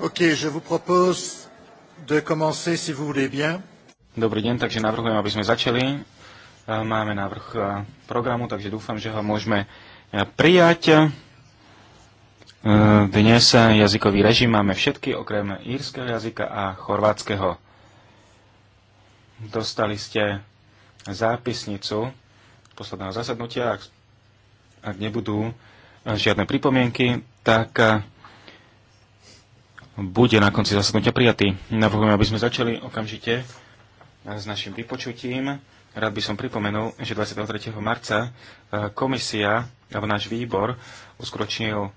Dobrý deň, takže navrhujem, aby sme začali. E, máme návrh e, programu, takže dúfam, že ho môžeme e, prijať. Dnes jazykový režim máme všetky, okrem írskeho jazyka a chorvátskeho. Dostali ste zápisnicu posledného zasadnutia. Ak, ak nebudú žiadne pripomienky, tak bude na konci zasadnutia prijatý. Navrhujem, aby sme začali okamžite s našim vypočutím. Rád by som pripomenul, že 23. marca e, komisia alebo náš výbor uskročnil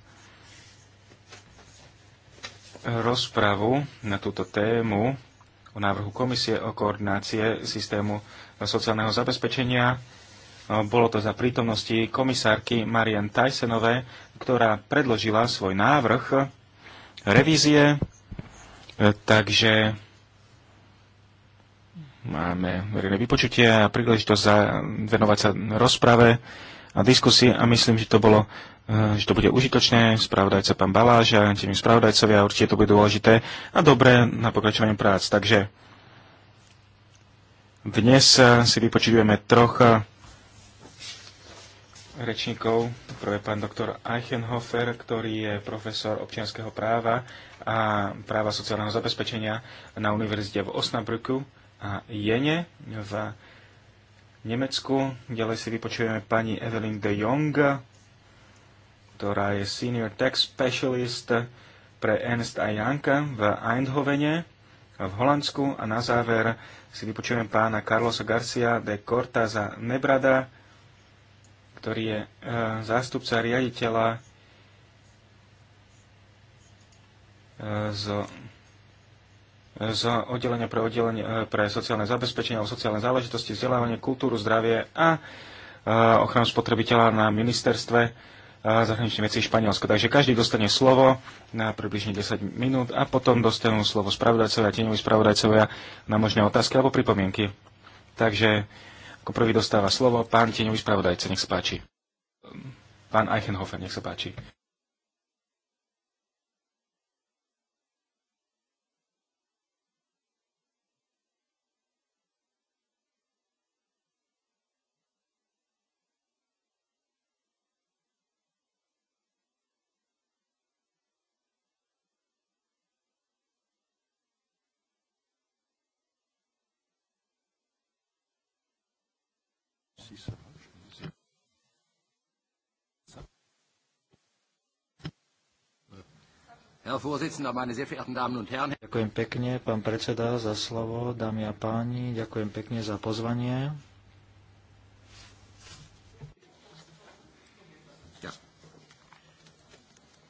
rozpravu na túto tému o návrhu komisie o koordinácie systému sociálneho zabezpečenia. E, bolo to za prítomnosti komisárky Marian Tajsenové, ktorá predložila svoj návrh revízie, e, takže máme verejné vypočutie a príležitosť za, venovať sa rozprave a diskusii a myslím, že to bolo e, že to bude užitočné, spravodajca pán Baláž a tými spravodajcovia určite to bude dôležité a dobré na pokračovanie prác. Takže dnes e, si vypočujeme trocha rečníkov. Prvé pán doktor Eichenhofer, ktorý je profesor občianského práva a práva sociálneho zabezpečenia na univerzite v Osnabrücku a Jene v Nemecku. Ďalej si vypočujeme pani Evelyn de Jong, ktorá je Senior Tax Specialist pre Ernst a Janka v Eindhovene v Holandsku a na záver si vypočujeme pána Carlosa Garcia de za Nebrada, ktorý je e, zástupca riaditeľa z, e, z oddelenia pre, oddelenie, e, pre sociálne zabezpečenie alebo sociálne záležitosti, vzdelávanie, kultúru, zdravie a ochranu spotrebiteľa na ministerstve zahraničných vecí Španielsko. Takže každý dostane slovo na približne 10 minút a potom dostanú slovo spravodajcovia, tieňoví spravodajcovia na možné otázky alebo pripomienky. Takže ako prvý dostáva slovo pán tieňový spravodajca, nech sa páči. Pán Eichenhofer, nech sa páči. Ďakujem pekne, pán predseda, za slovo, dámy a páni. Ďakujem pekne za pozvanie.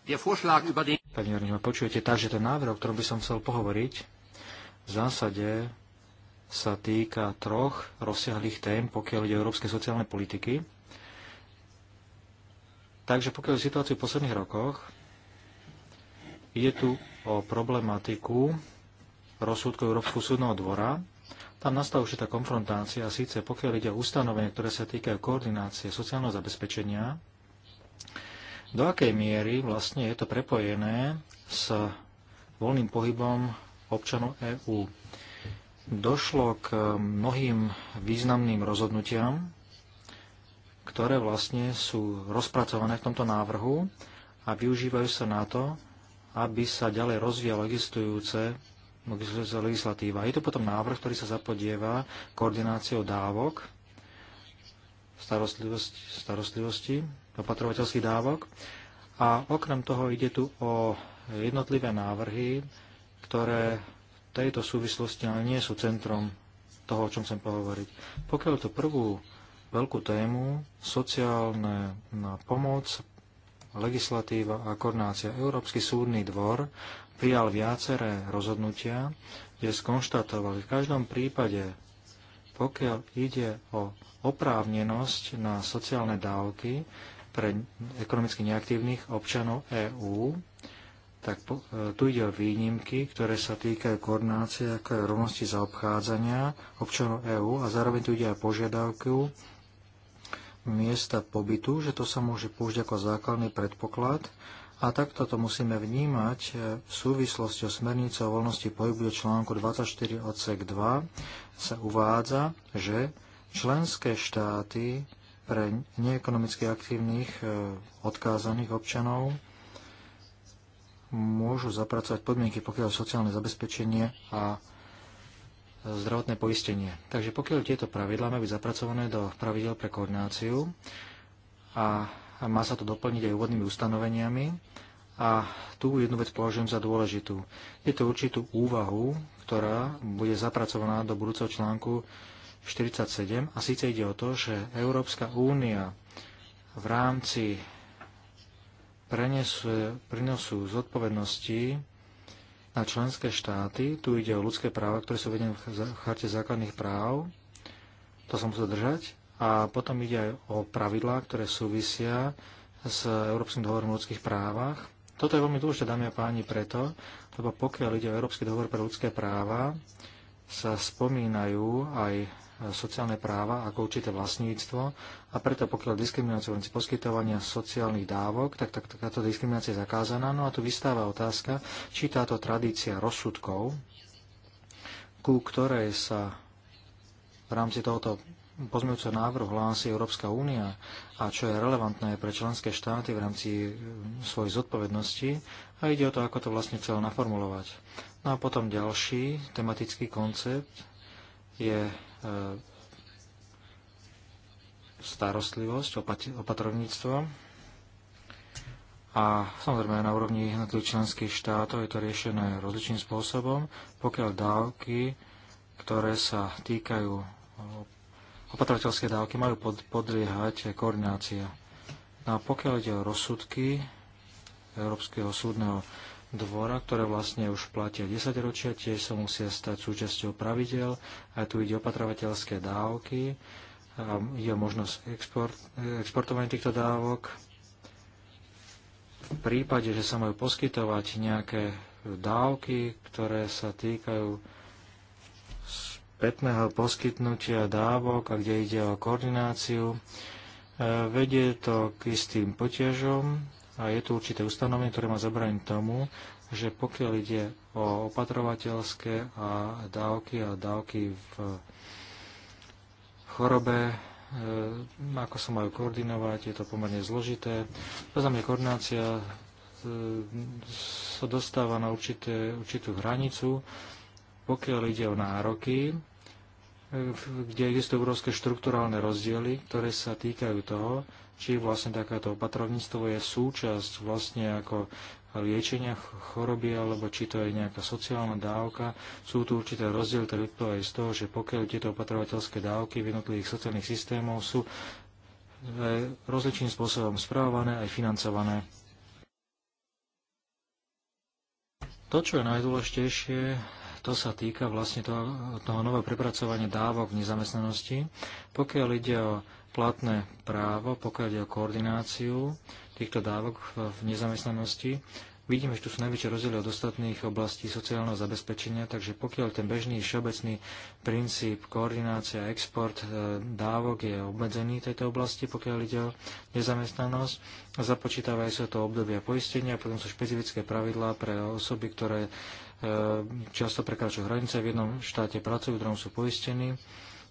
Pani Jarniho, počujete, takže ten návrh, o ktorom by som chcel pohovoriť, v zásade sa týka troch rozsiahlých tém, pokiaľ ide o európske sociálne politiky. Takže pokiaľ situáciu v posledných rokoch, ide tu o problematiku rozsudku Európskeho súdneho dvora. Tam nastala určitá konfrontácia, a síce pokiaľ ide o ustanovenie, ktoré sa týkajú koordinácie sociálneho zabezpečenia, do akej miery vlastne je to prepojené s voľným pohybom občanov EÚ došlo k mnohým významným rozhodnutiam, ktoré vlastne sú rozpracované v tomto návrhu a využívajú sa na to, aby sa ďalej rozvíjala existujúce legislatíva. Je to potom návrh, ktorý sa zapodieva koordináciou dávok, starostlivosti, starostlivosti opatrovateľských dávok. A okrem toho ide tu o jednotlivé návrhy, ktoré tejto súvislosti, ale nie sú centrom toho, o čom chcem pohovoriť. Pokiaľ to prvú veľkú tému, sociálne na pomoc, legislatíva a koordinácia. Európsky súdny dvor prijal viaceré rozhodnutia, kde skonštatovali v každom prípade, pokiaľ ide o oprávnenosť na sociálne dávky pre ekonomicky neaktívnych občanov EÚ, tak po, e, tu ide o výnimky, ktoré sa týkajú koordinácie ako aj rovnosti zaobchádzania občanov EÚ a zároveň tu ide aj požiadavku miesta pobytu, že to sa môže použiť ako základný predpoklad a takto to musíme vnímať e, v súvislosti o smernice o voľnosti pohybu článku 24 odsek 2 sa uvádza, že členské štáty pre neekonomicky aktívnych e, odkázaných občanov môžu zapracovať podmienky, pokiaľ sociálne zabezpečenie a zdravotné poistenie. Takže pokiaľ tieto pravidlá majú byť zapracované do pravidel pre koordináciu a má sa to doplniť aj úvodnými ustanoveniami, a tu jednu vec považujem za dôležitú. Je to určitú úvahu, ktorá bude zapracovaná do budúceho článku 47 a síce ide o to, že Európska únia v rámci prenesu, zodpovednosti na členské štáty. Tu ide o ľudské práva, ktoré sú vedené v charte základných práv. To sa musí držať. A potom ide aj o pravidlá, ktoré súvisia s Európskym dohovorom o ľudských právach. Toto je veľmi dôležité, dámy a páni, preto, lebo pokiaľ ide o Európsky dohovor pre ľudské práva, sa spomínajú aj sociálne práva ako určité vlastníctvo a preto pokiaľ diskriminácia v poskytovania sociálnych dávok, tak, tak táto diskriminácia je zakázaná. No a tu vystáva otázka, či táto tradícia rozsudkov, ku ktorej sa v rámci tohoto pozmeňujúceho návrhu hlási Európska únia a čo je relevantné pre členské štáty v rámci mm, svojich zodpovedností a ide o to, ako to vlastne chcel naformulovať. No a potom ďalší tematický koncept je E, starostlivosť, opatrovníctvo. A samozrejme na úrovni jednotlivých členských štátov je to riešené rozličným spôsobom. Pokiaľ dávky, ktoré sa týkajú opatrovateľské dávky, majú pod, podriehať koordinácia. No a pokiaľ ide o rozsudky Európskeho súdneho dvora, ktoré vlastne už platia 10 ročia, tiež sa musia stať súčasťou pravidel. A tu ide opatrovateľské dávky a ehm, je možnosť export, exportovania týchto dávok. V prípade, že sa majú poskytovať nejaké dávky, ktoré sa týkajú spätného poskytnutia dávok a kde ide o koordináciu, ehm, vedie to k istým potiažom a je tu určité ustanovenie, ktoré má zabraniť tomu, že pokiaľ ide o opatrovateľské a dávky a dávky v chorobe, e, ako sa majú koordinovať, je to pomerne zložité. za mňa koordinácia e, sa dostáva na určité, určitú hranicu, pokiaľ ide o nároky, e, kde existujú obrovské štruktúrálne rozdiely, ktoré sa týkajú toho, či vlastne takéto opatrovníctvo je súčasť vlastne ako liečenia choroby, alebo či to je nejaká sociálna dávka. Sú tu určité rozdiely, ktoré vyplývajú z toho, že pokiaľ tieto opatrovateľské dávky v jednotlivých sociálnych systémov sú e, rozličným spôsobom správované aj financované. To, čo je najdôležitejšie, to sa týka vlastne toho, toho nového prepracovania dávok v nezamestnanosti. Pokiaľ ide o platné právo, pokiaľ ide o koordináciu týchto dávok v nezamestnanosti. Vidíme, že tu sú najväčšie rozdiely od ostatných oblastí sociálneho zabezpečenia, takže pokiaľ ten bežný všeobecný princíp koordinácia a export e, dávok je obmedzený v tejto oblasti, pokiaľ ide o nezamestnanosť, započítavajú sa to obdobia poistenia, potom sú špecifické pravidlá pre osoby, ktoré e, často prekračujú hranice, v jednom štáte pracujú, v druhom sú poistení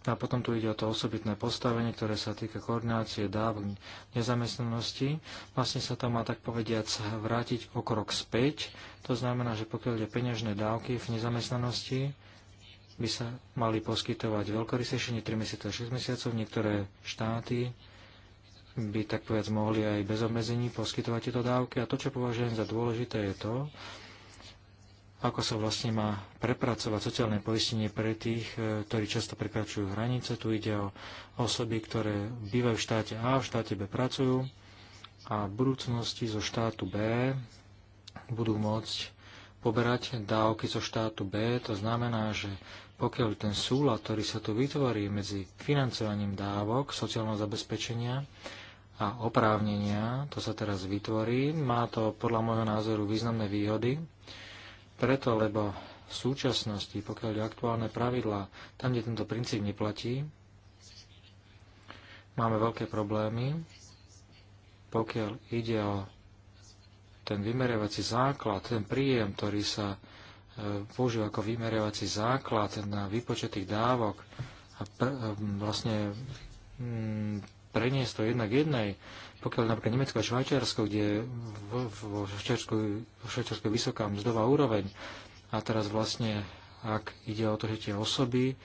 No a potom tu ide o to osobitné postavenie, ktoré sa týka koordinácie dáv nezamestnanosti. Vlastne sa tam má tak povediať vrátiť o krok späť. To znamená, že pokiaľ ide peňažné dávky v nezamestnanosti, by sa mali poskytovať veľkorysejšie, 3 mesiace a 6 mesiacov. Niektoré štáty by tak povedať mohli aj bez obmedzení poskytovať tieto dávky. A to, čo považujem za dôležité, je to, ako sa vlastne má prepracovať sociálne poistenie pre tých, e, ktorí často prekračujú hranice. Tu ide o osoby, ktoré bývajú v štáte A, v štáte B pracujú a v budúcnosti zo štátu B budú môcť poberať dávky zo štátu B. To znamená, že pokiaľ ten súlad, ktorý sa tu vytvorí medzi financovaním dávok, sociálneho zabezpečenia a oprávnenia, to sa teraz vytvorí, má to podľa môjho názoru významné výhody preto, lebo v súčasnosti, pokiaľ je aktuálne pravidlá, tam, kde tento princíp neplatí, máme veľké problémy, pokiaľ ide o ten vymerovací základ, ten príjem, ktorý sa e, používa ako vymerovací základ na výpočetých dávok a pr- e, vlastne preniesť to jednak jednej, pokiaľ napríklad Nemecko a Švajčiarsko, kde vo Švajčiarsku je vysoká mzdová úroveň a teraz vlastne, ak ide o to, že tie osoby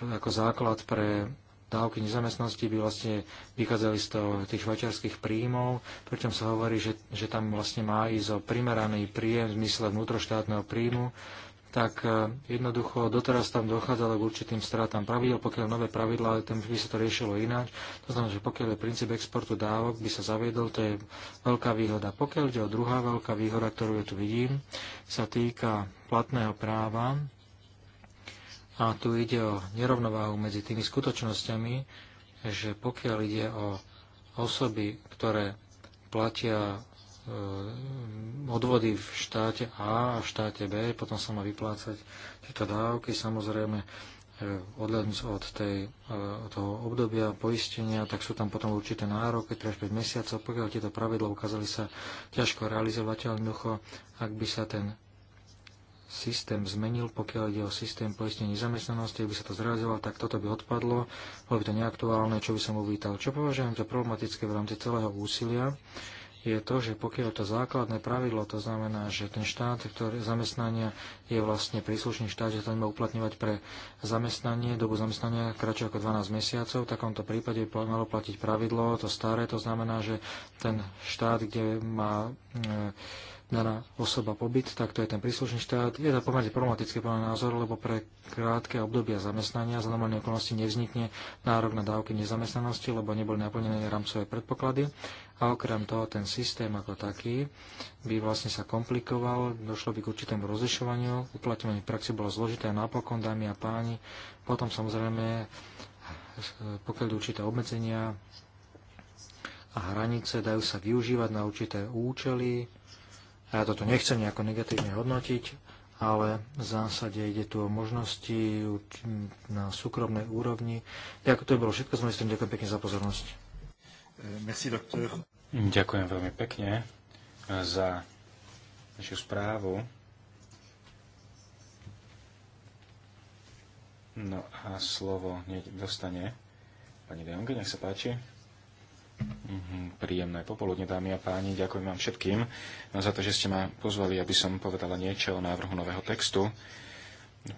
ako základ pre dávky nezamestnosti by vlastne vychádzali z toho, tých švajčiarských príjmov, pričom sa hovorí, že, že tam vlastne má ísť o primeraný príjem v zmysle vnútroštátneho príjmu tak e, jednoducho doteraz tam dochádzalo k určitým stratám pravidel, pokiaľ nové pravidlá, tam by sa to riešilo ináč. To znamená, že pokiaľ je princíp exportu dávok by sa zaviedol, to je veľká výhoda. Pokiaľ ide o druhá veľká výhoda, ktorú ja tu vidím, sa týka platného práva a tu ide o nerovnováhu medzi tými skutočnosťami, že pokiaľ ide o osoby, ktoré platia Eh, odvody v štáte A a v štáte B, potom sa má vyplácať tieto dávky, samozrejme eh, odhľadnúť od tej, eh, toho obdobia poistenia, tak sú tam potom určité nároky, 3-5 mesiacov, pokiaľ tieto pravidla ukázali sa ťažko ducho, ak by sa ten systém zmenil, pokiaľ ide o systém poistenia nezamestnanosti, ak by sa to zrealizoval, tak toto by odpadlo, bolo by to neaktuálne, čo by som uvítal. Čo považujem za problematické v rámci celého úsilia, je to, že pokiaľ to základné pravidlo, to znamená, že ten štát, ktorý zamestnania je vlastne príslušný štát, že to nemá uplatňovať pre zamestnanie, dobu zamestnania kratšie ako 12 mesiacov, v takomto prípade malo platiť pravidlo, to staré, to znamená, že ten štát, kde má e, daná osoba pobyt, tak to je ten príslušný štát. Je to pomerne problematické podľa názoru, lebo pre krátke obdobia zamestnania za normálne okolnosti nevznikne nárok na dávky nezamestnanosti, lebo neboli naplnené rámcové predpoklady. A okrem toho ten systém ako taký by vlastne sa komplikoval, došlo by k určitému rozlišovaniu, uplatňovanie v praxi bolo zložité a napokon, dámy a páni, potom samozrejme pokiaľ určité obmedzenia a hranice dajú sa využívať na určité účely, ja toto nechcem nejako negatívne hodnotiť, ale v zásade ide tu o možnosti na súkromnej úrovni. Ďakujem, to je bolo všetko z mojej strany. Ďakujem pekne za pozornosť. Eh, merci, doktor. Ďakujem veľmi pekne eh, za našu správu. No a slovo dostane pani Deonge, nech sa páči. Mhm, príjemné popoludne, dámy a páni. Ďakujem vám všetkým za to, že ste ma pozvali, aby som povedala niečo o návrhu nového textu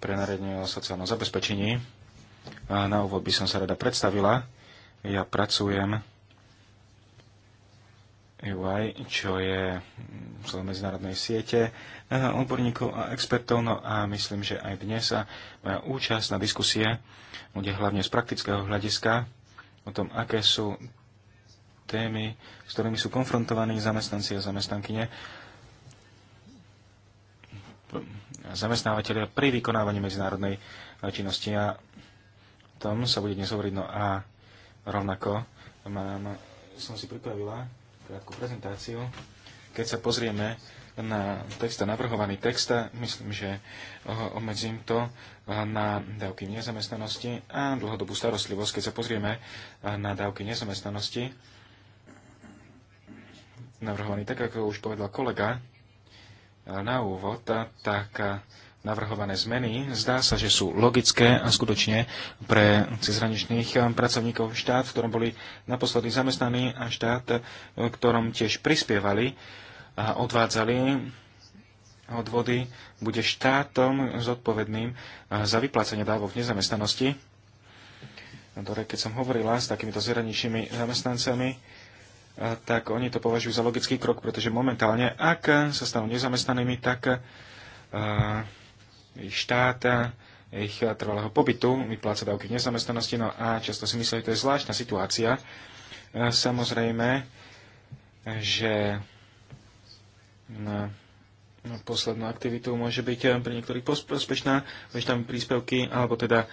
pre nariadenie o sociálnom zabezpečení. A na úvod by som sa rada predstavila. Ja pracujem e UI, čo je v medzinárodnej siete e, odborníkov a expertov. No a myslím, že aj dnes sa moja účasť na diskusie bude hlavne z praktického hľadiska o tom, aké sú témy, s ktorými sú konfrontovaní zamestnanci a zamestnankyne zamestnávateľia pri vykonávaní medzinárodnej činnosti. A tom sa bude dnes hovoriť. No a rovnako mám, som si pripravila krátku prezentáciu. Keď sa pozrieme na text a navrhovaný text, myslím, že obmedzím to na dávky nezamestnanosti a dlhodobú starostlivosť. Keď sa pozrieme na dávky nezamestnanosti, navrhovaný, tak ako už povedal kolega e, na úvod, tak e, navrhované zmeny zdá sa, že sú logické a skutočne pre cezhraničných e, pracovníkov štát, v ktorom boli naposledy zamestnaní a štát, v ktorom tiež prispievali a odvádzali odvody, bude štátom zodpovedným za vyplácanie dávok v nezamestnanosti. keď som hovorila s takýmito zahraničnými zamestnancami, tak oni to považujú za logický krok, pretože momentálne, ak sa stanú nezamestnanými, tak e, ich štát e, ich trvalého pobytu vypláca dávky v nezamestnanosti, no a často si myslí, že to je zvláštna situácia. E, samozrejme, že na no, no, poslednú aktivitu môže byť pre niektorých prospešná, veď tam príspevky, alebo teda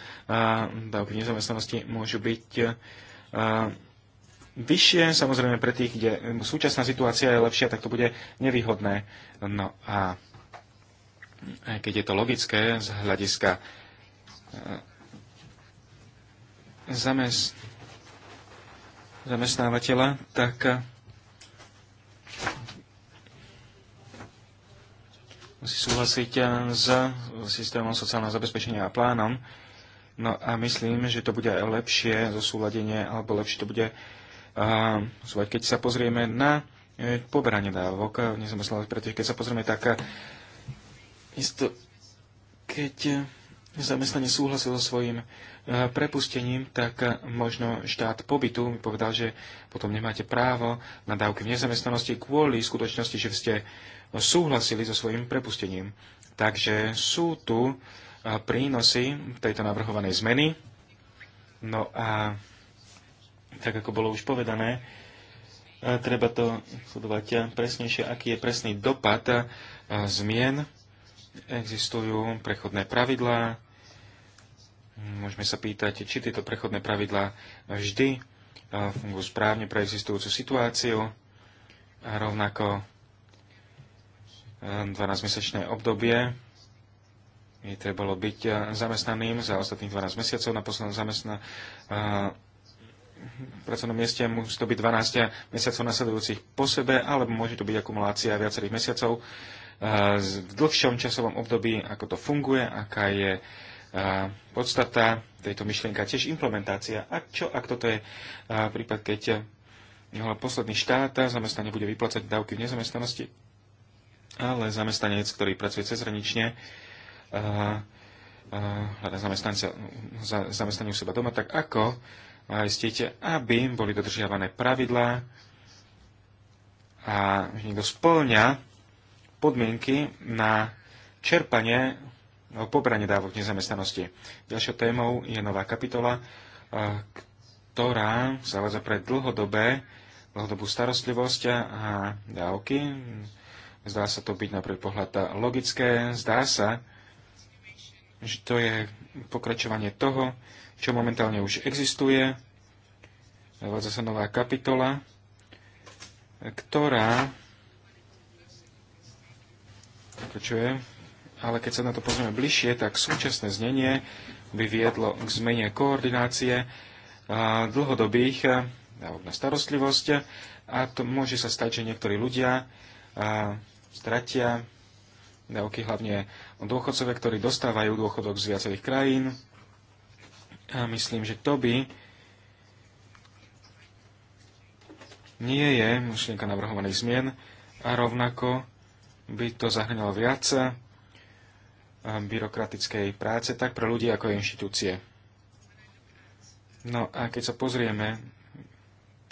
dávky v nezamestnanosti môžu byť vyššie. Samozrejme pre tých, kde súčasná situácia je lepšia, tak to bude nevýhodné. No a keď je to logické z hľadiska eh, zamestnávateľa, tak eh, musí súhlasiť eh, s systémom sociálneho zabezpečenia a plánom. No a myslím, že to bude lepšie zosúladenie, alebo lepšie to bude a keď sa pozrieme na e, poberanie dávok v e, nezamestnanosti, pretože keď sa pozrieme tak, e, isto, keď zamestnanie súhlasil so svojím prepustením, tak možno štát pobytu mi povedal, že potom nemáte právo na dávky v nezamestnanosti kvôli skutočnosti, že ste súhlasili so svojím prepustením. Takže sú tu prínosy tejto navrhovanej zmeny. No a tak ako bolo už povedané, e, treba to sledovať presnejšie, aký je presný dopad e, zmien. Existujú prechodné pravidlá. Môžeme sa pýtať, či tieto prechodné pravidlá vždy e, fungujú správne pre existujúcu situáciu. A rovnako 12-mesačné obdobie je trebalo byť zamestnaným za ostatných 12 mesiacov na poslednom zamestnaní pracovnom mieste, môže to byť 12 mesiacov nasledujúcich po sebe, alebo môže to byť akumulácia viacerých mesiacov eh, v dlhšom časovom období, ako to funguje, aká je eh, podstata tejto myšlienka, tiež implementácia. A čo, ak toto je eh, prípad, keď posledný štát zamestnanie bude vyplácať dávky v nezamestnanosti, ale zamestnanec, ktorý pracuje cezhranične, hľada zamestnanie u seba doma, tak ako zistiť, aby boli dodržiavané pravidlá a niekto spĺňa podmienky na čerpanie alebo pobranie dávok nezamestnanosti. Ďalšou témou je nová kapitola, e, ktorá zavádza pre dlhodobé, dlhodobú starostlivosť a dávky. Zdá sa to byť na prvý pohľad logické. Zdá sa, že to je pokračovanie toho, čo momentálne už existuje Zavádza sa nová kapitola, ktorá počuje, ale keď sa na to pozrieme bližšie, tak súčasné znenie by viedlo k zmene koordinácie dlhodobých na starostlivosť a to môže sa stať, že niektorí ľudia stratia dávky hlavne dôchodcovia, ktorí dostávajú dôchodok z viacerých krajín. A myslím, že to by nie je myšlienka navrhovaných zmien a rovnako by to zahrňalo viac eh, byrokratickej práce, tak pre ľudí ako inštitúcie. No a keď sa pozrieme,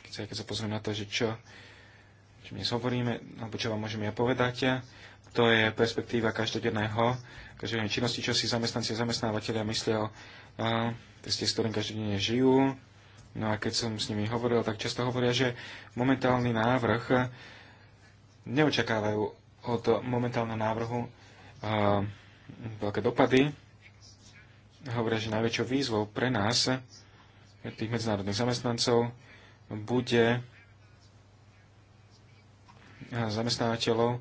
keď sa, keď sa pozrieme na to, že čo, čo my hovoríme, alebo čo vám môžem ja povedať, eh, to je perspektíva každodenného, každodennej činnosti, čo si zamestnanci a zamestnávateľia myslia o teste, eh, s ktorým každodenne žijú, No a keď som s nimi hovoril, tak často hovoria, že momentálny návrh eh, neočakávajú od momentálneho návrhu uh, veľké dopady. Hovoria, že najväčšou výzvou pre nás, eh, tých medzinárodných zamestnancov, bude zamestnávateľov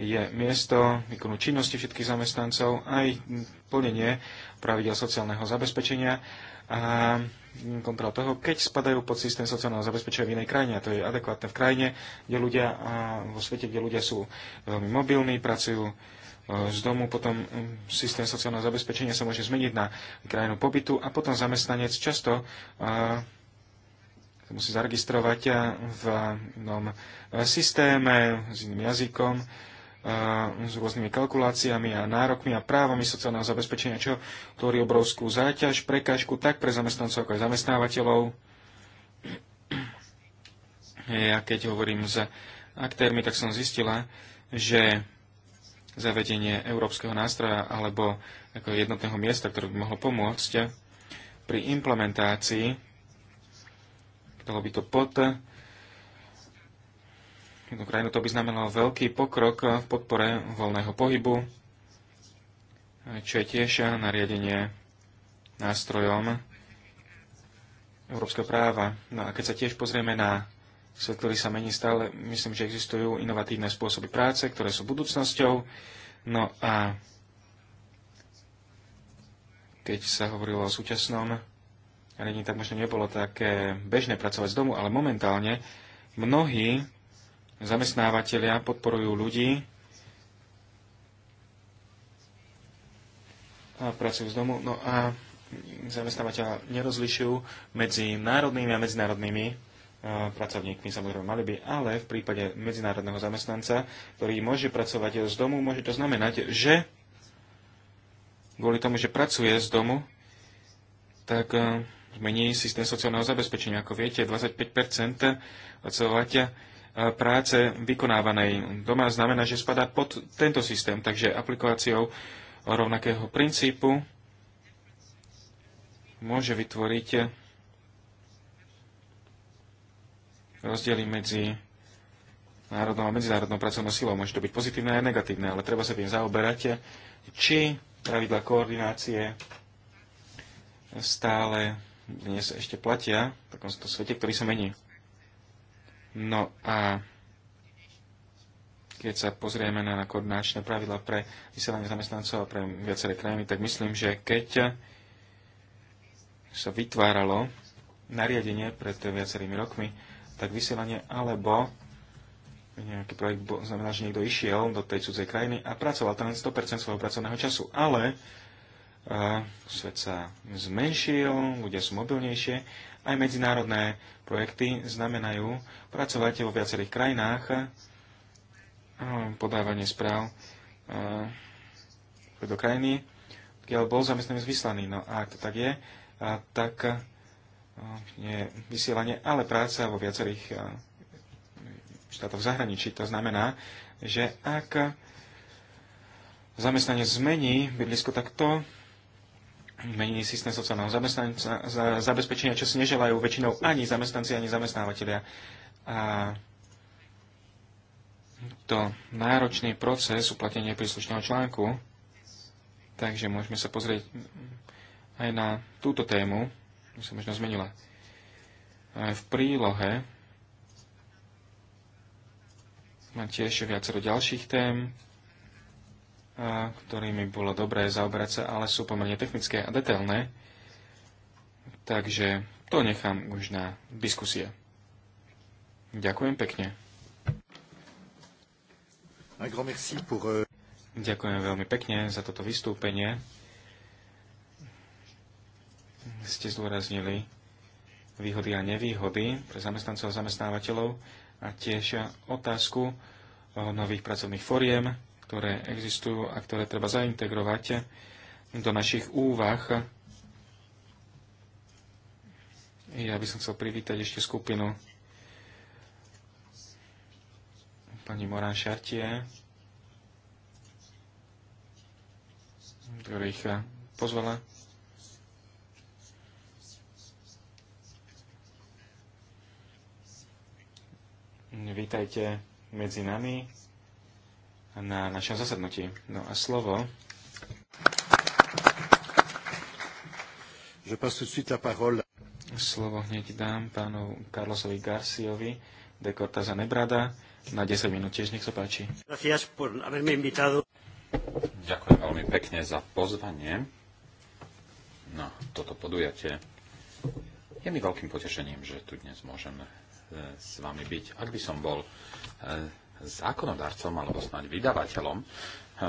je miesto výkonu činnosti všetkých zamestnancov, aj plnenie pravidel sociálneho zabezpečenia a kontrol toho, keď spadajú pod systém sociálneho zabezpečenia v inej krajine. A to je adekvátne v krajine, kde ľudia, a vo svete, kde ľudia sú veľmi mobilní, pracujú e, z domu, potom e, systém sociálneho zabezpečenia sa môže zmeniť na krajinu pobytu a potom zamestnanec často e, sa musí zaregistrovať v inom systéme s iným jazykom s rôznymi kalkuláciami a nárokmi a právami sociálneho zabezpečenia, čo tvorí obrovskú záťaž, prekážku tak pre zamestnancov, ako aj zamestnávateľov. Ja keď hovorím s aktérmi, tak som zistila, že zavedenie európskeho nástroja alebo ako jednotného miesta, ktoré by mohlo pomôcť pri implementácii, dalo by to pod jednu krajinu, to by znamenalo veľký pokrok v podpore voľného pohybu, čo je tiež nariadenie nástrojom európskeho práva. No a keď sa tiež pozrieme na svet, ktorý sa mení stále, myslím, že existujú inovatívne spôsoby práce, ktoré sú budúcnosťou. No a keď sa hovorilo o súčasnom riadení, tak možno nebolo také bežné pracovať z domu, ale momentálne mnohí zamestnávateľia podporujú ľudí a pracujú z domu. No a zamestnávateľa nerozlišujú medzi národnými a medzinárodnými e, pracovníkmi samozrejme mali by, ale v prípade medzinárodného zamestnanca, ktorý môže pracovať z domu, môže to znamenať, že kvôli tomu, že pracuje z domu, tak e, zmení systém sociálneho zabezpečenia. Ako viete, 25 odsúvateľa práce vykonávanej doma znamená, že spadá pod tento systém. Takže aplikáciou rovnakého princípu môže vytvoriť rozdiely medzi národnou a medzinárodnou pracovnou silou. Môže to byť pozitívne a negatívne, ale treba sa tým zaoberať, či pravidla koordinácie stále dnes ešte platia v takomto svete, ktorý sa mení. No a keď sa pozrieme na koordinačné pravidla pre vysielanie zamestnancov a pre viaceré krajiny, tak myslím, že keď sa vytváralo nariadenie pred viacerými rokmi, tak vysielanie alebo nejaký projekt bol, znamená, že niekto išiel do tej cudzej krajiny a pracoval tam len 100% svojho pracovného času. Ale uh, svet sa zmenšil, ľudia sú mobilnejšie aj medzinárodné projekty znamenajú pracovať vo viacerých krajinách, podávanie správ e, do krajiny, kde bol zamestnaný vyslaný. No a ak to tak je, tak e, nie vysielanie, ale práca vo viacerých e, štátoch zahraničí. To znamená, že ak zamestnanie zmení bydlisko, tak to mení systém sociálneho zabezpečenia, čo si neželajú väčšinou ani zamestnanci, ani zamestnávateľia. A to náročný proces uplatnenia príslušného článku, takže môžeme sa pozrieť aj na túto tému, už sa možno zmenila. Aj v prílohe mám tiež viacero ďalších tém, a ktorými bolo dobré zaoberať sa, ale sú pomerne technické a detailné. Takže to nechám už na diskusie. Ďakujem pekne. Euh, Ďakujem veľmi pekne za toto vystúpenie. Ste zdôraznili výhody a nevýhody pre zamestnancov a zamestnávateľov a tiež otázku nových pracovných foriem ktoré existujú a ktoré treba zaintegrovať do našich úvah. Ja by som chcel privítať ešte skupinu pani Morán Šartie, ich pozvala. Vítajte medzi nami na našom zasadnutí. No a slovo. Je passe tout de suite la parole. Slovo hneď dám pánu Carlosovi Garciovi de Cortaza Nebrada na 10 minút tiež, nech sa páči. Ďakujem veľmi pekne za pozvanie na toto podujatie. Je mi veľkým potešením, že tu dnes môžem eh, s vami byť. Ak by som bol eh, zákonodarcom alebo snáď vydavateľom,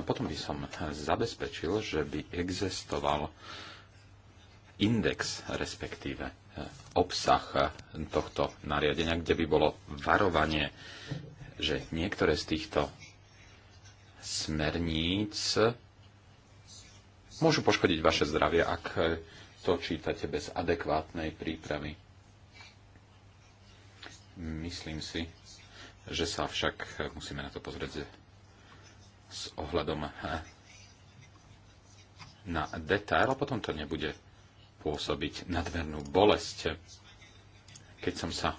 potom by som zabezpečil, že by existoval index, respektíve e, obsah e, tohto nariadenia, kde by bolo varovanie, že niektoré z týchto smerníc môžu poškodiť vaše zdravie, ak e, to čítate bez adekvátnej prípravy. Myslím si, že sa však musíme na to pozrieť s ohľadom eh, na detail a potom to nebude pôsobiť nadmernú bolesť. Keď som sa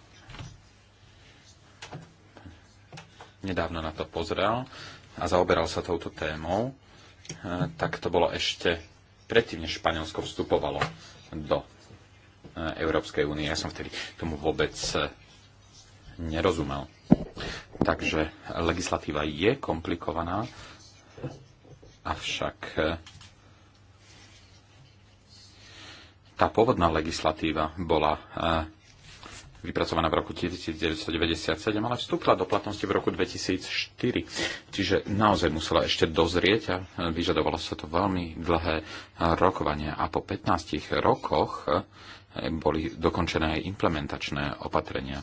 nedávno na to pozrel a zaoberal sa touto témou, eh, tak to bolo ešte predtým, než Španielsko vstupovalo do eh, Európskej únie. Ja som vtedy tomu vôbec nerozumel. Takže legislatíva je komplikovaná, avšak e, tá pôvodná legislatíva bola e, vypracovaná v roku 1997, ale vstúpila do platnosti v roku 2004. Čiže naozaj musela ešte dozrieť a vyžadovalo sa to veľmi dlhé e, rokovanie. A po 15 rokoch boli dokončené aj implementačné opatrenia.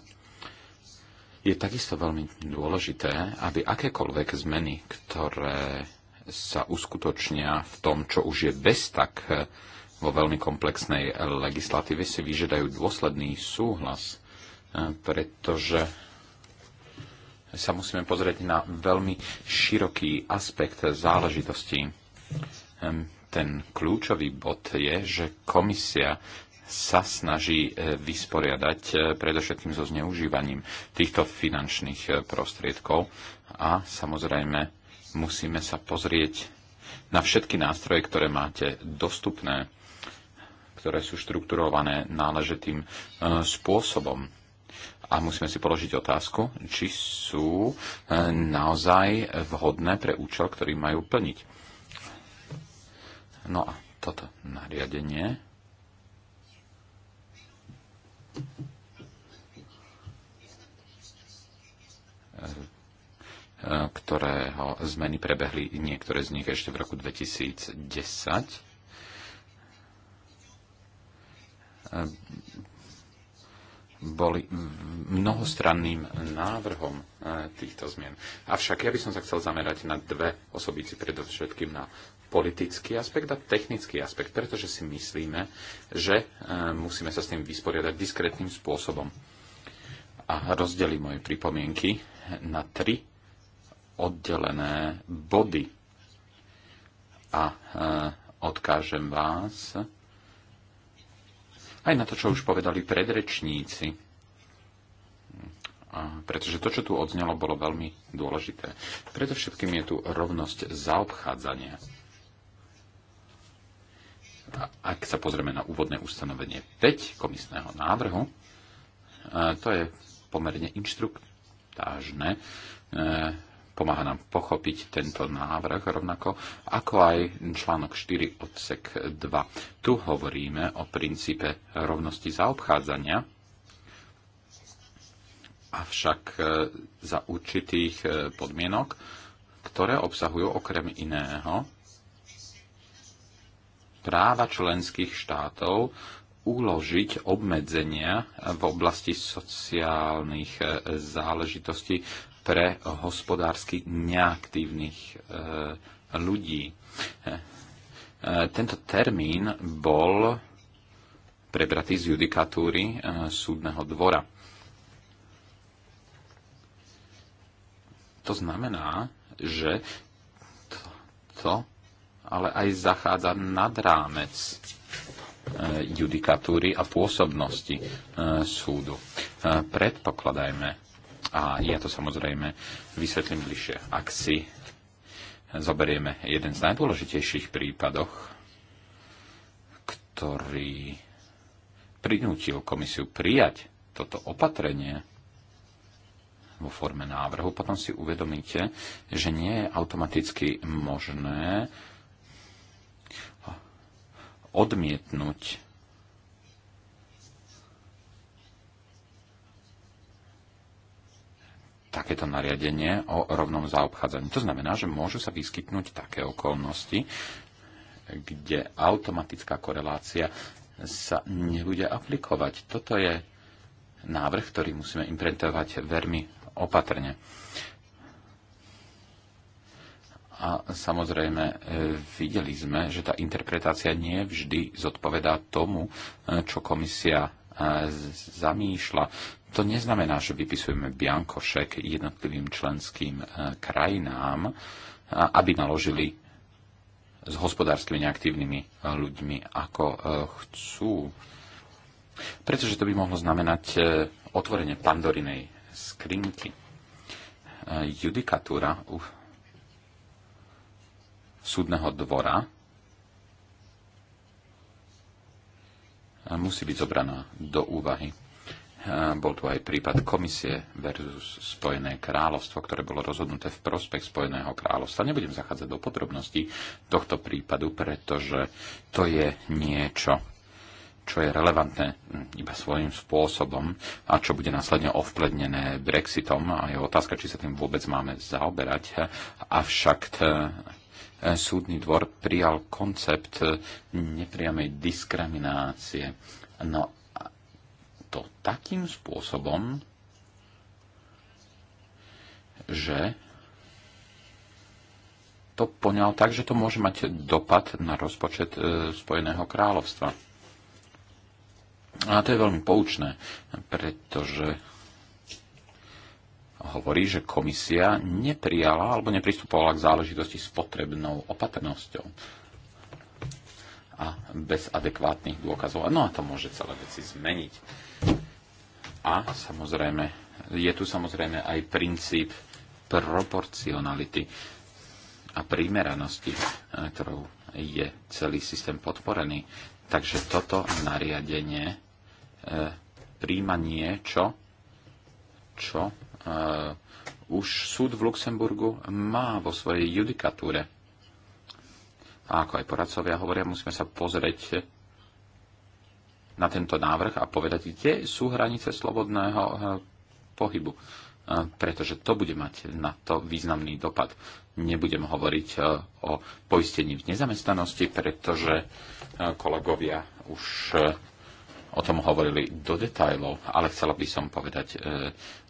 Je takisto veľmi dôležité, aby akékoľvek zmeny, ktoré sa uskutočnia v tom, čo už je bez tak eh, vo veľmi komplexnej legislatíve, si vyžiadajú dôsledný súhlas, eh, pretože sa musíme pozrieť na veľmi široký aspekt záležitosti. Ten kľúčový bod je, že komisia sa snaží e, vysporiadať e, predovšetkým so zneužívaním týchto finančných e, prostriedkov a samozrejme musíme sa pozrieť na všetky nástroje, ktoré máte dostupné, ktoré sú štrukturované náležitým spôsobom. A musíme si položiť otázku, či sú naozaj vhodné pre účel, ktorý majú plniť. No a toto nariadenie ktorého zmeny prebehli niektoré z nich ešte v roku 2010. Boli mnohostranným návrhom eh, týchto zmien. Avšak ja by som sa chcel zamerať na dve osobici, predovšetkým na politický aspekt a technický aspekt, pretože si myslíme, že e, musíme sa s tým vysporiadať diskrétnym spôsobom. A rozdelím moje pripomienky na tri oddelené body a e, odkážem vás aj na to, čo už povedali predrečníci, pretože to, čo tu odznelo, bolo veľmi dôležité. Predovšetkým je tu rovnosť zaobchádzania ak sa pozrieme na úvodné ustanovenie 5 komisného návrhu, e, to je pomerne inštruktážne, e, pomáha nám pochopiť tento návrh rovnako, ako aj článok 4 odsek 2. Tu hovoríme o princípe rovnosti zaobchádzania, avšak e, za určitých podmienok, ktoré obsahujú okrem iného práva členských štátov uložiť obmedzenia v oblasti sociálnych e, záležitostí pre hospodársky neaktívnych e, ľudí. E, tento termín bol prebratý z judikatúry súdneho dvora. To znamená, že to, to ale aj zachádza nad rámec e, judikatúry a pôsobnosti e, súdu. E, predpokladajme, a ja to samozrejme vysvetlím bližšie, ak si zoberieme jeden z najdôležitejších prípadoch, ktorý prinútil komisiu prijať toto opatrenie vo forme návrhu, potom si uvedomíte, že nie je automaticky možné odmietnúť takéto nariadenie o rovnom zaobchádzaní. To znamená, že môžu sa vyskytnúť také okolnosti, kde automatická korelácia sa nebude aplikovať. Toto je návrh, ktorý musíme implementovať veľmi opatrne. A samozrejme, e, videli sme, že tá interpretácia nie vždy zodpovedá tomu, e, čo komisia e, zamýšľa. To neznamená, že vypisujeme biankošek jednotlivým členským krajinám, aby naložili s hospodárskymi neaktívnymi ľuďmi, ako chcú. Pretože to by mohlo znamenať otvorenie pandorinej skrinky. Judikatúra uh, súdneho dvora musí byť zobraná do úvahy. Bol tu aj prípad komisie versus Spojené kráľovstvo, ktoré bolo rozhodnuté v prospech Spojeného kráľovstva. Nebudem zachádzať do podrobností tohto prípadu, pretože to je niečo, čo je relevantné iba svojím spôsobom a čo bude následne ovplednené Brexitom. A je otázka, či sa tým vôbec máme zaoberať. Avšak súdny dvor prijal koncept e, nepriamej diskriminácie. No to takým spôsobom, že to poňal tak, že to môže mať dopad na rozpočet e, Spojeného kráľovstva. A to je veľmi poučné, pretože hovorí, že komisia neprijala alebo nepristupovala k záležitosti s potrebnou opatrnosťou a bez adekvátnych dôkazov. No a to môže celé veci zmeniť. A samozrejme, je tu samozrejme aj princíp proporcionality a primeranosti, e, ktorou je celý systém podporený. Takže toto nariadenie e, príjma niečo, čo už súd v Luxemburgu má vo svojej judikatúre. A ako aj poradcovia hovoria, musíme sa pozrieť na tento návrh a povedať, kde sú hranice slobodného e, pohybu. E, pretože to bude mať na to významný dopad. Nebudem hovoriť e, o poistení v nezamestnanosti, pretože kolegovia už o tom hovorili do detajlov, ale chcela by som povedať e,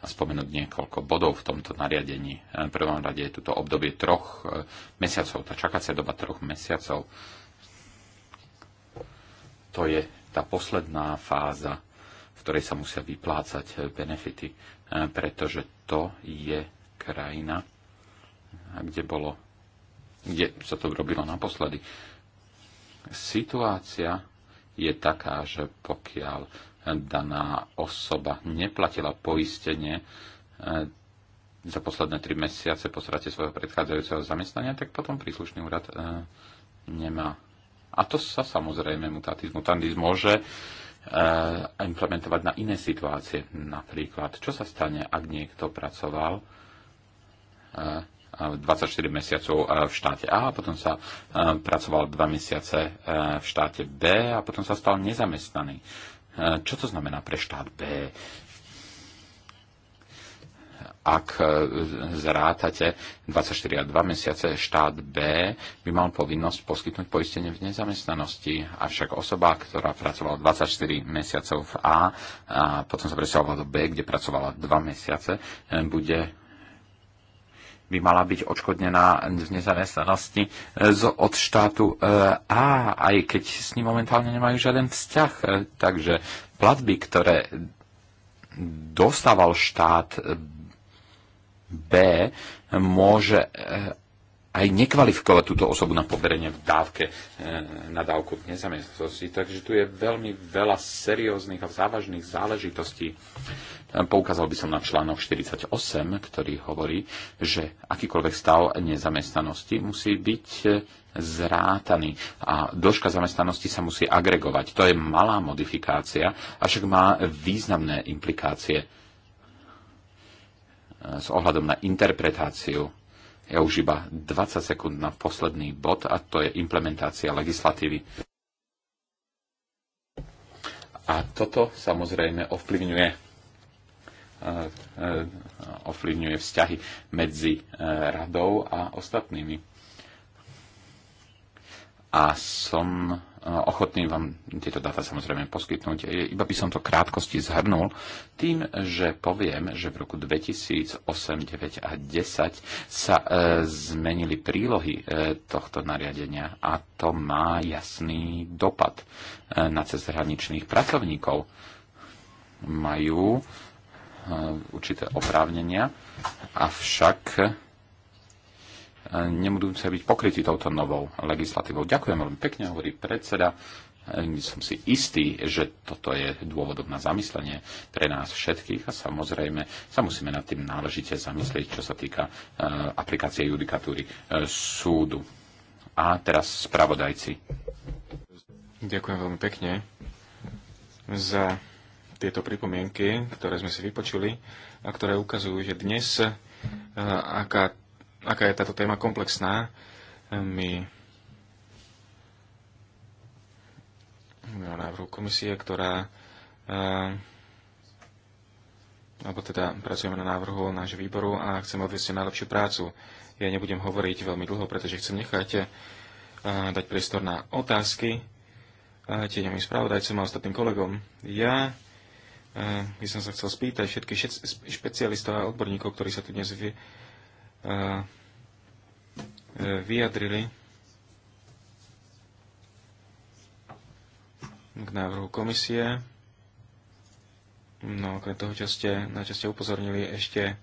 a spomenúť niekoľko bodov v tomto nariadení. E, v prvom rade je tuto obdobie troch e, mesiacov, tá čakacia doba troch mesiacov. To je tá posledná fáza, v ktorej sa musia vyplácať benefity, pretože to je krajina, kde bolo kde sa to robilo naposledy. Situácia je taká, že pokiaľ daná osoba neplatila poistenie e, za posledné tri mesiace po strate svojho predchádzajúceho zamestnania, tak potom príslušný úrad e, nemá. A to sa samozrejme mutatis mutandis môže e, implementovať na iné situácie. Napríklad, čo sa stane, ak niekto pracoval 24 eh, mesiacov eh, v štáte A, potom sa eh, pracoval 2 mesiace v štáte B a potom sa stal nezamestnaný. Čo to znamená pre štát B? Ak zrátate 24 a 2 mesiace, štát B by mal povinnosť poskytnúť poistenie v nezamestnanosti. Avšak osoba, ktorá pracovala 24 mesiacov v A a potom sa presťahovala do B, kde pracovala 2 mesiace, bude by mala byť odškodnená z nezamestnanosti e, od štátu e, A, aj keď s ním momentálne nemajú žiaden vzťah. E, takže platby, ktoré dostával štát B, môže aj nekvalifikovať túto osobu na poberenie v dávke, na dávku v nezamestnanosti. Takže tu je veľmi veľa serióznych a závažných záležitostí. Poukázal by som na článok 48, ktorý hovorí, že akýkoľvek stav nezamestnanosti musí byť e, zrátaný a dĺžka zamestnanosti sa musí agregovať. To je malá modifikácia, avšak má významné implikácie e, s ohľadom na interpretáciu ja už iba 20 sekúnd na posledný bod a to je implementácia legislatívy. A toto samozrejme ovplyvňuje Eh, ovplyvňuje vzťahy medzi eh, radou a ostatnými. A som eh, ochotný vám tieto dáta samozrejme poskytnúť. Iba by som to krátkosti zhrnul tým, že poviem, že v roku 2008, 9 a 10 sa e, zmenili prílohy e, tohto nariadenia a to má jasný dopad e, na cezhraničných pracovníkov. Majú e, Eh, určité oprávnenia, avšak eh, nebudú sa byť pokrytí touto novou legislatívou. Ďakujem veľmi pekne, hovorí predseda. Eh, som si istý, že toto je dôvodom na zamyslenie pre nás všetkých a samozrejme sa musíme nad tým náležite zamyslieť, čo sa týka aplikácie judikatúry súdu. A teraz spravodajci. Ďakujem veľmi pekne za tieto pripomienky, ktoré sme si vypočuli a ktoré ukazujú, že dnes, eh, aká, aká je táto téma komplexná, eh, my máme návrhu komisie, ktorá eh, alebo teda pracujeme na návrhu nášho výboru a chcem odviesť najlepšiu prácu. Ja nebudem hovoriť veľmi dlho, pretože chcem nechať dať priestor na otázky tieňovým spravodajcom a ostatným kolegom. Ja Eh, by som sa chcel spýtať všetkých špecialistov a odborníkov, ktorí sa tu dnes vy, eh, eh, vyjadrili k návrhu komisie. No, okrem toho, čo ste, na čo ste upozornili, ešte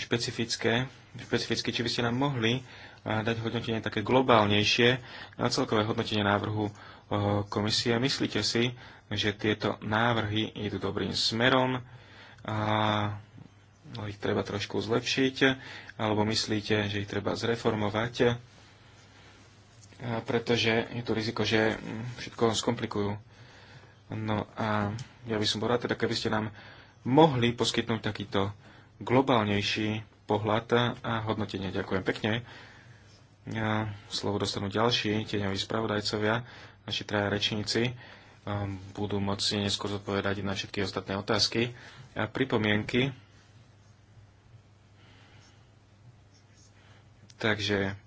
špecifické, špecificky, či by ste nám mohli dať hodnotenie také globálnejšie na celkové hodnotenie návrhu komisie. Myslíte si, že tieto návrhy idú dobrým smerom a no, ich treba trošku zlepšiť, alebo myslíte, že ich treba zreformovať, pretože je tu riziko, že všetko skomplikujú. No a ja by som bol rád, teda keby ste nám mohli poskytnúť takýto globálnejší pohľad a hodnotenie. Ďakujem pekne. Ja slovo dostanú ďalší tieňoví spravodajcovia, naši traja rečníci. Ehm, budú môcť neskôr zodpovedať na všetky ostatné otázky a pripomienky. Takže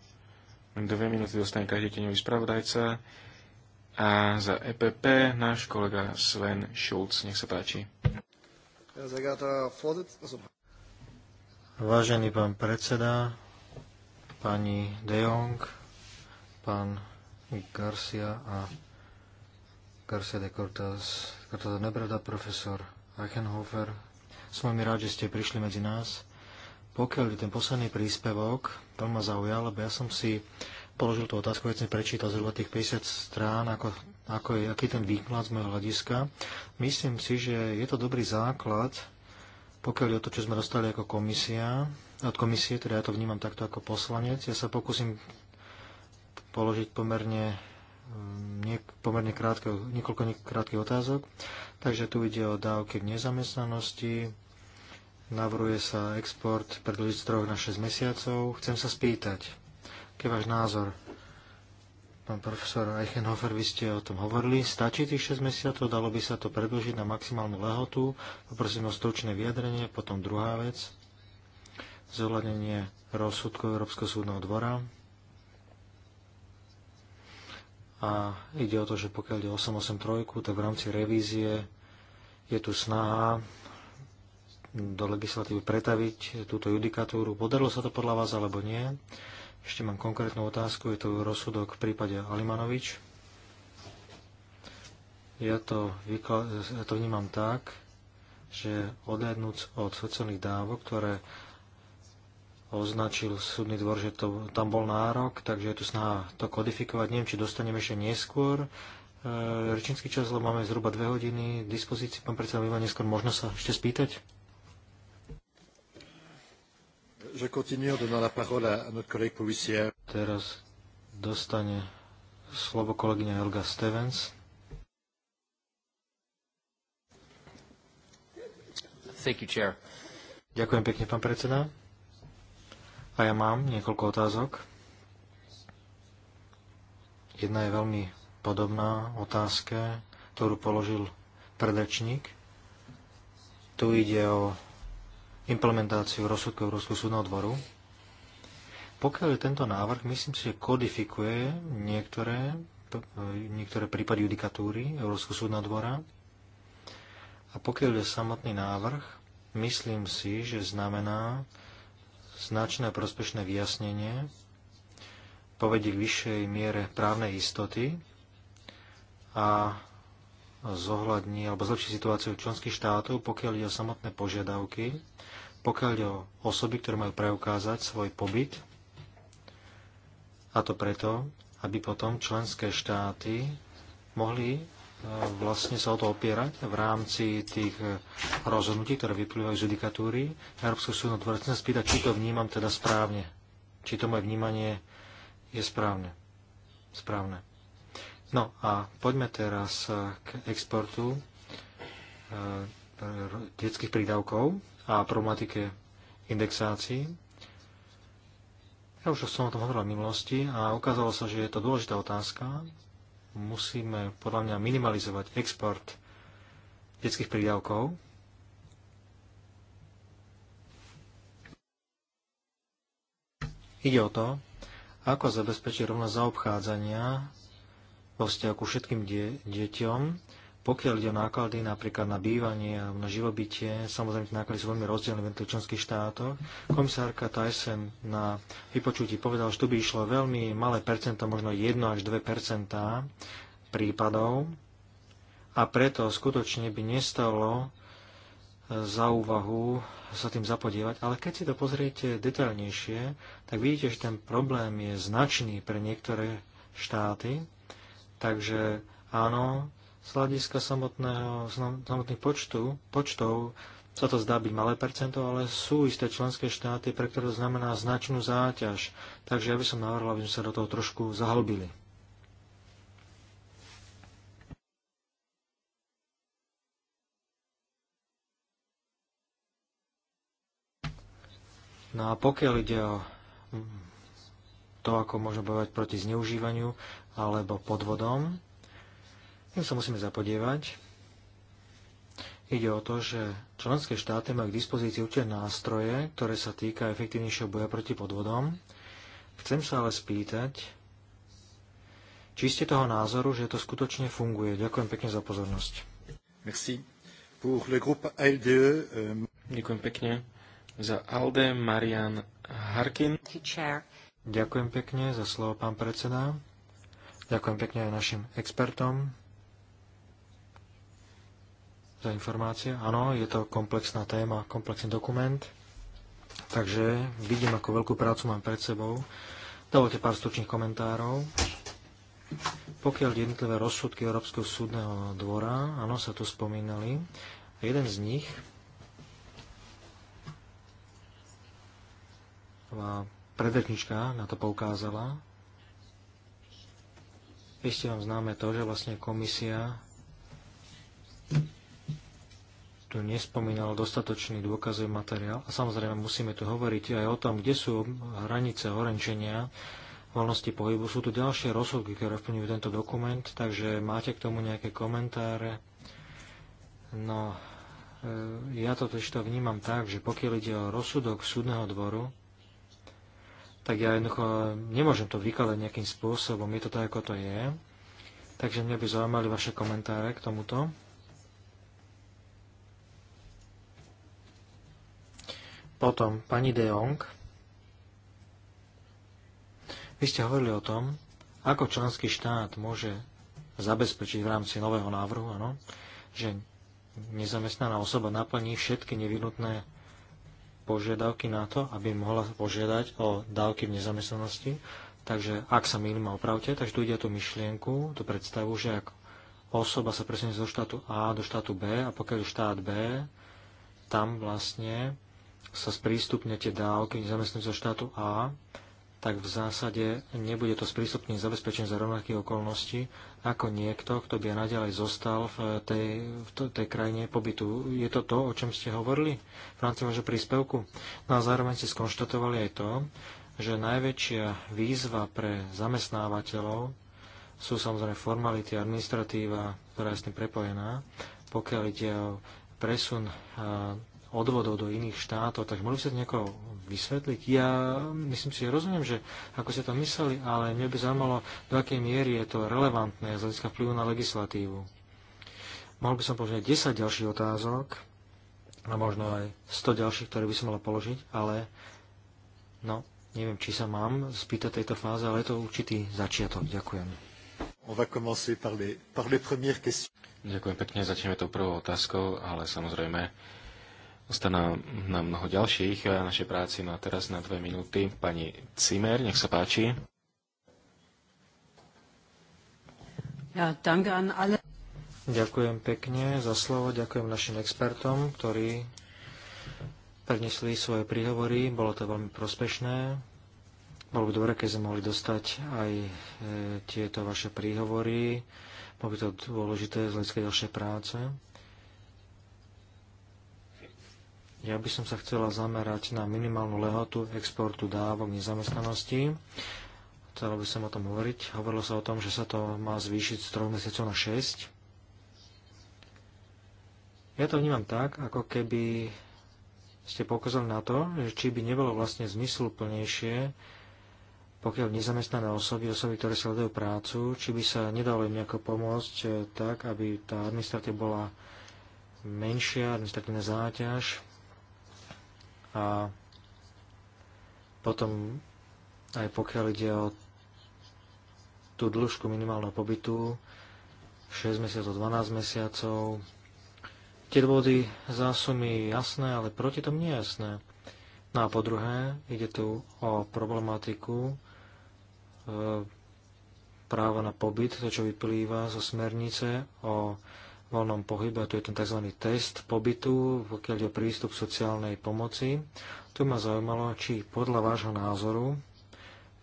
dve minúty dostane každý teňový spravodajca a za EPP náš kolega Sven Schulz. Nech sa páči. Vážený pán predseda, pani De Jong, pán Garcia a Garcia de Nebrada, profesor Eichenhofer. Som veľmi rád, že ste prišli medzi nás. Pokiaľ je ten posledný príspevok, to ma zaujal, lebo ja som si položil tú otázku, keď som prečítal zhruba tých 50 strán, ako, ako je, aký ten výklad z môjho hľadiska. Myslím si, že je to dobrý základ, pokiaľ je o to, čo sme dostali ako komisia, od komisie, teda ja to vnímam takto ako poslanec, ja sa pokúsim položiť pomerne Ehm, pomerne krátke, niekoľko krátkych otázok. Takže tu ide o dávky v nezamestnanosti. Navruje sa export predložiť z troch na 6 mesiacov. Chcem sa spýtať, aký je váš názor? Pán profesor Eichenhofer, vy ste o tom hovorili. Stačí tých 6 mesiacov? Dalo by sa to predložiť na maximálnu lehotu? Poprosím o stručné vyjadrenie. Potom druhá vec. Zohľadenie rozsudkov Európskeho súdneho dvora a ide o to, že pokiaľ ide 883, tak v rámci revízie je tu snaha do legislatívy pretaviť túto judikatúru. Podarilo sa to podľa vás alebo nie? Ešte mám konkrétnu otázku, je to rozsudok v prípade Alimanovič. Ja to, ja to vnímam tak, že odhľadnúc od sociálnych dávok, ktoré označil súdny dvor, že to, tam bol nárok, takže je tu snaha to kodifikovať. Neviem, či dostaneme ešte neskôr e, rečnícky čas, lebo máme zhruba dve hodiny k dispozícii. Pán predseda, býva neskôr možno sa ešte spýtať? Teraz dostane slovo kolegyňa Helga Stevens. You, Ďakujem pekne, pán predseda. A ja mám niekoľko otázok. Jedna je veľmi podobná otázke, ktorú položil predrečník. Tu ide o implementáciu rozsudku Európskeho súdneho dvoru. Pokiaľ je tento návrh, myslím si, že kodifikuje niektoré, niektoré prípady judikatúry Európskeho súdneho dvora. A pokiaľ je samotný návrh, myslím si, že znamená, značné prospešné vyjasnenie povedie k vyššej miere právnej istoty a zohľadní alebo zlepší situáciu členských štátov, pokiaľ ide o samotné požiadavky, pokiaľ ide o osoby, ktoré majú preukázať svoj pobyt, a to preto, aby potom členské štáty mohli vlastne sa o to opierať v rámci tých e, rozhodnutí, ktoré vyplývajú z judikatúry. Európskeho súdu dvora chcem spýtať, či to vnímam teda správne. Či to moje vnímanie je správne. Správne. No a poďme teraz e, k exportu e, detských prídavkov a problematike indexácií. Ja už som o tom hovoril v minulosti a ukázalo sa, že je to dôležitá otázka, musíme podľa mňa minimalizovať export detských prídavkov. Ide o to, ako zabezpečiť rovnosť zaobchádzania vo vzťahu ku všetkým de- deťom pokiaľ ide o náklady napríklad na bývanie a na živobytie, samozrejme tie náklady sú veľmi rozdielne v jednotlivých členských štátoch. Komisárka Tyson na vypočutí povedala, že tu by išlo veľmi malé percento, možno 1 až 2 prípadov a preto skutočne by nestalo e, za úvahu sa tým zapodievať, ale keď si to pozriete detaľnejšie, tak vidíte, že ten problém je značný pre niektoré štáty, takže áno, z hľadiska samotného, samotných počtu, počtov sa to zdá byť malé percento, ale sú isté členské štáty, pre ktoré to znamená značnú záťaž. Takže ja by som navrhol, aby sme sa do toho trošku zahlbili. No a pokiaľ ide o mm, to, ako môžeme bojovať proti zneužívaniu alebo podvodom, tým no sa musíme zapodievať. Ide o to, že členské štáty majú k dispozícii určité nástroje, ktoré sa týka efektívnejšieho boja proti podvodom. Chcem sa ale spýtať, či ste toho názoru, že to skutočne funguje. Ďakujem pekne za pozornosť. Merci. Pour le groupe ALDE, um... Euh, Ďakujem pekne. Za ALDE Marian Harkin. Ďakujem pekne za slovo, pán predseda. Ďakujem pekne aj našim expertom za informácie. Áno, je to komplexná téma, komplexný dokument, takže vidím, ako veľkú prácu mám pred sebou. Dovolte pár stručných komentárov. Pokiaľ jednotlivé rozsudky Európskeho súdneho dvora, áno, sa tu spomínali, jeden z nich predrečnička na to poukázala. Ešte vám známe to, že vlastne komisia tu nespomínal dostatočný dôkazový materiál. A samozrejme musíme tu hovoriť aj o tom, kde sú hranice orenčenia voľnosti pohybu. Sú tu ďalšie rozsudky, ktoré vplňujú tento dokument, takže máte k tomu nejaké komentáre. No, e, ja to tiež to vnímam tak, že pokiaľ ide o rozsudok súdneho dvoru, tak ja jednoducho nemôžem to vykladať nejakým spôsobom, je to tak, ako to je. Takže mňa by zaujímali vaše komentáre k tomuto. Potom, pani De Jong, vy ste hovorili o tom, ako členský štát môže zabezpečiť v rámci nového návrhu, ano, že nezamestnaná osoba naplní všetky nevyhnutné požiadavky na to, aby mohla požiadať o dávky v nezamestnanosti. Takže ak sa mýlim a opravte, takže tu ide tú myšlienku, tú predstavu, že ak osoba sa presunie zo štátu A do štátu B a pokiaľ štát B, tam vlastne sa sprístupnete dávky zamestnancov štátu A, tak v zásade nebude to sprístupne zabezpečené za rovnaké okolnosti ako niekto, kto by naďalej zostal v tej, v tej krajine pobytu. Je to to, o čom ste hovorili v rámci vášho príspevku? No a zároveň ste skonštatovali aj to, že najväčšia výzva pre zamestnávateľov sú samozrejme formality, administratíva, ktorá je s tým prepojená, pokiaľ ide o presun odvodov do iných štátov, tak mohli sa to nejako vysvetliť? Ja myslím si, že rozumiem, že ako ste to mysleli, ale mne by zaujímalo, do akej miery je to relevantné z hľadiska vplyvu na legislatívu. Mohol by som povedať 10 ďalších otázok a možno aj 100 ďalších, ktoré by som mala položiť, ale no, neviem, či sa mám spýtať tejto fáze, ale je to určitý začiatok. Ďakujem. On va commencer par les, par les premières questions. Ďakujem pekne, začneme tou prvou otázkou, ale samozrejme Ostáva na mnoho ďalších eh, našej práci. má no teraz na dve minúty pani Cimer, nech sa páči. Ja, danke an alle. Ďakujem pekne za slovo, ďakujem našim expertom, ktorí prednesli svoje príhovory. Bolo to veľmi prospešné. Bolo by dobre, keď sme mohli dostať aj e, tieto vaše príhovory. Bolo by to dôležité z hľadiska ďalšej práce. Ja by som sa chcela zamerať na minimálnu lehotu exportu dávok nezamestnanosti. Chcela by som o tom hovoriť. Hovorilo sa o tom, že sa to má zvýšiť z 3 mesiacov na 6. Ja to vnímam tak, ako keby ste poukázali na to, že či by nebolo vlastne zmysluplnejšie, pokiaľ nezamestnané osoby, osoby, ktoré sledujú prácu, či by sa nedalo im nejako pomôcť eh, tak, aby tá administratíva bola menšia, administratívna záťaž, a potom aj pokiaľ ide o tú dĺžku minimálneho pobytu, 6 mesiacov, 12 mesiacov, tie dôvody mi jasné, ale proti tomu nie jasné. No a po druhé, ide tu o problematiku e, práva na pobyt, to čo vyplýva zo smernice o voľnom pohybe, a tu je ten tzv. test pobytu, pokiaľ je prístup sociálnej pomoci. Tu ma zaujímalo, či podľa vášho názoru,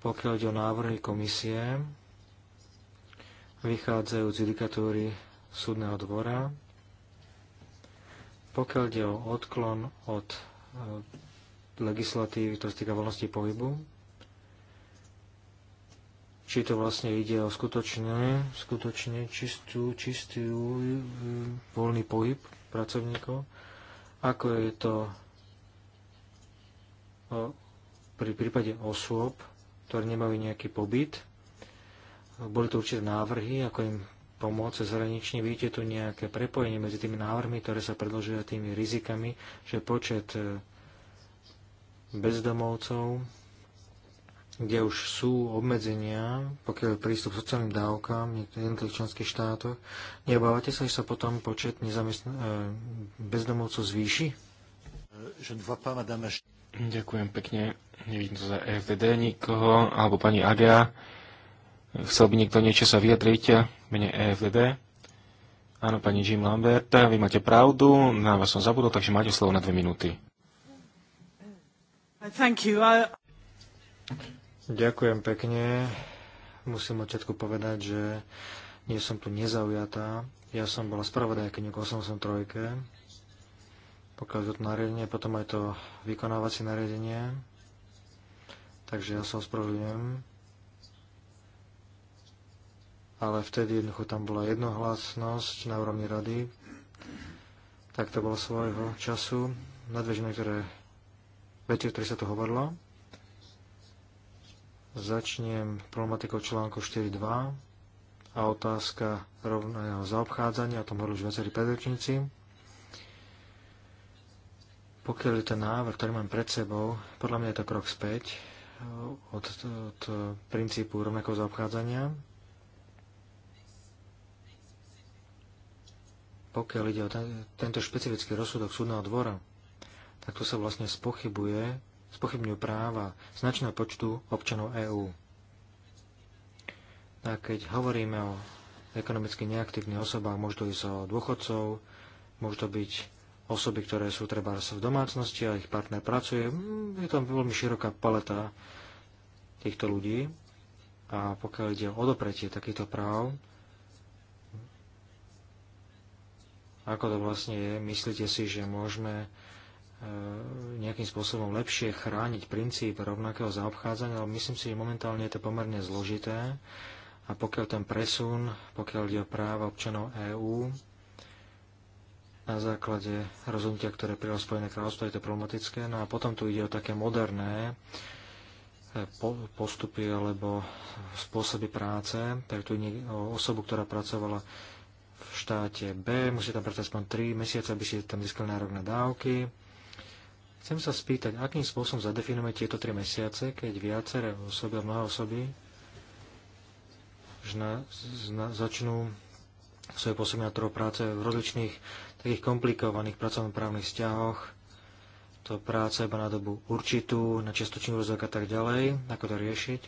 pokiaľ ide o návrhy komisie, vychádzajú z judikatúry súdneho dvora, pokiaľ ide o odklon od e, legislatívy, ktorá sa týka voľnosti pohybu, či to vlastne ide o skutočne, skutočne čistú, čistý e, voľný pohyb pracovníkov, ako je to o, pri prípade osôb, ktoré nemajú nejaký pobyt. Boli to určité návrhy, ako im pomôcť zahranične. Vidíte tu nejaké prepojenie medzi tými návrhmi, ktoré sa predložia tými rizikami, že počet e, bezdomovcov kde už sú obmedzenia, pokiaľ prístup k sociálnym dávkam v jednotlivých členských štátoch. Neobávate sa, že sa potom počet nezamestn- e, bezdomovcov zvýši? Ďakujem pekne. Nevidím to za FDD nikoho, alebo pani Aga. Chcel by niekto niečo sa vyjadriť? Mene EFDD. Áno, pani Jim Lambert, vy máte pravdu, na vás som zabudol, takže máte slovo na dve minúty. Thank you. I... Ďakujem pekne. Musím od všetku povedať, že nie som tu nezaujatá. Ja som bola spravodajka k 883, pokiaľ je to nariadenie, potom aj to vykonávacie nariadenie. Takže ja sa ospravedlňujem. Ale vtedy jednoducho tam bola jednohlasnosť na úrovni rady. Tak to bolo svojho času. Nadvežené, ktoré veci, o ktorých sa tu hovorilo. Začnem problematikou článku 4.2 a otázka rovného zaobchádzania, o tom hovorili už viacerí predrečníci. Pokiaľ je ten návrh, ktorý mám pred sebou, podľa mňa je to krok späť od, od princípu rovnakého zaobchádzania, pokiaľ ide o ten, tento špecifický rozsudok súdneho dvora, tak tu sa vlastne spochybuje spochybňujú práva značného počtu občanov EÚ. A keď hovoríme o ekonomicky neaktívnych osobách, môžu to ísť o dôchodcov, môžu to byť osoby, ktoré sú treba v domácnosti a ich partner pracuje. Mm, je tam veľmi široká paleta týchto ľudí a pokiaľ ide o odopretie takýchto práv, ako to vlastne je, myslíte si, že môžeme E, nejakým spôsobom lepšie chrániť princíp rovnakého zaobchádzania, ale myslím si, že momentálne je to pomerne zložité a pokiaľ ten presun, pokiaľ ide o práva občanov EÚ, na základe rozhodnutia, ktoré prijalo Spojené kráľovstvo, je to problematické. No a potom tu ide o také moderné e, postupy alebo spôsoby práce. Tak tu ide o osobu, ktorá pracovala v štáte B, musí tam pracovať aspoň 3 mesiace, aby si tam získali nárok na dávky Chcem sa spýtať, akým spôsobom zadefinujeme tieto 3 mesiace, keď viaceré osoby, a mnohé osoby na, na, začnú svoje pôsobenie na trhu práce v rozličných takých komplikovaných pracovnoprávnych vzťahoch, to práca iba na dobu určitú, na čiastočný úrozok a tak ďalej, ako to riešiť.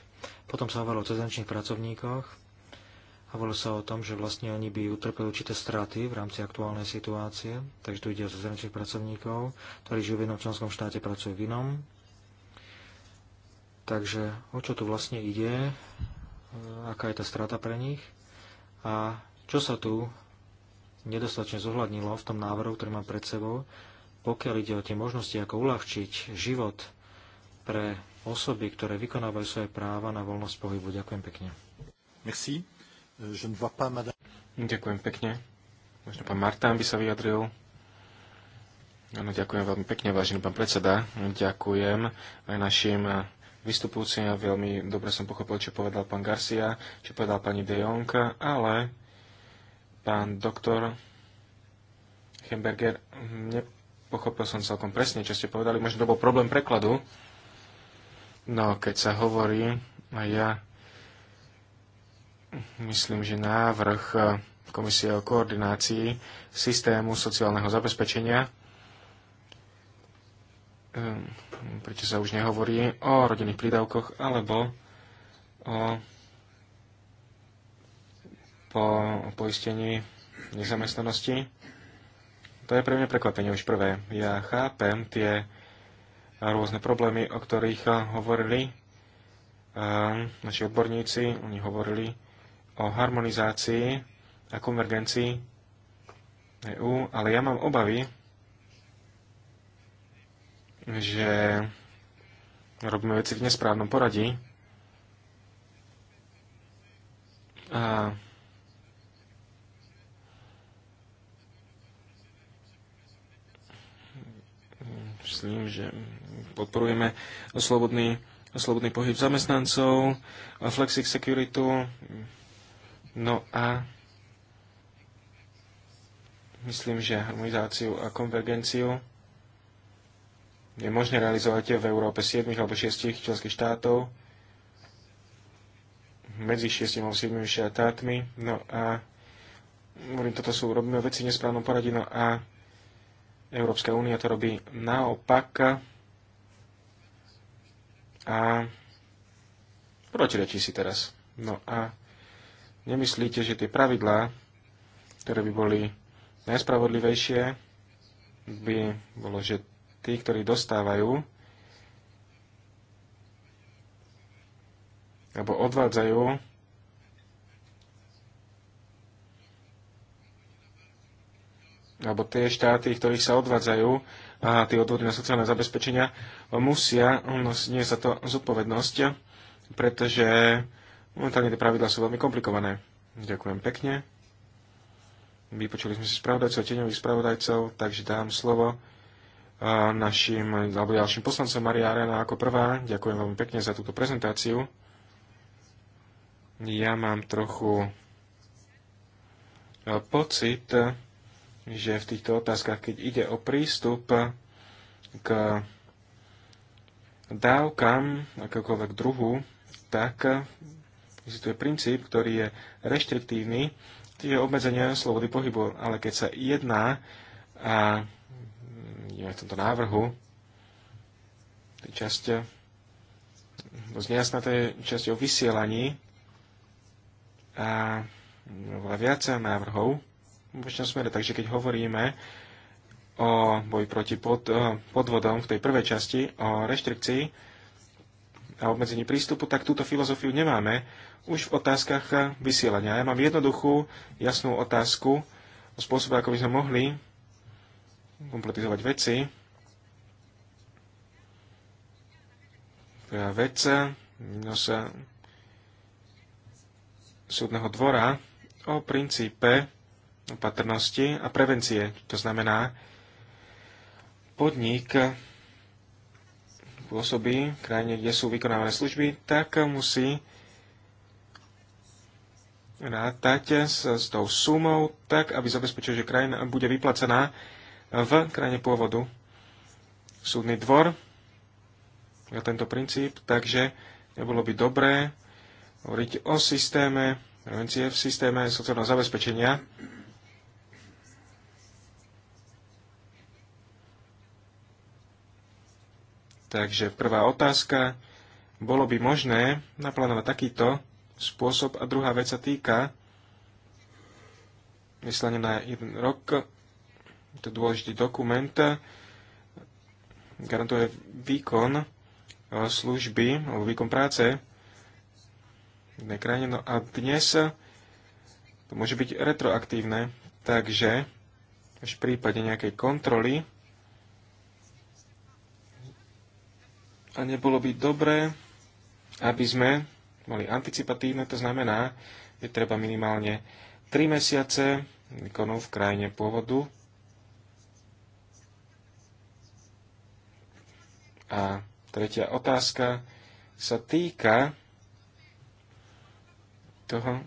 Potom sa hovorilo o cezančných pracovníkoch, Hovorilo sa o tom, že vlastne oni by utrpeli určité straty v rámci aktuálnej situácie, takže tu ide o zahraničných pracovníkov, ktorí žijú v jednom členskom štáte, pracujú v inom. Takže o čo tu vlastne ide, e, aká je tá strata pre nich a čo sa tu nedostatočne zohľadnilo v tom návrhu, ktorý mám pred sebou, pokiaľ ide o tie možnosti, ako uľahčiť život pre osoby, ktoré vykonávajú svoje práva na voľnosť pohybu. Ďakujem pekne. Merci. Ďakujem pekne. Možno pán Martán by sa vyjadril. Áno, ďakujem veľmi pekne, vážený pán predseda. Ďakujem aj našim vystupujúcim. Ja veľmi dobre som pochopil, čo povedal pán Garcia, čo povedal pani De Jong, ale pán doktor Hemberger, nepochopil som celkom presne, čo ste povedali. Možno to bol problém prekladu. No, keď sa hovorí, a ja Myslím, že návrh e, Komisie o koordinácii systému sociálneho zabezpečenia, e, prečo sa už nehovorí o rodinných prídavkoch alebo o po poistení nezamestnanosti. To je pre mňa prekvapenie už prvé. Ja chápem tie rôzne problémy, o ktorých e, hovorili naši odborníci. Oni hovorili o harmonizácii a konvergencii EU, ale ja mám obavy, že robíme veci v nesprávnom poradí a myslím, že podporujeme slobodný, slobodný pohyb zamestnancov, flexi security, No a myslím, že harmonizáciu a konvergenciu je možné realizovať v Európe 7 alebo 6 členských štátov medzi 6 alebo 7 štátmi. No a hovorím, toto sú, robíme veci nesprávnom poradí, no a Európska únia to robí naopak a protirečí si teraz. No a nemyslíte, že tie pravidlá, ktoré by boli najspravodlivejšie, by bolo, že tí, ktorí dostávajú alebo odvádzajú alebo tie štáty, ktorých sa odvádzajú a tie odvody na sociálne zabezpečenia, musia, no, nie za to zodpovednosť, pretože Momentálne no, tie pravidlá sú veľmi komplikované. Ďakujem pekne. Vypočuli sme si spravodajcov, teňových spravodajcov, takže dám slovo našim, alebo ďalším poslancom Maria Arena ako prvá. Ďakujem veľmi pekne za túto prezentáciu. Ja mám trochu pocit, že v týchto otázkach, keď ide o prístup k dávkam akéhokoľvek druhu, tak existuje princíp, ktorý je reštriktívny, tie obmedzenia slobody pohybu, ale keď sa jedná a je v tomto návrhu, tej časti, dosť nejasná, to je časť o vysielaní a veľa viac návrhov v bočnom smere. Takže keď hovoríme o boji proti pod, podvodom v tej prvej časti, o reštrikcii, a obmedzení prístupu, tak túto filozofiu nemáme už v otázkach vysielania. Ja mám jednoduchú, jasnú otázku o spôsobe, ako by sme mohli kompletizovať veci. Teda vec no sa súdneho dvora o princípe opatrnosti a prevencie. To znamená, podnik pôsobí v krajine, kde sú vykonávané služby, tak musí rátať s, s tou sumou tak, aby zabezpečil, že krajina bude vyplacená v krajine pôvodu. Súdny dvor na tento princíp, takže nebolo by dobré hovoriť o systéme, prevencie v systéme sociálneho zabezpečenia, Takže prvá otázka, bolo by možné naplánovať takýto spôsob a druhá vec sa týka myslenie na jeden rok, je to dôležitý dokument, garantuje výkon eh, služby alebo výkon práce v jednej krajine. No a dnes to môže byť retroaktívne, takže v prípade nejakej kontroly A nebolo by dobré, aby sme boli anticipatívne, to znamená, že treba minimálne 3 mesiace výkonu v krajine pôvodu A tretia otázka sa týka toho,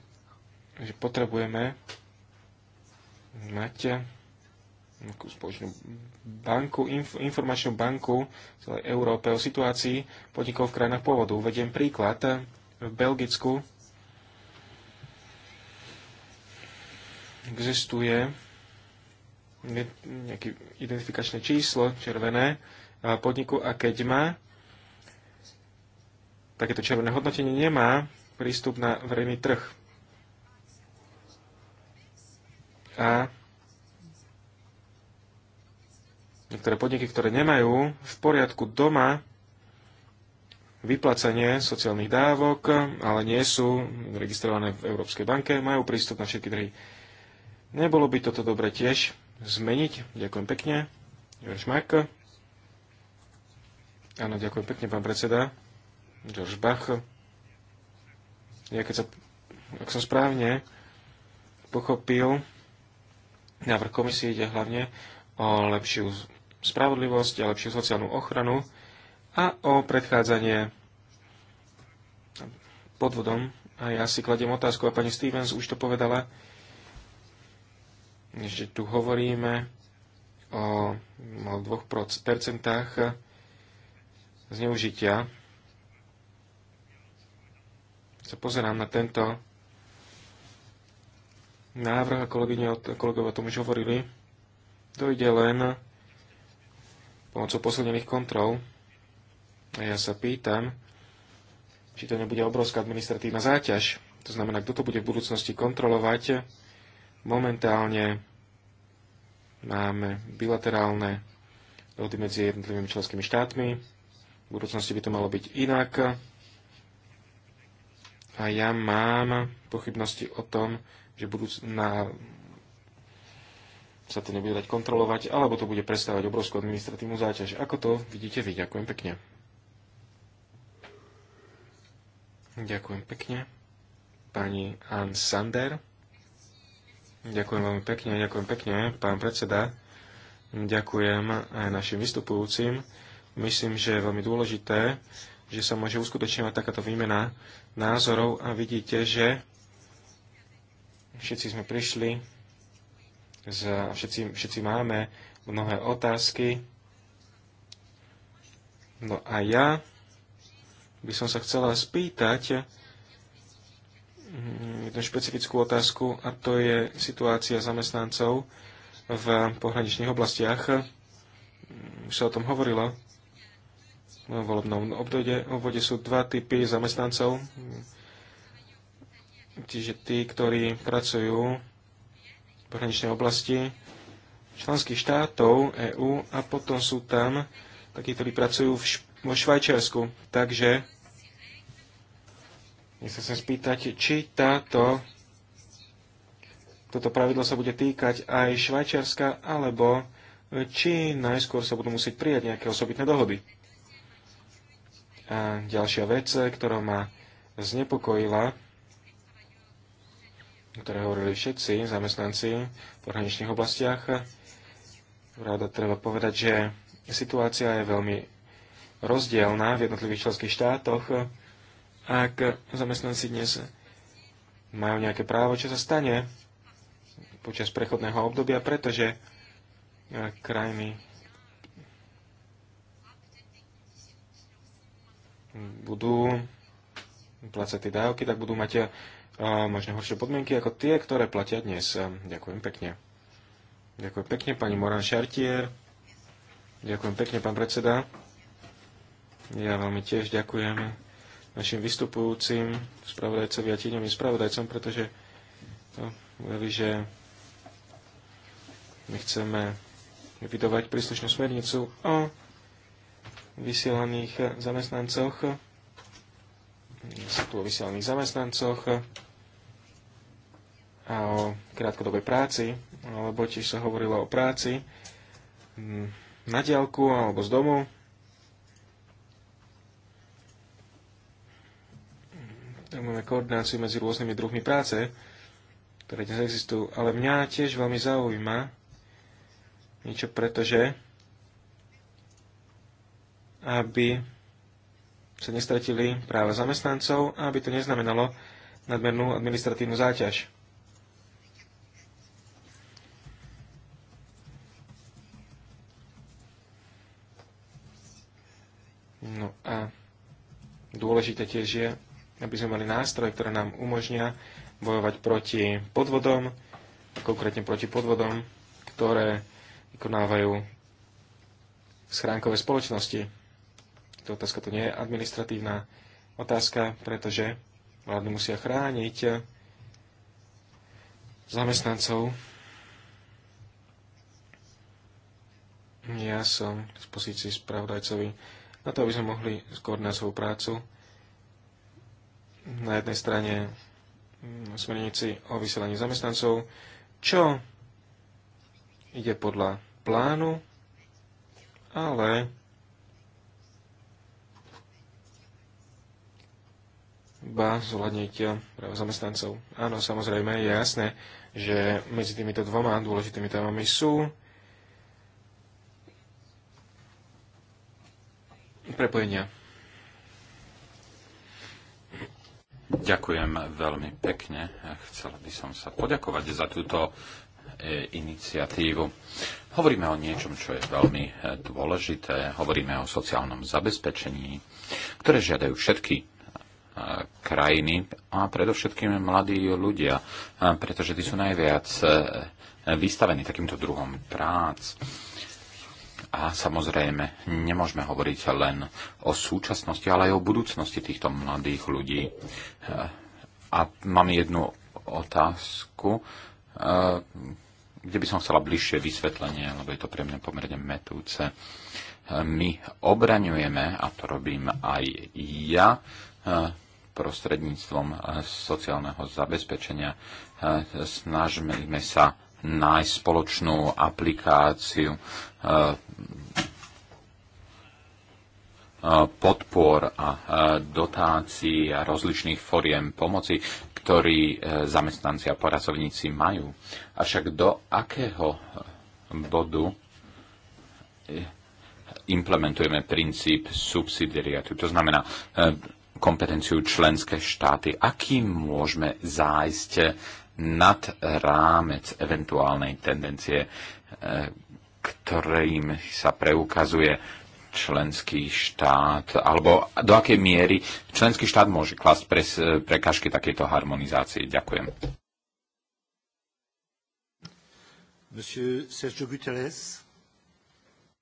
že potrebujeme mať nejakú spoločnú banku, inf- informačnú banku v celej Európe o situácii podnikov v krajinách pôvodu. Uvediem príklad. V Belgicku existuje nejaké identifikačné číslo červené podniku a keď má takéto červené hodnotenie nemá prístup na verejný trh. A niektoré podniky, ktoré nemajú v poriadku doma vyplacanie sociálnych dávok, ale nie sú registrované v Európskej banke, majú prístup na všetky trhy. Nebolo by toto dobre tiež zmeniť? Ďakujem pekne. George Mark. Áno, ďakujem pekne, pán predseda. George Bach. Ja keď sa, ak som správne pochopil, návrh komisie ide hlavne o lepšiu spravodlivosť a lepšiu sociálnu ochranu a o predchádzanie podvodom. A ja si kladiem otázku, a pani Stevens už to povedala, že tu hovoríme o, 2% zneužitia. Sa pozerám na tento návrh a kolegyne, kolegovia o tom už hovorili. Dojde len pomocou posilnených kontrol. A ja sa pýtam, či to nebude obrovská administratívna záťaž. To znamená, kto to bude v budúcnosti kontrolovať. Momentálne máme bilaterálne dohody medzi jednotlivými členskými štátmi. V budúcnosti by to malo byť inak. A ja mám pochybnosti o tom, že budúc na sa to nebude dať kontrolovať, alebo to bude predstavovať obrovskú administratívnu záťaž. Ako to vidíte vy? Ďakujem pekne. Ďakujem pekne. Pani Ann Sander. Ďakujem veľmi pekne, ďakujem pekne, pán predseda. Ďakujem aj našim vystupujúcim. Myslím, že je veľmi dôležité, že sa môže uskutočňovať takáto výmena názorov a vidíte, že všetci sme prišli že všetci, všetci máme mnohé otázky. No a ja by som sa chcela spýtať mm, jednu špecifickú otázku a to je situácia zamestnancov v pohraničných oblastiach. Už sa o tom hovorilo. V volebnom obdode, obvode sú dva typy zamestnancov. Čiže tí, ktorí pracujú pohraničnej oblasti členských štátov EÚ a potom sú tam takí, ktorí pracujú v š- vo Švajčiarsku. Takže ja sa chcem spýtať, či táto, toto pravidlo sa bude týkať aj Švajčiarska, alebo či najskôr sa budú musieť prijať nejaké osobitné dohody. A ďalšia vec, ktorá ma znepokojila, ktoré hovorili všetci zamestnanci v pohraničných oblastiach. Ráda treba povedať, že situácia je veľmi rozdielná v jednotlivých členských štátoch. Ak zamestnanci dnes majú nejaké právo, čo sa stane počas prechodného obdobia, pretože eh, krajiny budú placať tie dávky, tak budú mať eh, možno horšie podmienky ako tie, ktoré platia dnes. Ďakujem pekne. Ďakujem pekne, pani Moran Šartier. Ďakujem pekne, pán predseda. Ja veľmi tiež ďakujem našim vystupujúcim spravodajcovi a tieňovým spravodajcom, pretože to no, hovorí, že my chceme vydovať príslušnú smernicu o vysielaných zamestnancoch, tu o vysielaných zamestnancoch, a o krátkodobej práci, alebo tiež sa hovorilo o práci mm, na diálku alebo z domu. Tam máme koordináciu medzi rôznymi druhmi práce, ktoré dnes existujú. Ale mňa tiež veľmi zaujíma niečo, pretože aby sa nestratili práva zamestnancov a aby to neznamenalo nadmernú administratívnu záťaž. No a dôležité tiež je, aby sme mali nástroje, ktoré nám umožnia bojovať proti podvodom, konkrétne proti podvodom, ktoré vykonávajú schránkové spoločnosti. To otázka to nie je administratívna otázka, pretože vlády musia chrániť zamestnancov. Ja som v pozícii spravodajcovi na to, aby sme mohli skoordinovať svoju prácu. Na jednej strane mm, smernici o vysielaní zamestnancov, čo ide podľa plánu, ale ba zohľadniť eh, práva zamestnancov. Áno, samozrejme, je jasné, že medzi týmito dvoma dôležitými témami sú prepojenia. Ďakujem veľmi pekne. Chcela by som sa poďakovať za túto e, iniciatívu. Hovoríme o niečom, čo je veľmi e, dôležité. Hovoríme o sociálnom zabezpečení, ktoré žiadajú všetky e, krajiny a predovšetkým mladí ľudia, pretože tí sú najviac vystavení takýmto druhom prác a samozrejme, nemôžeme hovoriť len o súčasnosti, ale aj o budúcnosti týchto mladých ľudí. A mám jednu otázku, e, kde by som chcela bližšie vysvetlenie, lebo je to pre mňa pomerne metúce. My obraňujeme, a to robím aj ja, e, prostredníctvom e, sociálneho zabezpečenia. Snažíme sa nájsť spoločnú aplikáciu eh, eh, podpor a eh, dotácií a rozličných foriem pomoci, ktorí zamestnanci a pracovníci majú. Avšak do akého bodu implementujeme princíp subsidiariatu, to znamená kompetenciu členské štáty, akým môžeme zájsť nad rámec eventuálnej tendencie, eh, ktorým sa preukazuje členský štát, alebo do akej miery členský štát môže klasť pre, eh, prekažky takéto harmonizácie. Ďakujem. Monsieur Sergio Guterres.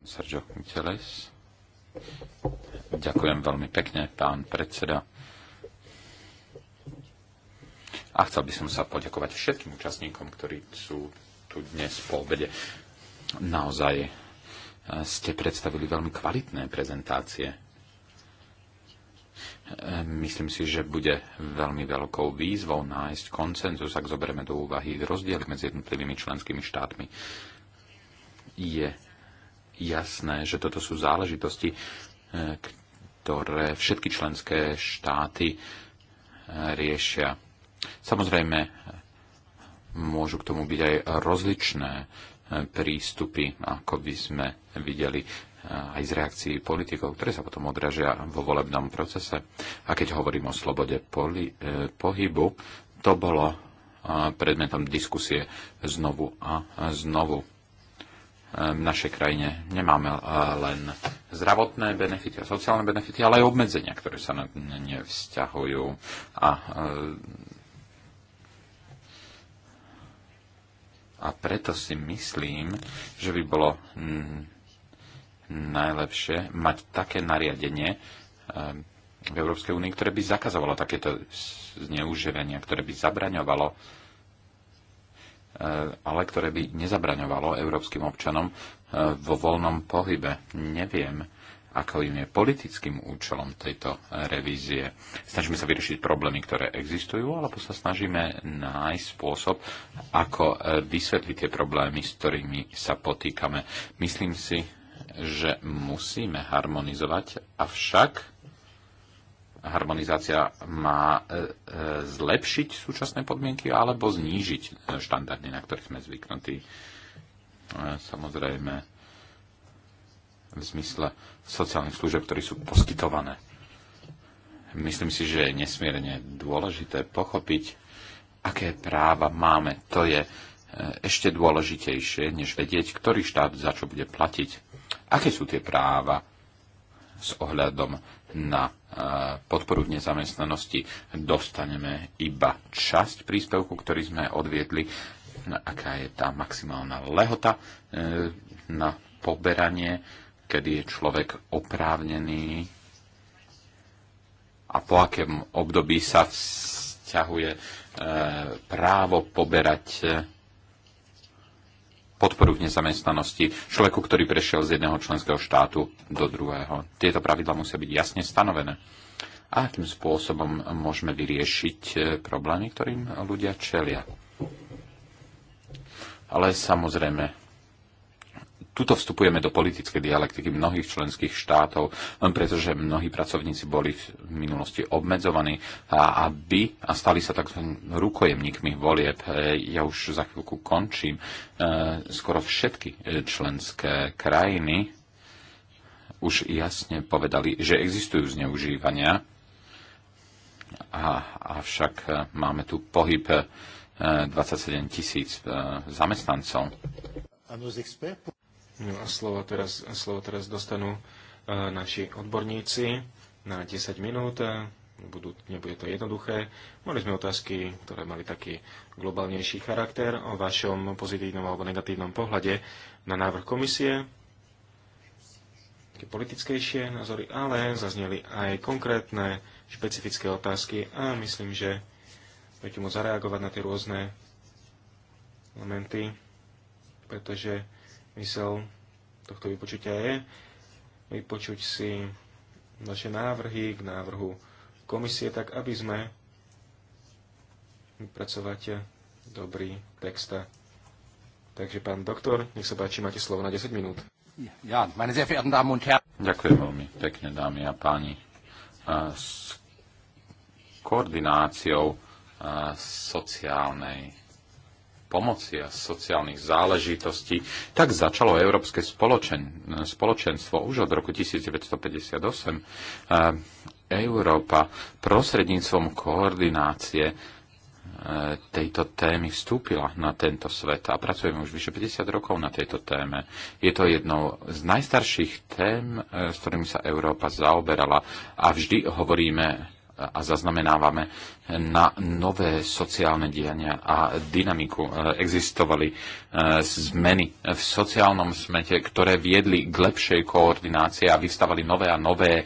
Sergio Guterres. Ďakujem veľmi pekne, pán predseda a chcel by som sa poďakovať všetkým účastníkom, ktorí sú tu dnes po obede. Naozaj e, ste predstavili veľmi kvalitné prezentácie. E, myslím si, že bude veľmi veľkou výzvou nájsť koncenzus, ak zoberieme do úvahy rozdiely medzi jednotlivými členskými štátmi. Je jasné, že toto sú záležitosti, e, ktoré všetky členské štáty riešia. Samozrejme, môžu k tomu byť aj rozličné eh, prístupy, ako by sme videli eh, aj z reakcií politikov, ktoré sa potom odražia vo volebnom procese. A keď hovorím o slobode poli, eh, pohybu, to bolo predmetom diskusie znovu a znovu. V našej krajine nemáme len zdravotné benefity a sociálne benefity, ale aj obmedzenia, ktoré sa na ne vzťahujú. A A preto si myslím, že by bolo mm, najlepšie mať také nariadenie eh, v Európskej únii, ktoré by zakazovalo takéto zneužívania, ktoré by zabraňovalo eh, ale ktoré by nezabraňovalo európskym občanom eh, vo voľnom pohybe. Neviem, akým je politickým účelom tejto revízie. Snažíme sa vyriešiť problémy, ktoré existujú, alebo sa snažíme nájsť spôsob, ako e, vysvetliť tie problémy, s ktorými sa potýkame. Myslím si, že musíme harmonizovať, avšak harmonizácia má e, e, zlepšiť súčasné podmienky alebo znížiť štandardy, na ktorých sme zvyknutí. Samozrejme, v zmysle sociálnych služieb, ktoré sú poskytované. Myslím si, že je nesmierne dôležité pochopiť, aké práva máme. To je e, ešte dôležitejšie, než vedieť, ktorý štát za čo bude platiť. Aké sú tie práva s ohľadom na e, podporu v nezamestnanosti dostaneme iba časť príspevku, ktorý sme odviedli, no, aká je tá maximálna lehota e, na poberanie kedy je človek oprávnený a po akom období sa vzťahuje e, právo poberať e, podporu v nezamestnanosti človeku, ktorý prešiel z jedného členského štátu do druhého. Tieto pravidla musia byť jasne stanovené. A akým spôsobom môžeme vyriešiť e, problémy, ktorým ľudia čelia? Ale samozrejme, tuto vstupujeme do politickej dialektiky mnohých členských štátov, pretože mnohí pracovníci boli v minulosti obmedzovaní a, aby, a stali sa takto rukojemníkmi volieb. E, ja už za chvíľku končím. E, skoro všetky e, členské krajiny už jasne povedali, že existujú zneužívania, a, avšak máme tu pohyb 27 tisíc zamestnancov. No a slovo teraz, slovo teraz dostanú e, naši odborníci na 10 minút. E, budú, nebude to jednoduché. Mali sme otázky, ktoré mali taký globálnejší charakter o vašom pozitívnom alebo negatívnom pohľade na návrh komisie také politickejšie názory, ale zazneli aj konkrétne špecifické otázky a myslím, že budete môcť zareagovať na tie rôzne momenty, pretože Mysel tohto vypočutia je vypočuť si naše návrhy k návrhu komisie, tak aby sme vypracovať dobrý text. Takže pán doktor, nech sa páči, máte slovo na 10 minút. Ďakujem veľmi pekne, dámy a páni. S koordináciou sociálnej pomoci a sociálnych záležitostí, tak začalo Európske spoločen, spoločenstvo už od roku 1958. Európa prostredníctvom koordinácie e, tejto témy vstúpila na tento svet a pracujeme už vyše 50 rokov na tejto téme. Je to jednou z najstarších tém, e, s ktorými sa Európa zaoberala a vždy hovoríme a zaznamenávame na nové sociálne diania a dynamiku. E, existovali e, zmeny v sociálnom smete, ktoré viedli k lepšej koordinácii a vystavali nové a nové e,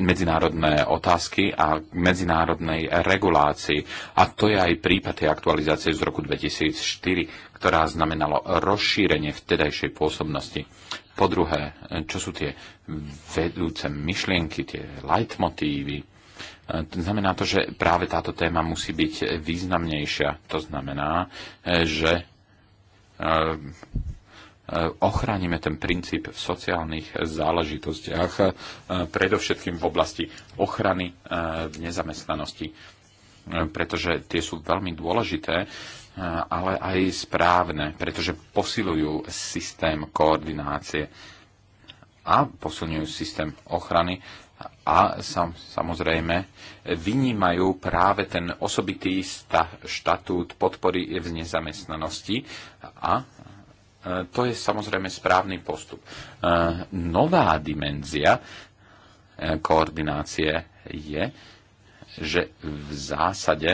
medzinárodné otázky a medzinárodnej regulácii. A to je aj prípad tej aktualizácie z roku 2004, ktorá znamenalo rozšírenie vtedajšej pôsobnosti. Po druhé, čo sú tie vedúce myšlienky, tie leitmotívy, Znamená to, že práve táto téma musí byť významnejšia. To znamená, e, že e, e, ochránime ten princíp v sociálnych záležitostiach, predovšetkým v oblasti ochrany v nezamestnanosti, pretože tie sú veľmi dôležité, ale aj správne, pretože posilujú systém koordinácie a posilňujú systém ochrany a sam, samozrejme vynímajú práve ten osobitý sta, štatút podpory v nezamestnanosti a e, to je samozrejme správny postup. E, nová dimenzia e, koordinácie je, že v zásade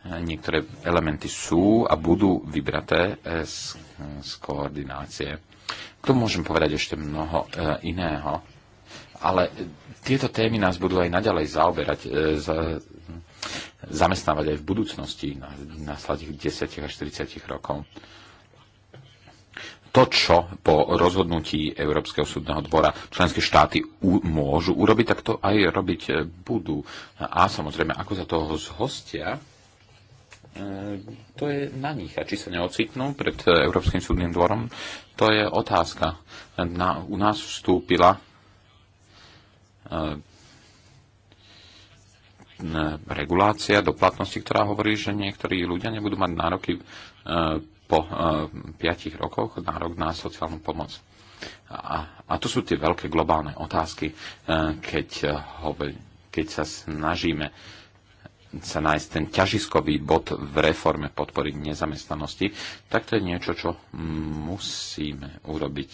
niektoré elementy sú a budú vybraté z, z koordinácie. To môžem povedať ešte mnoho iného ale tieto témy nás budú aj naďalej zaoberať, e, za, zamestnávať aj v budúcnosti, na následných 10 až 40 rokov. To, čo po rozhodnutí Európskeho súdneho dvora členské štáty u, môžu urobiť, tak to aj robiť e, budú. A samozrejme, ako sa toho zhostia, e, to je na nich. A či sa neocitnú pred Európskym súdnym dvorom, to je otázka. Na, u nás vstúpila E, regulácia do platnosti, ktorá hovorí, že niektorí ľudia nebudú mať nároky e, po 5 e, rokoch nárok na sociálnu pomoc. A, a to sú tie veľké globálne otázky, keď, keď sa snažíme sa nájsť ten ťažiskový bod v reforme podpory nezamestnanosti, tak to je niečo, čo musíme urobiť.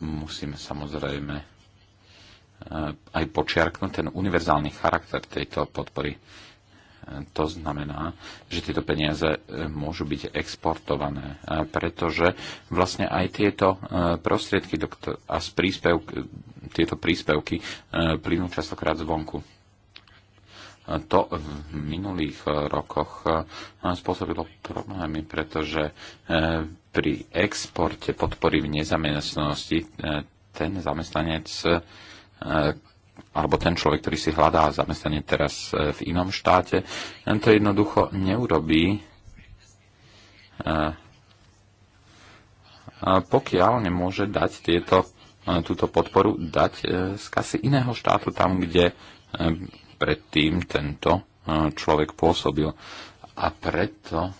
Musíme samozrejme aj počiarknúť ten univerzálny charakter tejto podpory. To znamená, že tieto peniaze e, môžu byť exportované, e, pretože vlastne aj tieto e, prostriedky a príspevky, tieto príspevky plynú častokrát zvonku. To v minulých rokoch spôsobilo problémy, pretože pri exporte podpory v nezamestnanosti ten zamestnanec alebo ten človek, ktorý si hľadá zamestnanie teraz e, v inom štáte, ten to jednoducho neurobí, e, pokiaľ nemôže dať tieto, e, túto podporu dať z kasy iného štátu tam, kde predtým tento človek pôsobil. A preto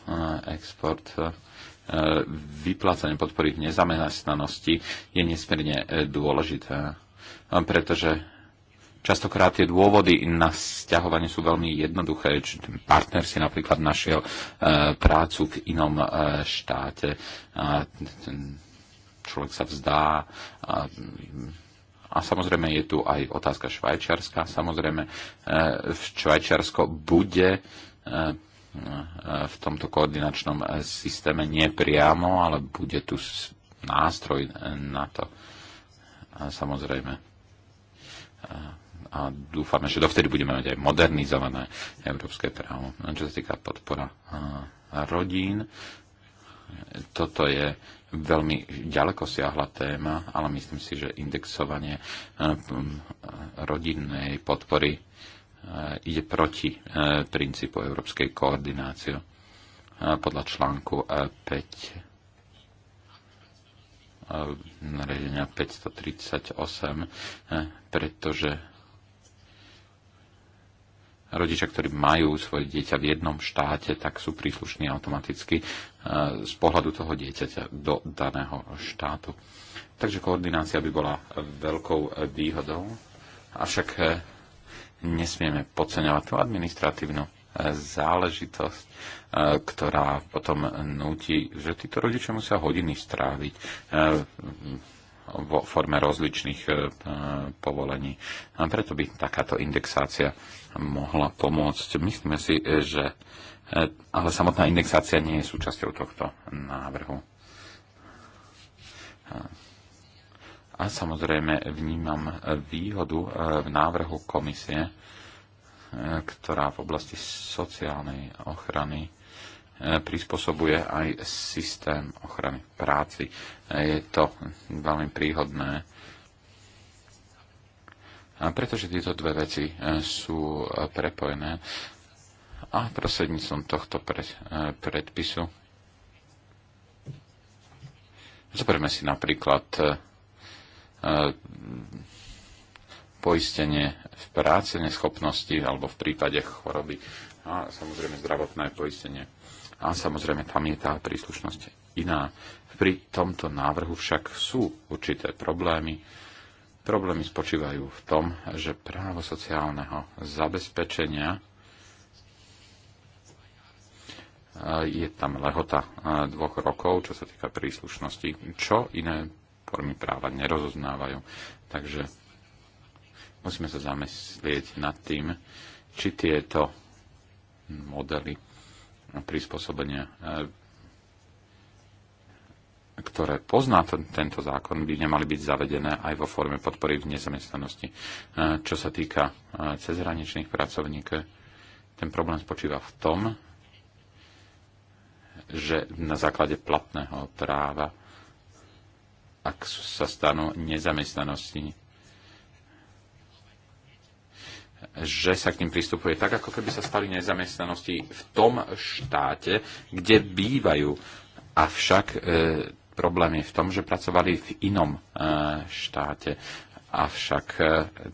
export vyplácanie podpory v nezamestnanosti je nesmierne dôležité pretože častokrát tie dôvody na sťahovanie sú veľmi jednoduché. Či ten partner si napríklad našiel e, prácu v inom e, štáte a ten človek sa vzdá. A, a samozrejme je tu aj otázka švajčiarska. Samozrejme, e, v Švajčiarsko bude v tomto koordinačnom systéme nie priamo, ale bude tu nástroj na to. A samozrejme, a dúfame, že dovtedy budeme mať aj modernizované európske právo. No, čo sa týka podpora rodín, toto je veľmi ďaleko siahla téma, ale myslím si, že indexovanie rodinnej podpory ide proti princípu európskej koordinácie podľa článku 5 nariadenia 538, e, pretože rodičia, ktorí majú svoje dieťa v jednom štáte, tak sú príslušní automaticky e, z pohľadu toho dieťaťa do daného štátu. Takže koordinácia by bola veľkou výhodou, avšak e, nesmieme podceňovať tú administratívnu záležitosť, e, ktorá potom nutí, že títo rodičia musia hodiny stráviť e, vo forme rozličných e, povolení. A preto by takáto indexácia mohla pomôcť. Myslíme si, že ale samotná indexácia nie je súčasťou tohto návrhu. A samozrejme vnímam výhodu v návrhu komisie, ktorá v oblasti sociálnej ochrany eh, prispôsobuje aj systém ochrany práci. Eh, je to veľmi príhodné, pretože tieto dve veci eh, sú prepojené a prostredníctvom tohto predpisu zoberme si napríklad poistenie v práce neschopnosti alebo v prípade choroby a samozrejme zdravotné poistenie. A samozrejme tam je tá príslušnosť iná. Pri tomto návrhu však sú určité problémy. Problémy spočívajú v tom, že právo sociálneho zabezpečenia je tam lehota dvoch rokov, čo sa týka príslušnosti, čo iné formy práva nerozoznávajú. Takže Musíme sa zamyslieť nad tým, či tieto modely prispôsobenia, e, ktoré pozná tento zákon, by nemali byť zavedené aj vo forme podpory v nezamestnanosti. E, čo sa týka e, cezhraničných pracovníkov, ten problém spočíva v tom, že na základe platného práva, ak sa stanú nezamestnanosti, že sa k ním pristupuje tak, ako keby sa stali nezamestnanosti v tom štáte, kde bývajú. Avšak e, problém je v tom, že pracovali v inom e, štáte. Avšak e,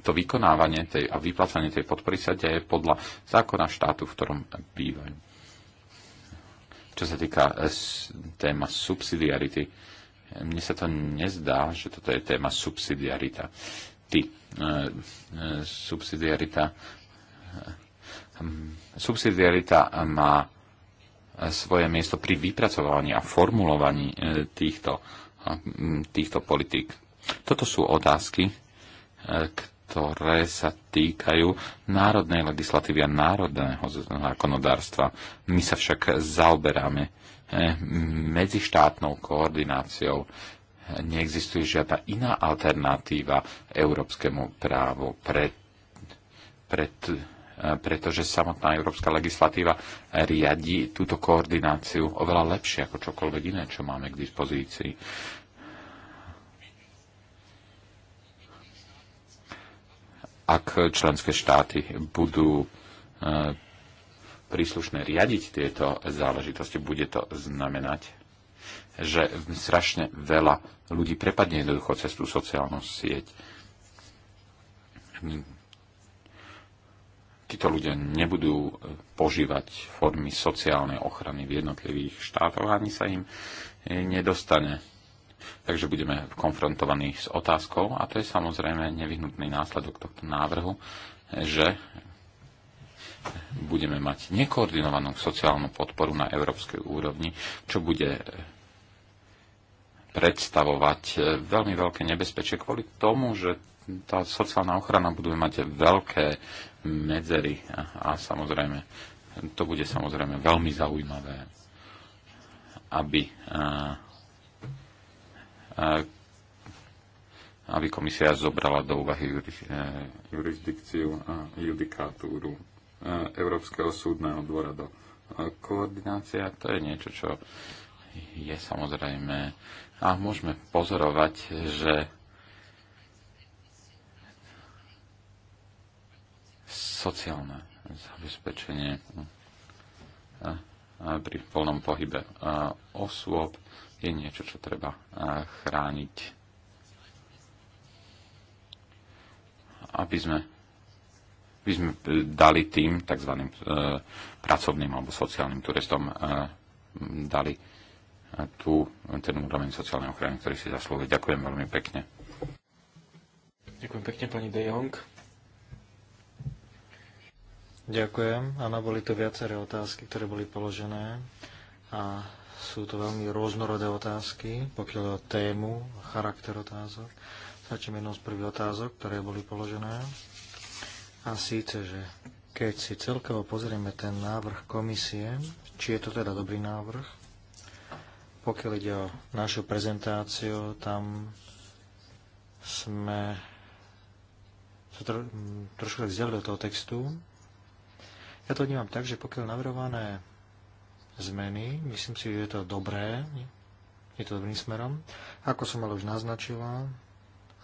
to vykonávanie tej, a vyplácanie tej podpory sa deje podľa zákona štátu, v ktorom bývajú. Čo sa týka e, téma subsidiarity, mne sa to nezdá, že toto je téma subsidiarita. E, vždy e, e, subsidiarita subsidiarita má svoje miesto pri vypracovaní a formulovaní e, týchto, týchto politík. Toto sú otázky, ktoré sa týkajú národnej legislatívy a národného zákonodárstva. My sa však zaoberáme medzištátnou koordináciou neexistuje žiadna iná alternatíva európskemu právu, pre, pre, pretože samotná európska legislatíva riadi túto koordináciu oveľa lepšie ako čokoľvek iné, čo máme k dispozícii. Ak členské štáty budú e, príslušné riadiť tieto záležitosti, bude to znamenať, že strašne veľa ľudí prepadne jednoducho cez tú sociálnu sieť. Títo ľudia nebudú e, požívať formy sociálnej ochrany v jednotlivých štátoch, ani sa im e, nedostane. Takže budeme konfrontovaní s otázkou, a to je samozrejme nevyhnutný následok tohto návrhu, že budeme mať nekoordinovanú sociálnu podporu na európskej úrovni, čo bude e, predstavovať eh, veľmi veľké nebezpečie kvôli tomu, že tá sociálna ochrana budú mať veľké medzery a, a samozrejme to bude samozrejme veľmi zaujímavé, aby a, eh, a, eh, aby komisia zobrala do úvahy jurisdikciu a judikatúru Európskeho súdneho dvora do koordinácia. To je niečo, čo je samozrejme a môžeme pozorovať, že sociálne zabezpečenie pri voľnom pohybe osôb je niečo, čo treba chrániť, aby sme, aby sme dali tým tzv. E, pracovným alebo sociálnym turistom e, dali tú, ten úroveň sociálnej ochrany, ktorý si zaslúhuje. Ďakujem veľmi pekne. Ďakujem pekne, pani De Jong. Ďakujem. Áno, boli to viaceré otázky, ktoré boli položené a sú to veľmi rôznorodé otázky, pokiaľ o tému, charakter otázok. Začnem jednou z prvých otázok, ktoré boli položené. A síce, že keď si celkovo pozrieme ten návrh komisie, či je to teda dobrý návrh, pokiaľ ide o našu prezentáciu, tam sme sa tro, trošku tak vzdialili od toho textu. Ja to vnímam tak, že pokiaľ navrhované zmeny, myslím si, že je to dobré, je to dobrým smerom. Ako som ale už naznačila,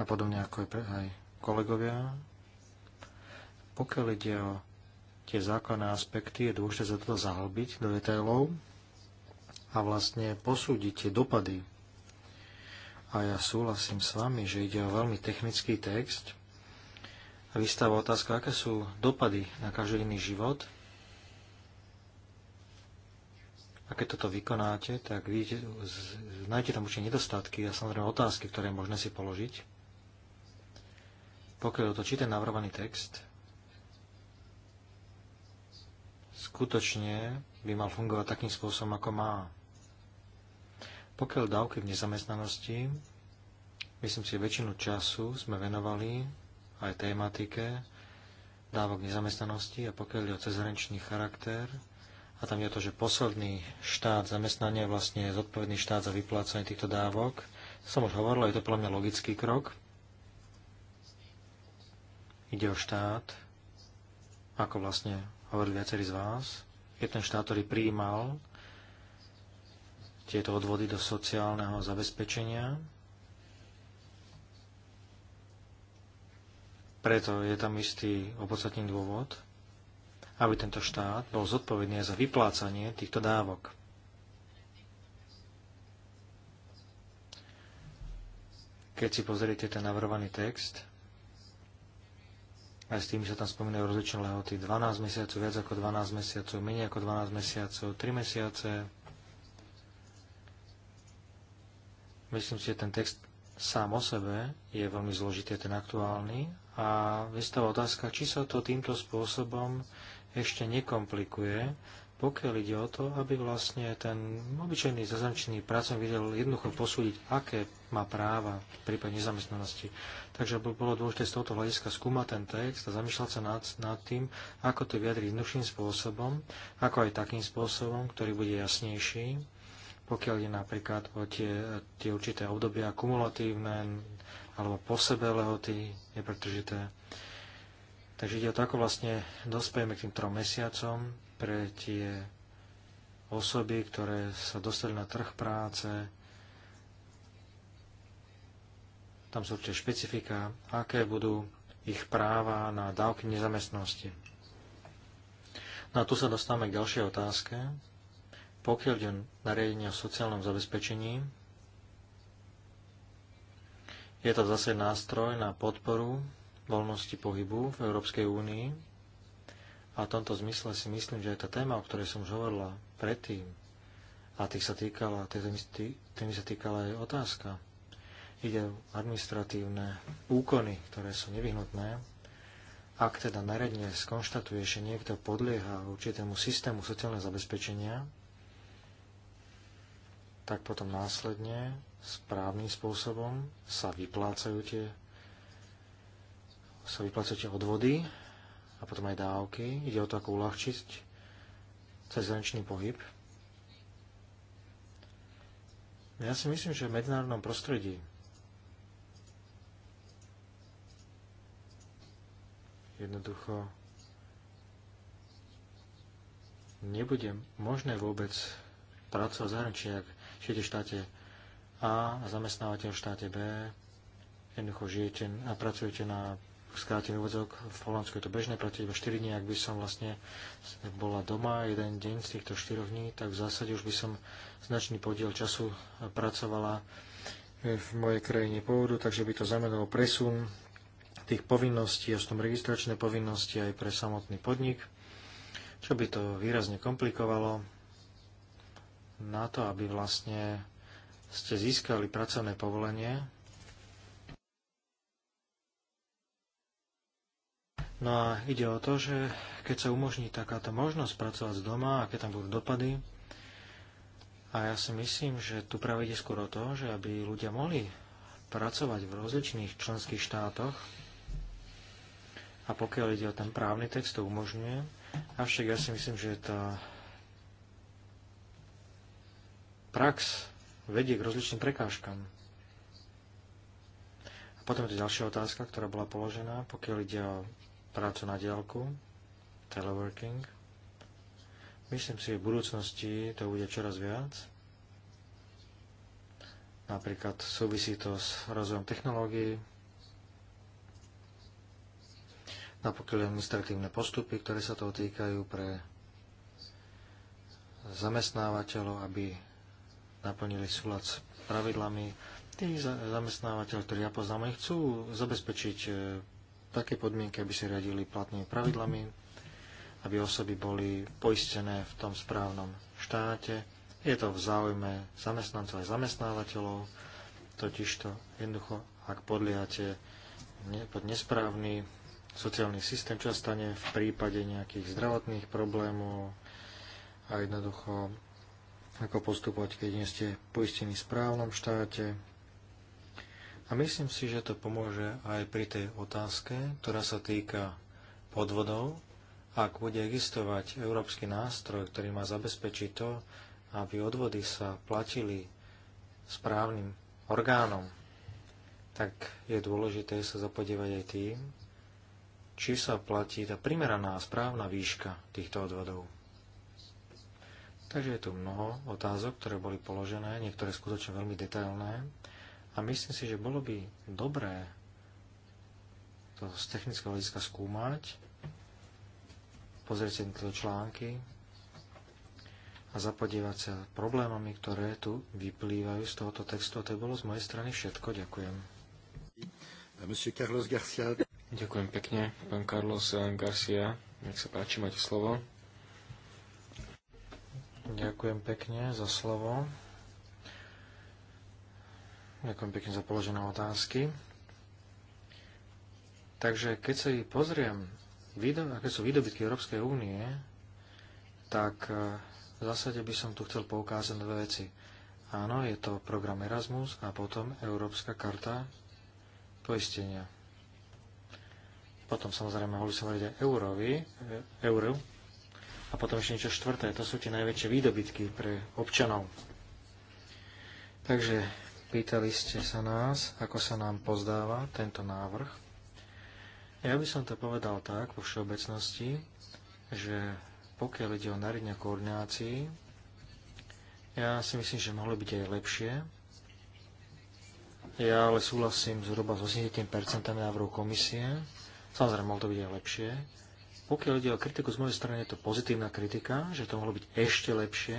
a podobne ako aj, pre, aj kolegovia, pokiaľ ide o tie základné aspekty, je dôležité sa toto zahlbiť do detailov, a vlastne posúdiť tie dopady. A ja súhlasím s vami, že ide o veľmi technický text. A vystáva otázka, aké sú dopady na každodenný život. A keď toto vykonáte, tak vidíte, nájdete tam určite nedostatky a samozrejme otázky, ktoré je možné si položiť. Pokiaľ otočíte navrhovaný text, skutočne by mal fungovať takým spôsobom, ako má. Pokiaľ dávky v nezamestnanosti, myslím si, že väčšinu času sme venovali aj tématike dávok nezamestnanosti a pokiaľ je o cezhraničný charakter, a tam je to, že posledný štát zamestnania vlastne je zodpovedný štát za vyplácanie týchto dávok. Som už hovoril, je to pre mňa logický krok. Ide o štát, ako vlastne hovorili viacerí z vás. Je ten štát, ktorý prijímal tieto odvody do sociálneho zabezpečenia. Preto je tam istý opodstatný dôvod, aby tento štát bol zodpovedný za vyplácanie týchto dávok. Keď si pozriete ten navrhovaný text, aj s tým, že tam spomínajú rozličné lehoty 12 mesiacov, viac ako 12 mesiacov, menej ako 12 mesiacov, 3 mesiace, Myslím si, že ten text sám o sebe je veľmi zložitý, ten aktuálny a vystáva otázka, či sa to týmto spôsobom ešte nekomplikuje, pokiaľ ide o to, aby vlastne ten obyčajný zahraničný pracovník videl jednoducho posúdiť, aké má práva v prípade nezamestnanosti. Takže by bolo dôležité z tohto hľadiska skúmať ten text a zamýšľať sa nad, nad tým, ako to vyjadriť jednoduchším spôsobom, ako aj takým spôsobom, ktorý bude jasnejší, pokiaľ je napríklad o tie, tie určité obdobia kumulatívne alebo po sebe lehoty nepretržité. Takže ide o to, ako vlastne dospejeme k tým trom mesiacom pre tie osoby, ktoré sa dostali na trh práce. Tam sú určite špecifika, aké budú ich práva na dávky nezamestnosti. No a tu sa dostávame k ďalšej otázke, pokiaľ ide nariadenie o sociálnom zabezpečení, je to zase nástroj na podporu voľnosti pohybu v Európskej únii. A v tomto zmysle si myslím, že aj tá téma, o ktorej som už hovorila predtým, a tých sa týkala, tým sa týkala aj otázka. Ide o administratívne úkony, ktoré sú nevyhnutné. Ak teda naredne skonštatuje, že niekto podlieha určitému systému sociálneho zabezpečenia, tak potom následne správnym spôsobom sa vyplácajú tie sa vyplácajú tie odvody a potom aj dávky. Ide o to, ako uľahčiť cezhraničný pohyb. Ja si myslím, že v medzinárodnom prostredí jednoducho nebude možné vôbec pracovať zahraničí, ak žijete v štáte A a zamestnávateľ v štáte B, jednoducho žijete a pracujete na skrátený úvodzok, v Holandsku je to bežné, platíte iba 4 dní, ak by som vlastne bola doma jeden deň z týchto 4 dní, tak v zásade už by som značný podiel času pracovala e, v mojej krajine pôvodu, takže by to znamenalo presun tých povinností, až tom registračné povinnosti aj pre samotný podnik, čo by to výrazne komplikovalo na to, aby vlastne ste získali pracovné povolenie. No a ide o to, že keď sa umožní takáto možnosť pracovať z doma, aké tam budú dopady, a ja si myslím, že tu práve ide skôr o to, že aby ľudia mohli pracovať v rozličných členských štátoch, a pokiaľ ide o ten právny text, to umožňuje. Avšak ja si myslím, že tá prax vedie k rozličným prekážkam. A potom je to ďalšia otázka, ktorá bola položená, pokiaľ ide o prácu na diálku, teleworking. Myslím si, že v budúcnosti to bude čoraz viac. Napríklad súvisí to s rozvojom technológií, napokiaľ administratívne postupy, ktoré sa toho týkajú pre zamestnávateľov, aby naplnili súlad s pravidlami. Tí zamestnávateľ, ktorí ja poznám, chcú zabezpečiť e, také podmienky, aby si riadili platnými pravidlami, aby osoby boli poistené v tom správnom štáte. Je to v záujme zamestnancov a zamestnávateľov, totižto jednoducho, ak podliate pod nesprávny sociálny systém, čo stane v prípade nejakých zdravotných problémov a jednoducho ako postupovať, keď nie ste poistení v správnom štáte. A myslím si, že to pomôže aj pri tej otázke, ktorá sa týka podvodov. Ak bude existovať európsky nástroj, ktorý má zabezpečiť to, aby odvody sa platili správnym orgánom, tak je dôležité sa zapodievať aj tým, či sa platí tá primeraná správna výška týchto odvodov. Takže je tu mnoho otázok, ktoré boli položené, niektoré skutočne veľmi detailné. A myslím si, že bolo by dobré to z technického hľadiska skúmať, pozrieť si tieto články a zapodievať sa problémami, ktoré tu vyplývajú z tohoto textu. A to je bolo z mojej strany všetko. Ďakujem. Ďakujem pekne, pán Carlos Garcia. Nech sa páči, máte slovo. Ďakujem pekne za slovo. Ďakujem pekne za položené otázky. Takže keď sa pozriem, aké sú výdobytky Európskej únie, tak e, v zásade by som tu chcel poukázať dve veci. Áno, je to program Erasmus a potom Európska karta poistenia. Potom samozrejme mohli sa hovoriť aj eurovi, e, euro, a potom ešte niečo štvrté, to sú tie najväčšie výdobytky pre občanov. Takže pýtali ste sa nás, ako sa nám pozdáva tento návrh. Ja by som to povedal tak vo všeobecnosti, že pokiaľ ide o nariadenie koordinácii, ja si myslím, že mohlo byť aj lepšie. Ja ale súhlasím zhruba s 80% návrhu komisie. Samozrejme, mohlo to byť aj lepšie. Pokiaľ ide o kritiku z mojej strany, je to pozitívna kritika, že to mohlo byť ešte lepšie.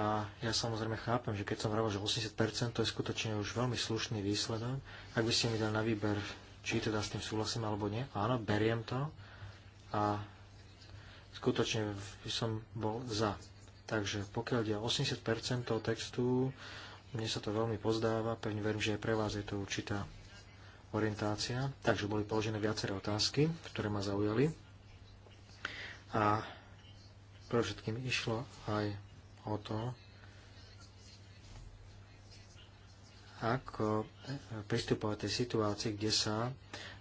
A ja samozrejme chápem, že keď som hovoril, že 80% to je skutočne už veľmi slušný výsledok. Ak by ste mi dali na výber, či teda s tým súhlasím alebo nie, áno, beriem to. A skutočne by som bol za. Takže pokiaľ ide o 80% toho textu, mne sa to veľmi pozdáva, pevne verím, že aj pre vás je to určitá orientácia. Takže boli položené viaceré otázky, ktoré ma zaujali. A pre všetkým išlo aj o to, ako pristupovať tej situácii, kde sa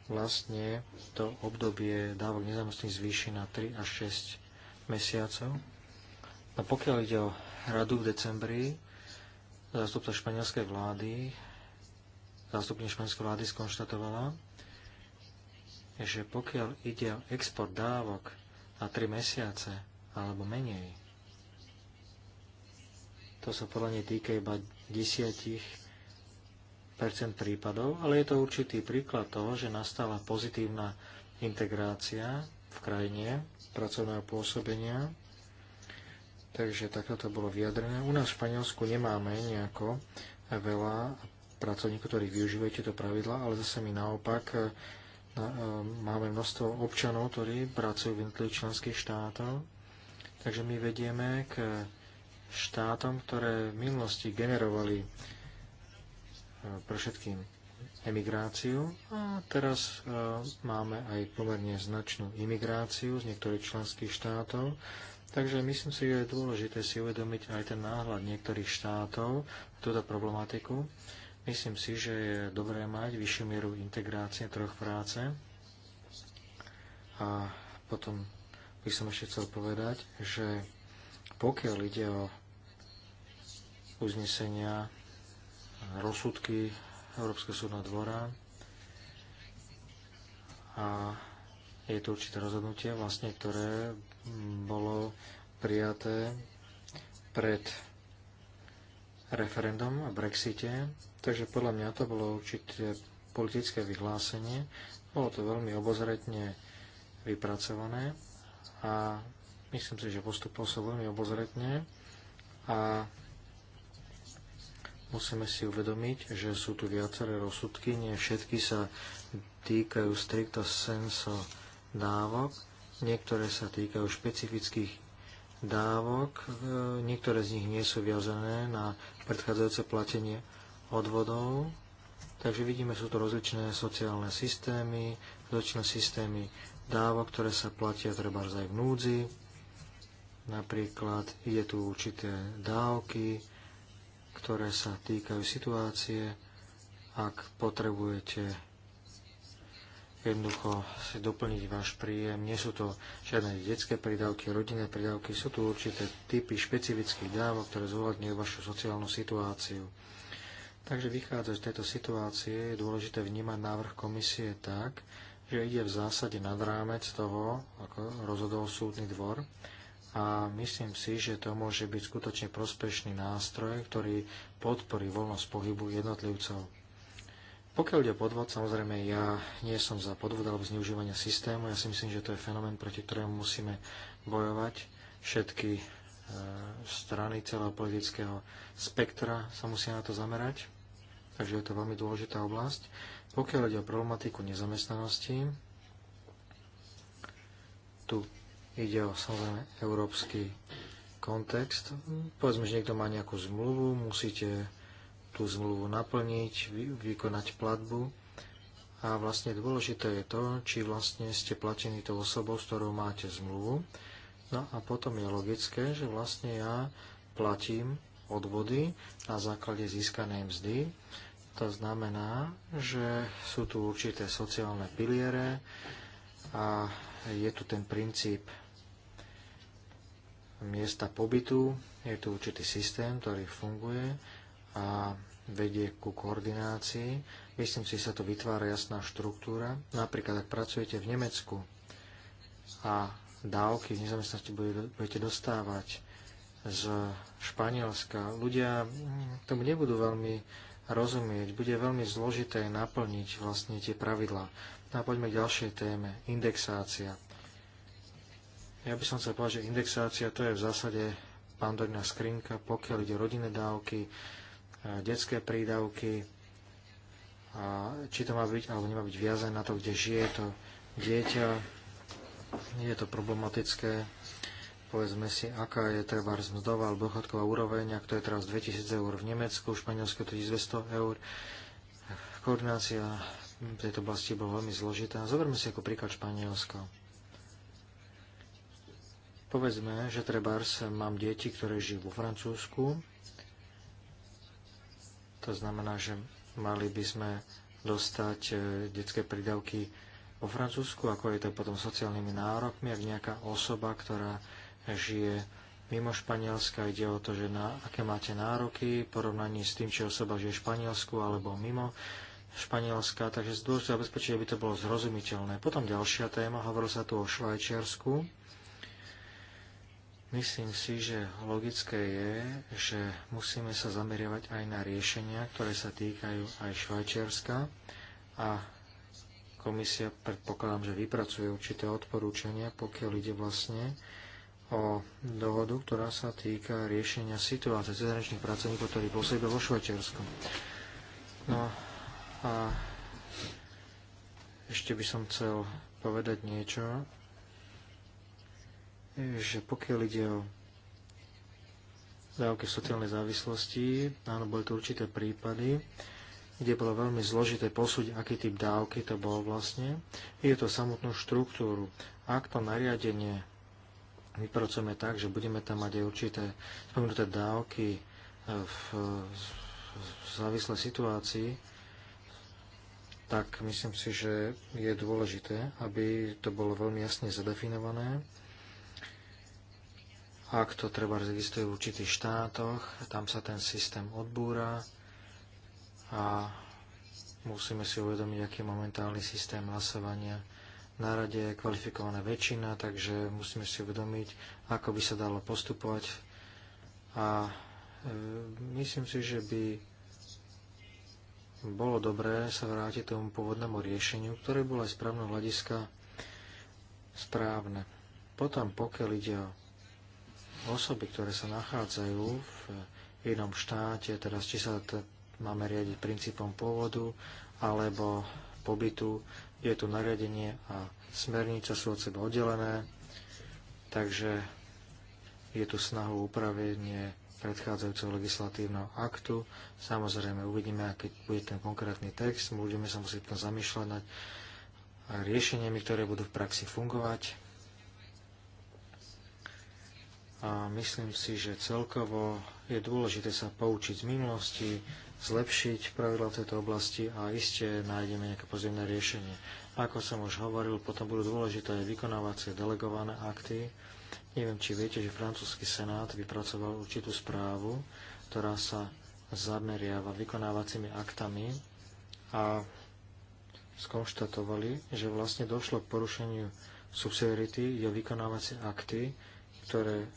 vlastne to obdobie dávok nezamestných zvýši na 3 až 6 mesiacov. A no pokiaľ ide o radu v decembri, zástupca španielskej vlády zástupne španskej vlády skonštatovala, že pokiaľ ide o export dávok na 3 mesiace alebo menej, to sa podľa nej týka iba 10 percent prípadov, ale je to určitý príklad toho, že nastala pozitívna integrácia v krajine pracovného pôsobenia. Takže takto to bolo vyjadrené. U nás v Španielsku nemáme nejako veľa pracovníkov, ktorí využívajú tieto pravidlá, ale zase my naopak e, na, e, máme množstvo občanov, ktorí pracujú v jednotlivých členských štátoch. Takže my vedieme k štátom, ktoré v minulosti generovali e, pre všetkým emigráciu a teraz máme aj pomerne značnú imigráciu z niektorých členských štátov. Takže myslím si, že je dôležité si uvedomiť aj ten náhľad niektorých štátov túto problematiku. Myslím si, že je dobré mať vyššiu mieru integrácie troch práce. A potom by som ešte chcel povedať, že pokiaľ ide o uznesenia, rozsudky Európskeho súdna dvora a je to určité rozhodnutie, vlastne, ktoré bolo prijaté pred referendum o Brexite, takže podľa mňa to bolo určité politické vyhlásenie. Bolo to veľmi obozretne vypracované a myslím si, že postupol sa veľmi obozretne a musíme si uvedomiť, že sú tu viaceré rozsudky, nie všetky sa týkajú stricto senso dávok, niektoré sa týkajú špecifických dávok. E, niektoré z nich nie sú viazané na predchádzajúce platenie odvodov. Takže vidíme, sú to rozličné sociálne systémy, rozličné systémy dávok, ktoré sa platia treba aj v núdzi. Napríklad ide tu určité dávky, ktoré sa týkajú situácie, ak potrebujete jednoducho si doplniť váš príjem. Nie sú to žiadne detské prídavky, rodinné prídavky, sú tu určité typy špecifických dávok, ktoré zohľadňujú vašu sociálnu situáciu. Takže vychádzať z tejto situácie je dôležité vnímať návrh komisie tak, že ide v zásade nad rámec toho, ako rozhodol súdny dvor, a myslím si, že to môže byť skutočne prospešný nástroj, ktorý podporí voľnosť pohybu jednotlivcov. Pokiaľ ide o podvod, samozrejme ja nie som za podvod alebo zneužívanie systému. Ja si myslím, že to je fenomén, proti ktorému musíme bojovať. Všetky e, strany celého politického spektra sa musia na to zamerať. Takže je to veľmi dôležitá oblasť. Pokiaľ ide o problematiku nezamestnanosti, tu ide o samozrejme európsky kontext. Povedzme, že niekto má nejakú zmluvu, musíte tú zmluvu naplniť, vykonať platbu. A vlastne dôležité je to, či vlastne ste platení tou osobou, s ktorou máte zmluvu. No a potom je logické, že vlastne ja platím odvody na základe získanej mzdy. To znamená, že sú tu určité sociálne piliere a je tu ten princíp miesta pobytu, je tu určitý systém, ktorý funguje a vedie ku koordinácii. Myslím si, sa to vytvára jasná štruktúra. Napríklad, ak pracujete v Nemecku a dávky v nezamestnanosti budete dostávať z Španielska, ľudia tomu nebudú veľmi rozumieť. Bude veľmi zložité naplniť vlastne tie pravidlá. No a poďme k ďalšej téme. Indexácia. Ja by som chcel povedať, že indexácia to je v zásade pandorná skrinka, pokiaľ ide rodinné dávky, detské prídavky, a či to má byť alebo nemá byť viazané na to, kde žije to dieťa. Je to problematické. Povedzme si, aká je treba mzdová alebo dochodková úroveň, ak to je teraz 2000 eur v Nemecku, v Španielsku 1200 eur. Koordinácia v tejto oblasti bola veľmi zložitá. Zoberme si ako príklad Španielsko. Povedzme, že trebárs mám deti, ktoré žijú vo Francúzsku, to znamená, že mali by sme dostať e, detské prídavky vo Francúzsku, ako je to potom sociálnymi nárokmi, ak nejaká osoba, ktorá žije mimo Španielska, ide o to, že na aké máte nároky porovnaní s tým, či osoba žije v Španielsku alebo mimo Španielska, takže z dôležité zabezpečiť, aby to bolo zrozumiteľné. Potom ďalšia téma, hovorilo sa tu o Švajčiarsku. Myslím si, že logické je, že musíme sa zameriavať aj na riešenia, ktoré sa týkajú aj Švajčiarska a komisia predpokladám, že vypracuje určité odporúčania, pokiaľ ide vlastne o dohodu, ktorá sa týka riešenia situácie cezhraničných pracovníkov, ktorí pôsobia vo Švajčiarsku. No a ešte by som chcel povedať niečo že pokiaľ ide o dávky sociálnej závislosti, áno, boli to určité prípady, kde bolo veľmi zložité posúť, aký typ dávky to bol vlastne. Je to samotnú štruktúru. Ak to nariadenie vypracujeme tak, že budeme tam mať aj určité spomenuté dávky e, v, v závislej situácii, tak myslím si, že je dôležité, aby to bolo veľmi jasne zadefinované ak to treba existuje v určitých štátoch, tam sa ten systém odbúra a musíme si uvedomiť, aký je momentálny systém hlasovania. Na rade je kvalifikovaná väčšina, takže musíme si uvedomiť, ako by sa dalo postupovať. A e, myslím si, že by bolo dobré sa vrátiť tomu pôvodnému riešeniu, ktoré bolo aj správne hľadiska správne. Potom, pokiaľ ide o osoby, ktoré sa nachádzajú v inom štáte, teraz či sa máme riadiť princípom pôvodu alebo pobytu, je tu nariadenie a smernica sú od seba oddelené, takže je tu snahu upravenie predchádzajúceho legislatívneho aktu. Samozrejme, uvidíme, aký bude ten konkrétny text, budeme sa musieť tam zamýšľať nad riešeniami, ktoré budú v praxi fungovať a myslím si, že celkovo je dôležité sa poučiť z minulosti, zlepšiť pravidla v tejto oblasti a iste nájdeme nejaké pozemné riešenie. Ako som už hovoril, potom budú dôležité aj vykonávacie delegované akty. Neviem, či viete, že francúzsky senát vypracoval určitú správu, ktorá sa zameriava vykonávacími aktami a skonštatovali, že vlastne došlo k porušeniu subsidiarity, je vykonávacie akty, ktoré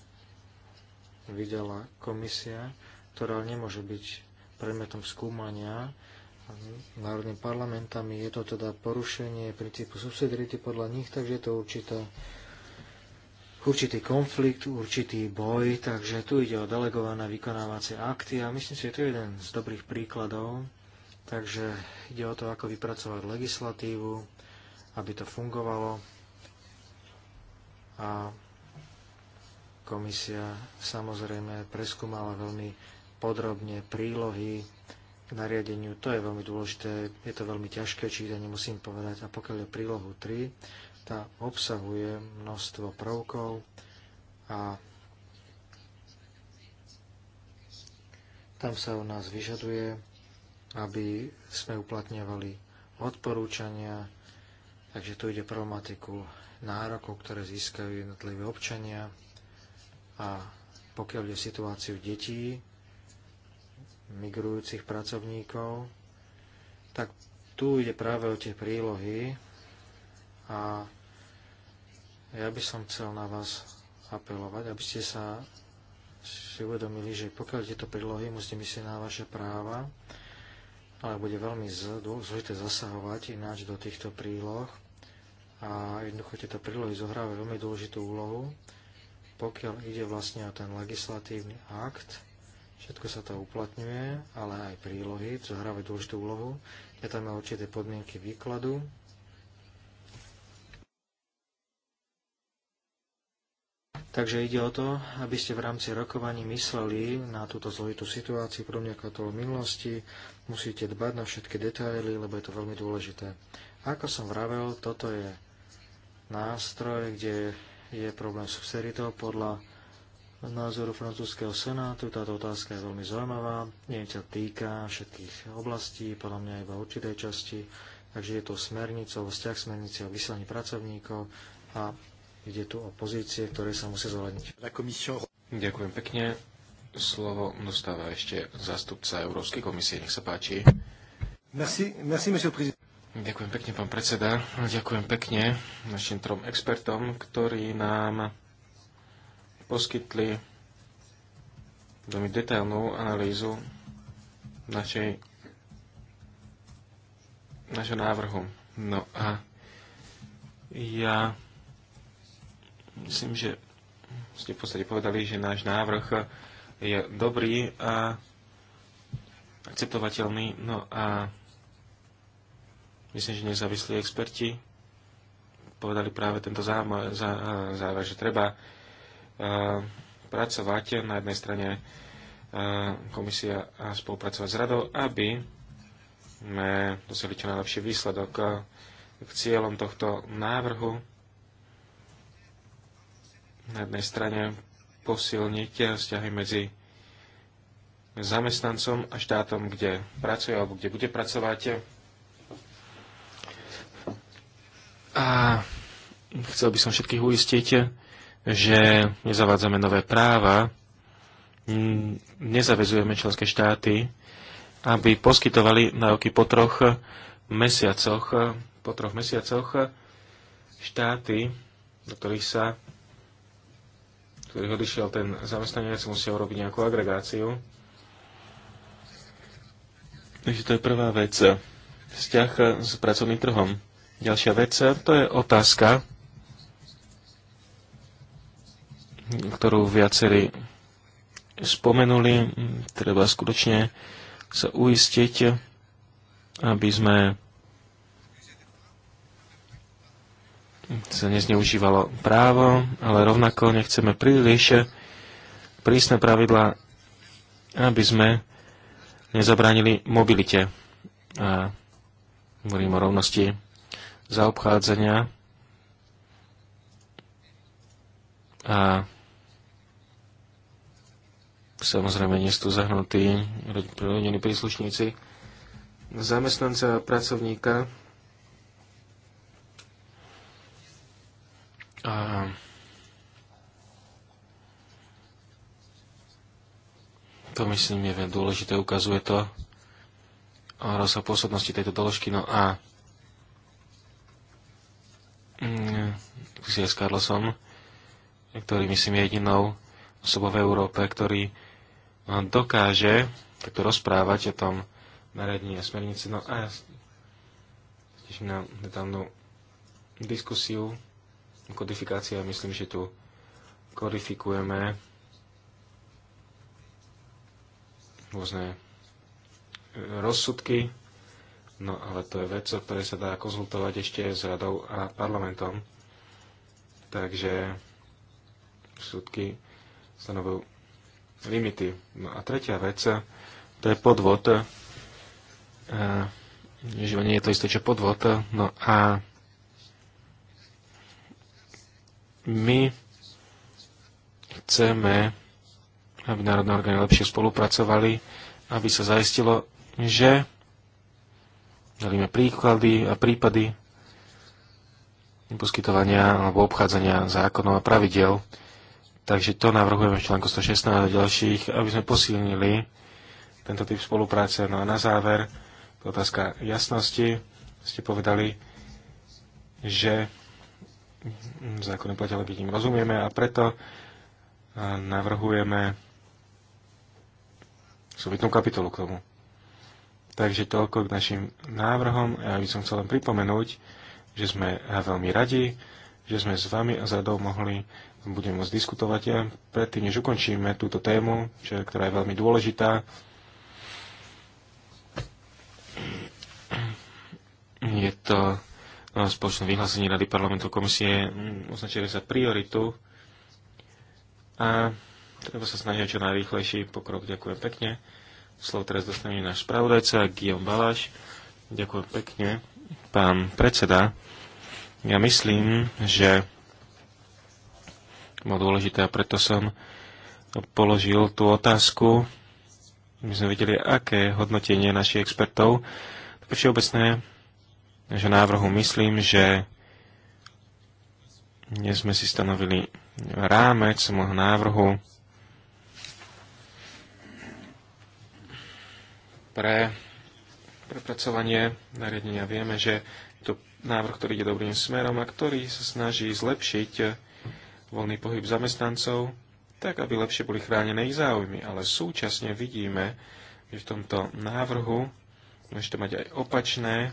vydala komisia, ktorá nemôže byť predmetom skúmania národným parlamentami. Je to teda porušenie princípu subsidiarity podľa nich, takže je to určitá, určitý konflikt, určitý boj, takže tu ide o delegované vykonávacie akty a myslím si, že to je jeden z dobrých príkladov. Takže ide o to, ako vypracovať legislatívu, aby to fungovalo. A Komisia samozrejme preskúmala veľmi podrobne prílohy k nariadeniu. To je veľmi dôležité, je to veľmi ťažké čítanie, musím povedať. A pokiaľ je prílohu 3, tá obsahuje množstvo prvkov a tam sa u nás vyžaduje, aby sme uplatňovali odporúčania, takže tu ide problematiku nárokov, ktoré získajú jednotliví občania. A pokiaľ je situáciu detí, migrujúcich pracovníkov, tak tu ide práve o tie prílohy a ja by som chcel na vás apelovať, aby ste sa si uvedomili, že pokiaľ tieto prílohy musíte myslieť na vaše práva, ale bude veľmi zložité zasahovať ináč do týchto príloh a jednoducho tieto prílohy zohrávajú veľmi dôležitú úlohu pokiaľ ide vlastne o ten legislatívny akt, všetko sa to uplatňuje, ale aj prílohy, čo hrávajú dôležitú úlohu. Je tam aj určité podmienky výkladu. Takže ide o to, aby ste v rámci rokovaní mysleli na túto zložitú situáciu, podobne ako to v minulosti. Musíte dbať na všetky detaily, lebo je to veľmi dôležité. Ako som vravel, toto je nástroj, kde je problém subsidiaritou podľa názoru francúzského senátu. Táto otázka je veľmi zaujímavá. Nie sa týka všetkých oblastí, podľa mňa iba určitej časti. Takže je to smernica, o vzťah smernice o vyslaní pracovníkov a ide tu o pozície, ktoré sa musia zohľadniť. Ďakujem pekne. Slovo dostáva ešte zástupca Európskej komisie. Nech sa páči. Merci, merci, Ďakujem pekne, pán predseda. Ďakujem pekne našim trom expertom, ktorí nám poskytli veľmi detailnú analýzu našej, našej návrhu. No a ja myslím, že ste v podstate povedali, že náš návrh je dobrý a akceptovateľný. No a Myslím, že nezávislí experti povedali práve tento záver, že treba e, pracovať na jednej strane e, komisia a spolupracovať s radou, aby sme dosiahli čo najlepší výsledok. E, k cieľom tohto návrhu na jednej strane posilniť vzťahy medzi zamestnancom a štátom, kde pracuje alebo kde bude pracovať A chcel by som všetkých uistiť, že nezavádzame nové práva, nezavezujeme členské štáty, aby poskytovali nároky po troch mesiacoch, po troch mesiacoch štáty, do ktorých sa ktorých odišiel ten zamestnanec, musia urobiť nejakú agregáciu. Takže to je prvá vec. Vzťah s pracovným trhom. Ďalšia vec, eh, to je otázka, ktorú viacerí spomenuli. Treba skutočne sa uistiť, aby sme sa nezneužívalo právo, ale rovnako nechceme príliš prísne pravidla, aby sme nezabránili mobilite. A hovorím o rovnosti zaobchádzania a samozrejme nie sú tu zahnutí rodinní príslušníci zamestnanca a pracovníka a to myslím je dôležité, ukazuje to rozsah pôsobnosti tejto doložky. No a diskusia s Carlosom, ktorý myslím je jedinou osobou v Európe, ktorý dokáže takto rozprávať o tom naredení a smernici. No a ja teším na detálnu diskusiu o kodifikácii a myslím, že tu kodifikujeme rôzne e, rozsudky, No ale to je vec, o ktorej sa dá konzultovať ešte s radou a parlamentom. Takže súdky stanovujú limity. No a tretia vec, to je podvod. E, že nie je to isté, čo podvod. No a my chceme, aby národné orgány lepšie spolupracovali, aby sa zaistilo, že Hľadíme príklady a prípady poskytovania alebo obchádzania zákonov a pravidel. Takže to navrhujeme v článku 116 a ďalších, aby sme posilnili tento typ spolupráce. No a na záver, otázka jasnosti. Ste povedali, že zákony platia, keď im rozumieme a preto navrhujeme súbitnú kapitolu k tomu. Takže toľko k našim návrhom. Ja by som chcel len pripomenúť, že sme veľmi radi, že sme s vami a s radou mohli budem môcť diskutovať. Ja predtým, než ukončíme túto tému, čo, ktorá je veľmi dôležitá, je to no, spoločné vyhlásenie Rady parlamentu komisie, mm, označili sa prioritu a treba sa snažiť čo najrýchlejší pokrok. Ďakujem pekne. Slovo teraz dostane náš spravodajca Guillaume Baláš. Ďakujem pekne, pán predseda. Ja myslím, že bolo dôležité a preto som položil tú otázku. My sme videli, aké hodnotenie našich expertov. Také všeobecné, že návrhu myslím, že dnes sme si stanovili rámec môjho návrhu pre prepracovanie nariadenia. Vieme, že je to návrh, ktorý ide dobrým smerom a ktorý sa snaží zlepšiť voľný pohyb zamestnancov, tak aby lepšie boli chránené ich záujmy. Ale súčasne vidíme, že v tomto návrhu môže to mať aj opačné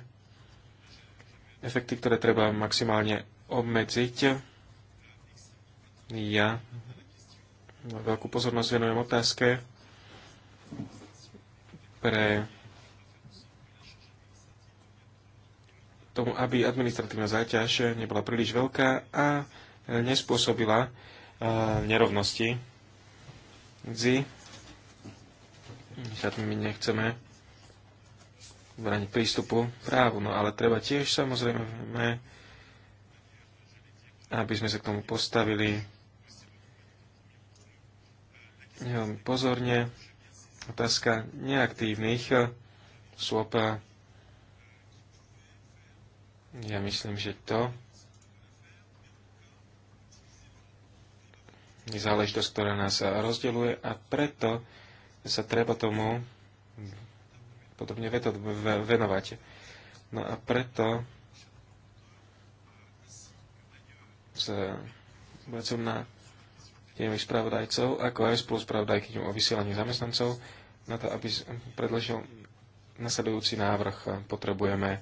efekty, ktoré treba maximálne obmedziť. Ja veľkú pozornosť venujem otázke, pre tomu, aby administratívna záťaž nebola príliš veľká a nespôsobila eh, nerovnosti medzi my nechceme braniť prístupu právu. No ale treba tiež samozrejme, aby sme sa k tomu postavili pozorne, Otázka neaktívnych e, slop. E, ja myslím, že to je záležitosť, ktorá nás rozdeluje a preto sa treba tomu podobne venovať. No a preto sa obracujem na tieňových spravodajcov, ako aj spolu spravodajkyňu o vysielaní zamestnancov na to, aby predložil nasledujúci návrh, potrebujeme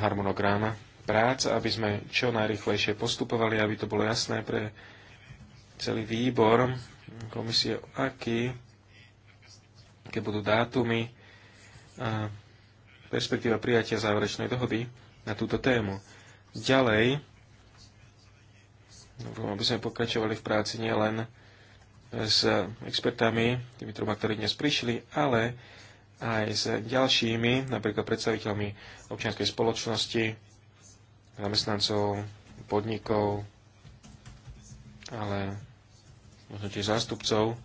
harmonogram prác, aby sme čo najrychlejšie postupovali, aby to bolo jasné pre celý výbor komisie, aký, aké budú dátumy a perspektíva prijatia záverečnej dohody na túto tému. Ďalej, aby sme pokračovali v práci nielen s expertami, tými troma, ktorí dnes prišli, ale aj s ďalšími, napríklad predstaviteľmi občianskej spoločnosti, zamestnancov, podnikov, ale možno tiež zástupcov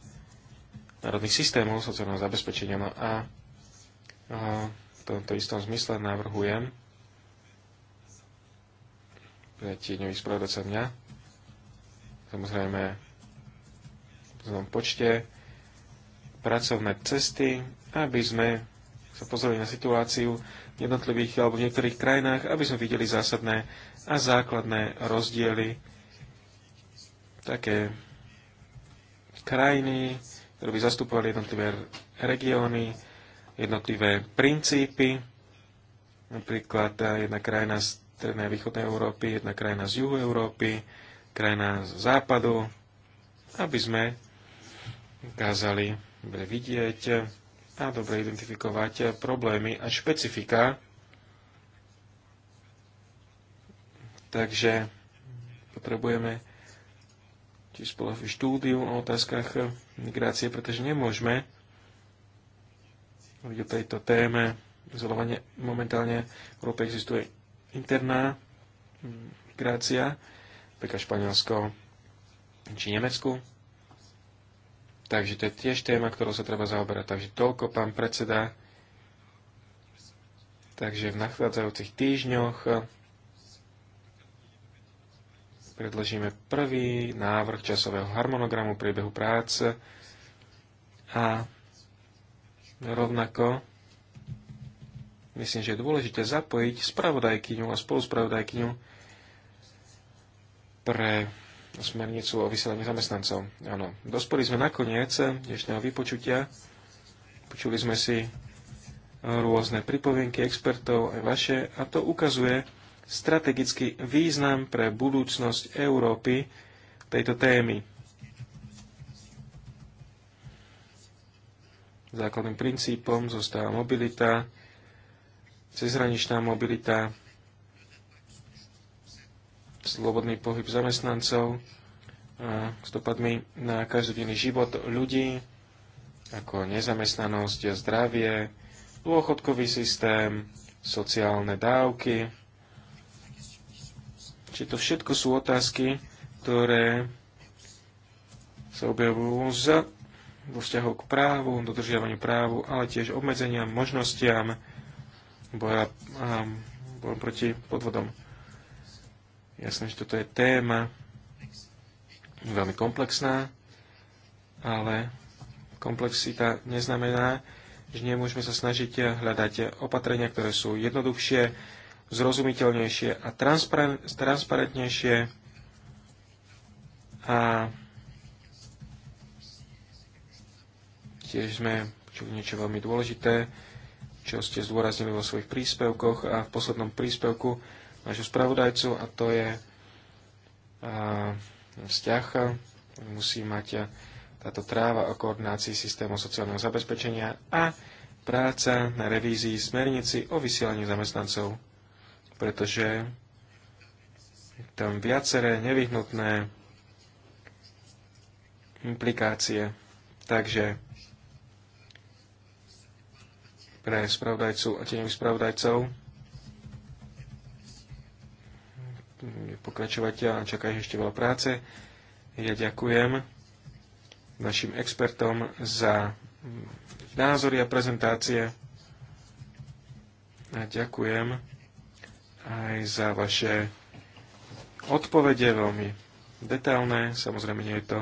národných systémov sociálneho zabezpečenia. No a v tomto istom zmysle navrhujem pre tieňových spravodajca mňa, samozrejme zlom počte, pracovné cesty, aby sme sa pozreli na situáciu v jednotlivých alebo v niektorých krajinách, aby sme videli zásadné a základné rozdiely také krajiny, ktoré by zastupovali jednotlivé regióny, jednotlivé princípy, napríklad jedna krajina z strednej a východnej Európy, jedna krajina z juhu Európy, krajina z západu, aby sme dokázali dobre vidieť a dobre identifikovať problémy a špecifika. Takže potrebujeme tiež spolahy štúdiu o otázkach migrácie, pretože nemôžeme hovoriť o tejto téme izolovanie. Momentálne v Európe existuje interná migrácia, peka Španielsko či Nemecku. Takže to je tiež téma, ktorou sa treba zaoberať. Takže toľko, pán predseda. Takže v nachádzajúcich týždňoch predložíme prvý návrh časového harmonogramu priebehu práce a rovnako myslím, že je dôležité zapojiť spravodajkyňu a spoluspravodajkyňu pre smernicu o vysielaní zamestnancov. Áno, dospeli sme nakoniec dnešného vypočutia. Počuli sme si rôzne pripovienky expertov aj vaše a to ukazuje strategický význam pre budúcnosť Európy tejto témy. Základným princípom zostáva mobilita, cezhraničná mobilita, slobodný pohyb zamestnancov s dopadmi na každodenný život ľudí, ako nezamestnanosť, zdravie, dôchodkový systém, sociálne dávky. Či to všetko sú otázky, ktoré sa objavujú z, vo vzťahu k právu, dodržiavaniu právu, ale tiež obmedzeniam, možnostiam boja, a, boja proti podvodom. Jasné, že toto je téma veľmi komplexná, ale komplexita neznamená, že nemôžeme sa snažiť hľadať opatrenia, ktoré sú jednoduchšie, zrozumiteľnejšie a transparentnejšie a tiež sme počuli niečo veľmi dôležité, čo ste zdôraznili vo svojich príspevkoch a v poslednom príspevku nášho spravodajcu a to je vzťah. Musí mať táto tráva o koordinácii systému sociálneho zabezpečenia a práca na revízii smernici o vysielaní zamestnancov, pretože tam viaceré nevyhnutné implikácie. Takže pre spravodajcu a tieňových spravodajcov Mhm, pokračovať a ja čaká ešte veľa práce. Ja ďakujem našim expertom za mm, názory a prezentácie a ďakujem aj za vaše odpovede, veľmi detailné, samozrejme nie je to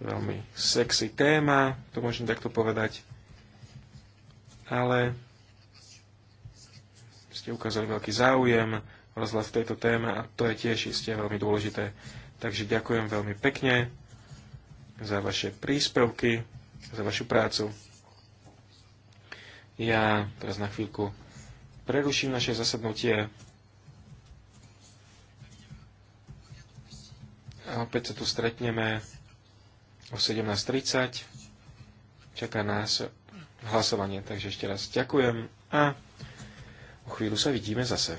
veľmi sexy téma, to môžem takto povedať, ale ste ukázali veľký záujem, rozhlas v tejto téme a to je tiež isté veľmi dôležité. Takže ďakujem veľmi pekne za vaše príspevky, za vašu prácu. Ja teraz na chvíľku preruším naše zasadnutie. A opäť sa tu stretneme o 17.30. Čaká nás hlasovanie, takže ešte raz ďakujem a o chvíľu sa vidíme zase.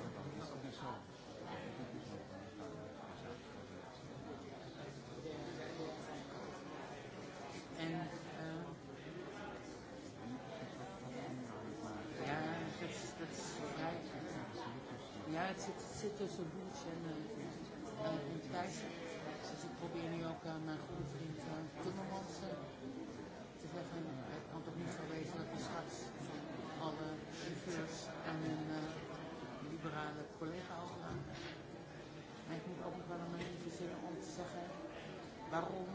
situatie, zit, zit tussen Roots en, uh, Dus ik probeer nu ook uh, mijn goede vriend uh, Timmermans uh, te zeggen. Het kan toch niet zo wezen dat we straks alle chauffeurs en hun uh, liberale collega overlaten. Maar ik moet ook nog wel een manier verzinnen om te zeggen waarom.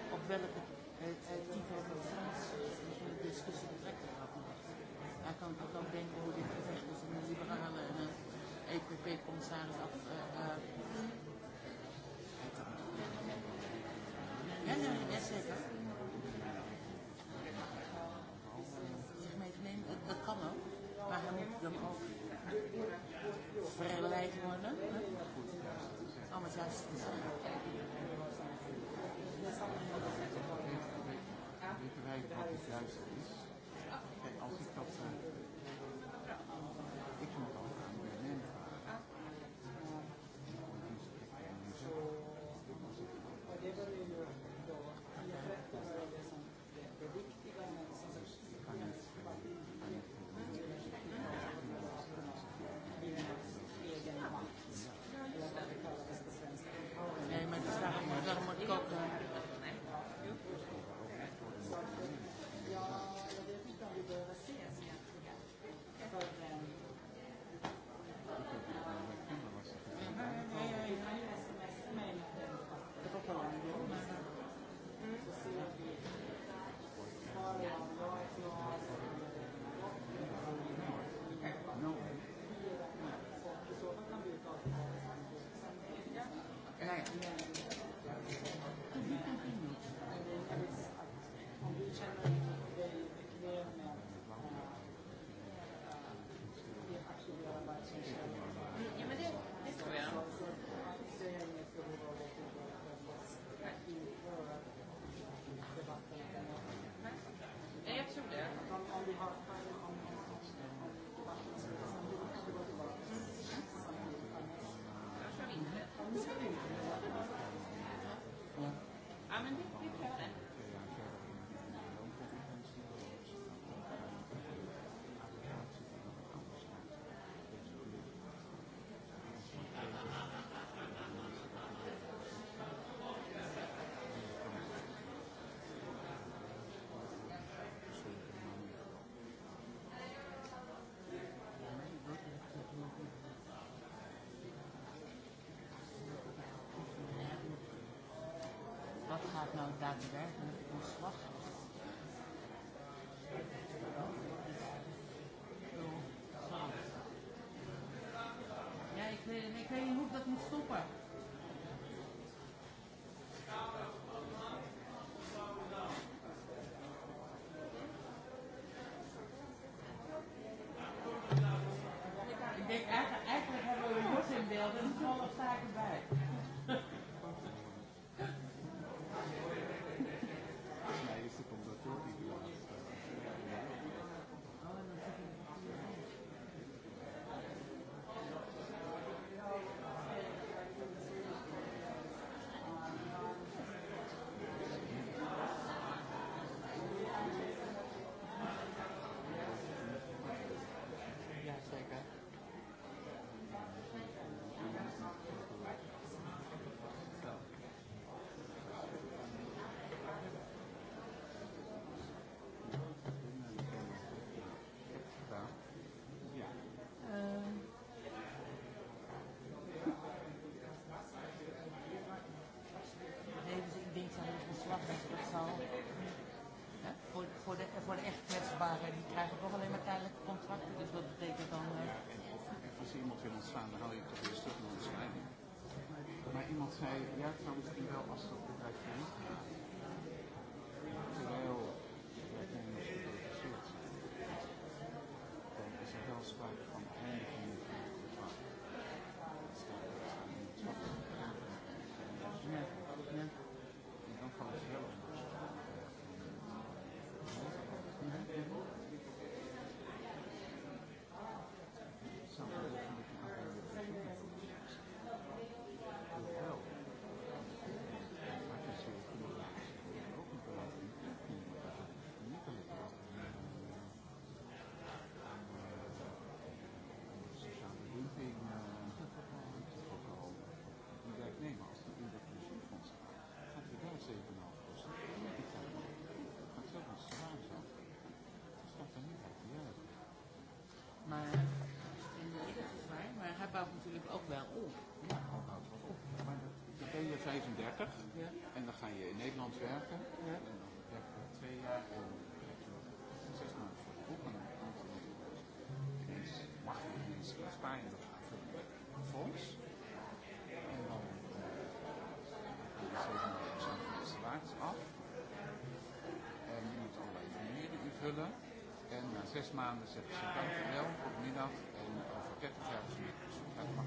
Uh, op welke uh, uh, type van Hij kan tot ook denken hoe dit gevecht tussen de liberalen en de EPP-commissaris af. Uh, uh, ja, ja, ja, zeker. Zich mee neem, dat, dat kan ook, maar hij moet dan ook verleid worden hè? om het juiste te zijn. wat gaat nou daadwerkelijk ontslag slag? Ja, ik weet, ik weet niet hoe ik dat moet stoppen. verslag terugzaal. Hè? Voor, voor, de, voor de echt kwetsbaren, die krijgen toch alleen maar tijdelijke contracten. Dus dat betekent dan... Uh... Ja, als iemand wil ontslaan, dan hou je toch weer stuk een ontscheiding. Maar iemand zei, ja, het zou misschien wel als dat bedrijf niet gaan. Terwijl, wij kennen 35. Ja. En dan ga je in Nederland werken. Ja. En dan werk je twee jaar en dan krijg je zes maanden voor de boek. En dan ineens mag je ineens in Spanje dat gaan voor het fonds. En dan heb eh, je maanden van de salaris af. En je moet allerlei formulieren invullen. En na zes maanden zeggen ze dankjewel, goedemiddag. En over 30 jaar is het weer. Dat mag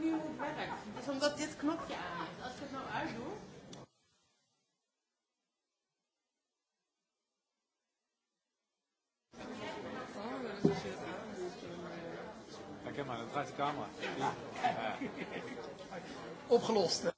Nu het werkt. Het is omdat dit knopje aan is. Als ik het nou uitdoe... Ja, maar, dan draait de camera. Ja. Opgelost.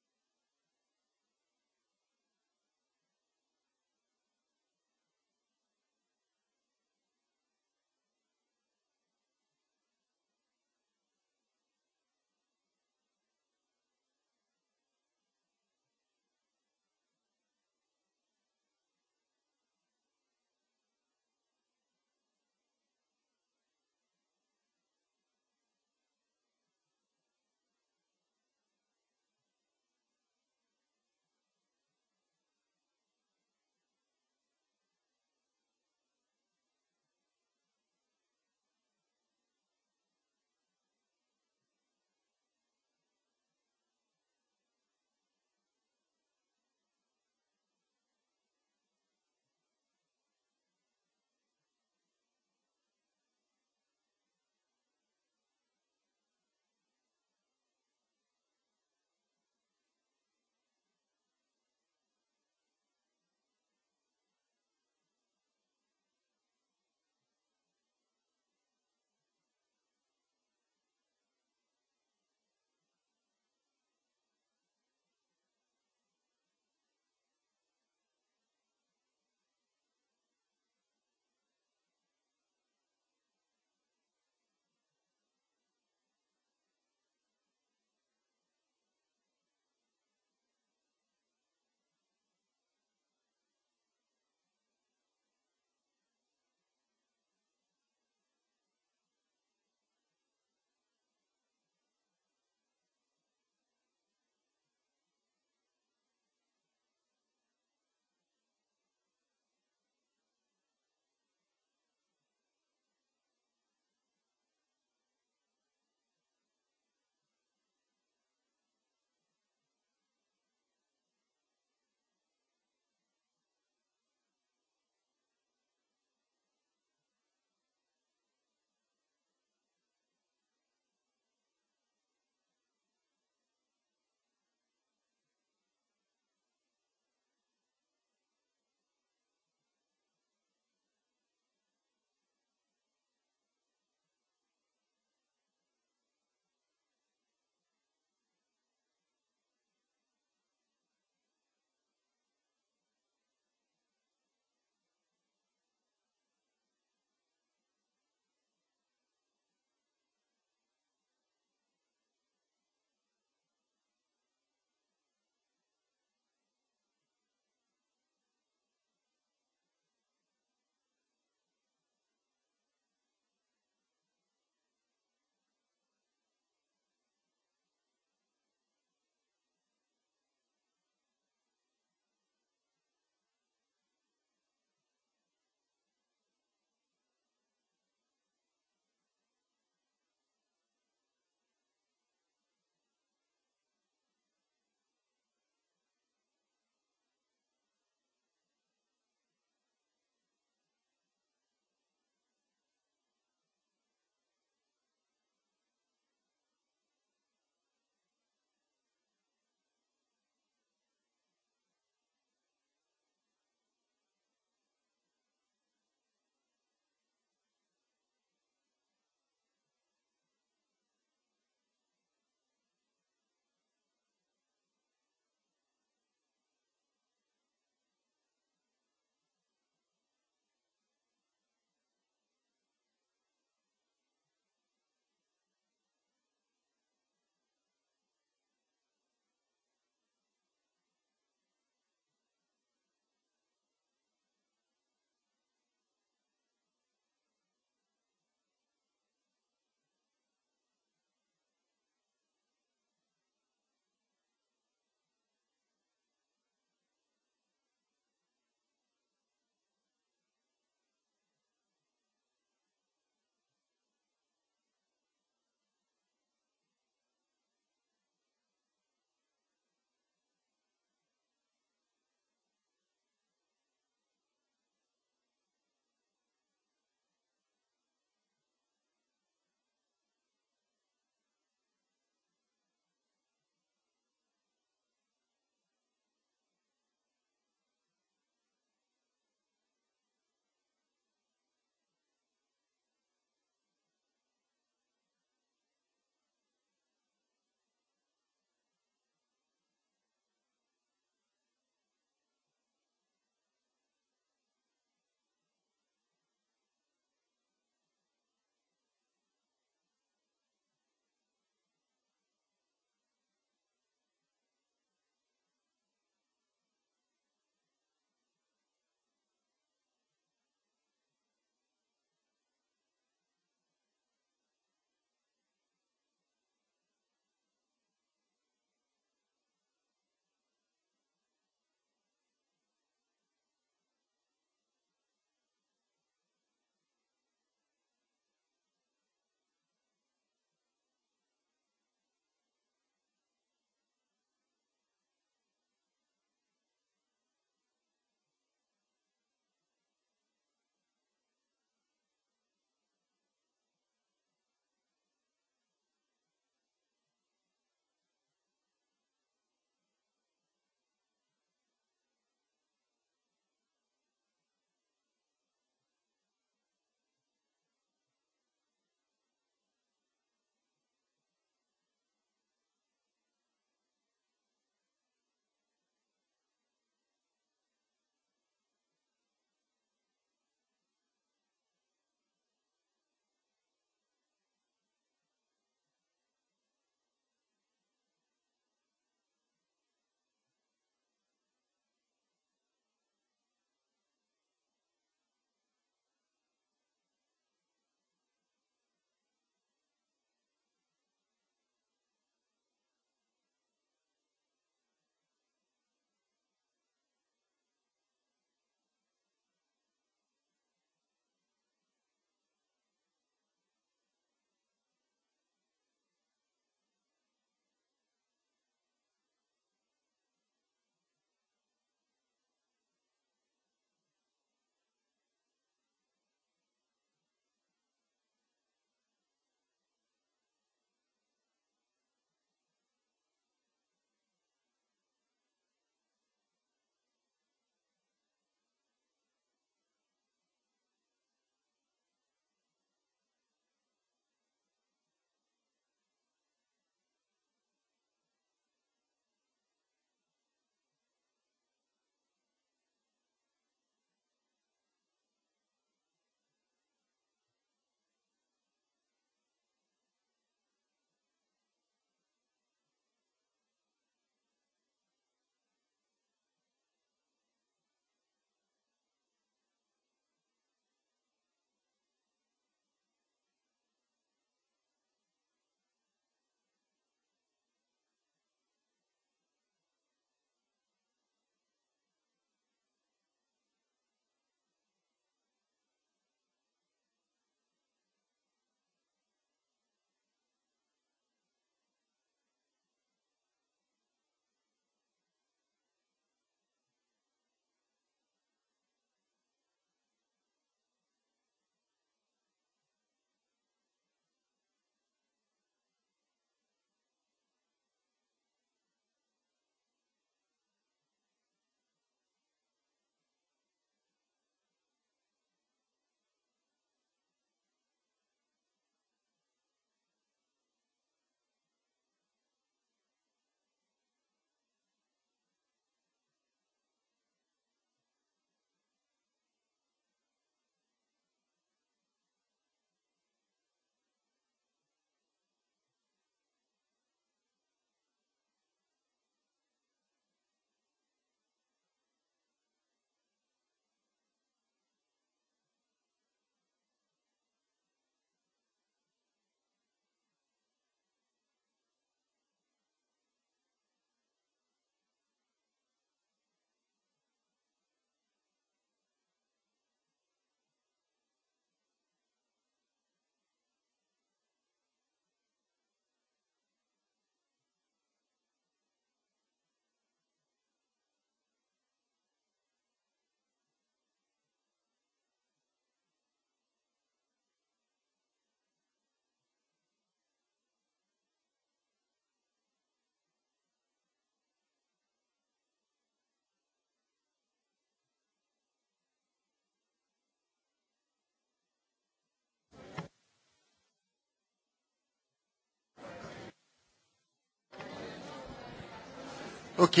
OK.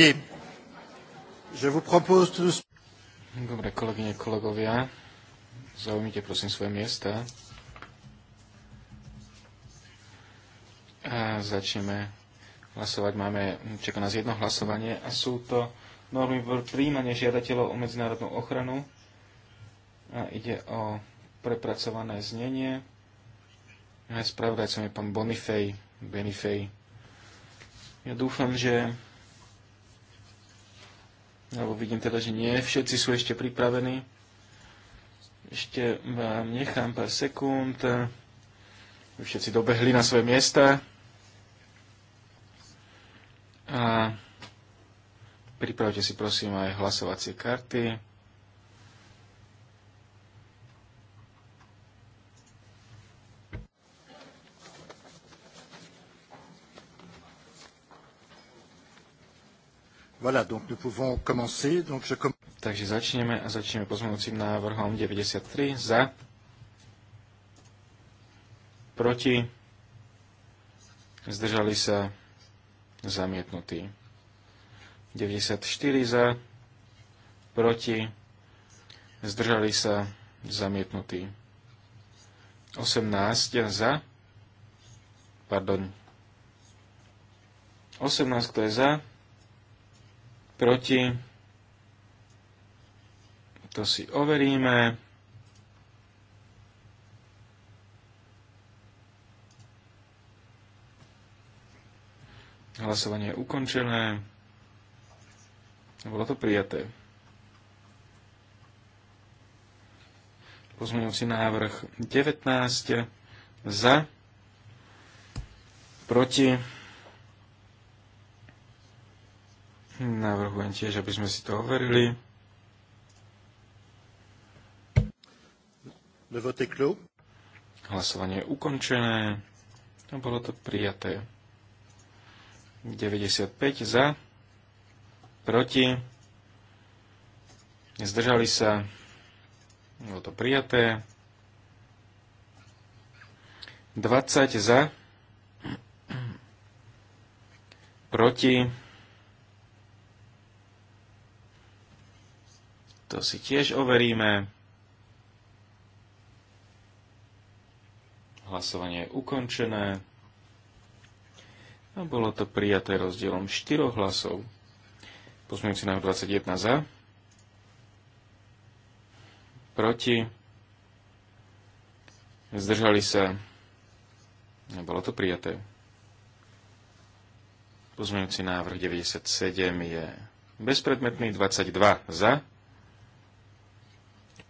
Je vous propose tous... Dobre, kolegyne, kolegovia, zaujmite prosím svoje miesta. A začneme hlasovať. Máme, čaká nás jedno hlasovanie a sú to normy v príjmanie žiadateľov o medzinárodnú ochranu. A ide o prepracované znenie. Spravodajcom je pán Bonifej. Benifej. Ja dúfam, že lebo vidím teda, že nie všetci sú ešte pripravení. Ešte vám nechám pár sekúnd. Vy všetci dobehli na svoje miesta. A pripravte si prosím aj hlasovacie karty. pouvons commencer. Donc je... Takže začneme a začneme pozmeňujúcim návrhom 93 za, proti, zdržali sa zamietnutí. 94 za, proti, zdržali sa zamietnutí. 18 za, pardon, 18 kto je za, proti. To si overíme. Hlasovanie je ukončené. Bolo to prijaté. Pozmeňujúci návrh 19 za, proti Navrhujem tiež, aby sme si to overili. Hlasovanie je ukončené. A bolo to prijaté. 95 za, proti, zdržali sa, bolo to prijaté. 20 za, proti, To si tiež overíme. Hlasovanie je ukončené. A bolo to prijaté rozdielom 4 hlasov. Pozmeňujúci na 21 za. Proti. Zdržali sa. A bolo to prijaté. Pozmeňujúci návrh 97 je bezpredmetný 22 za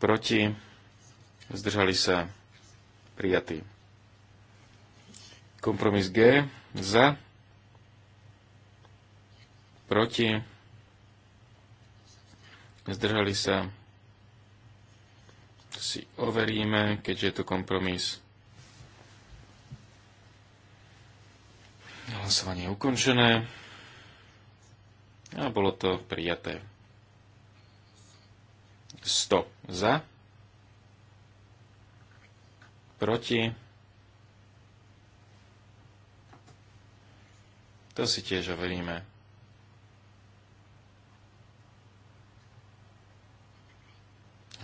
proti, zdržali sa prijatí. Kompromis G za, proti, zdržali sa, si overíme, keďže je to kompromis. Hlasovanie je ukončené a bolo to prijaté. 100 za, proti. To si tiež overíme.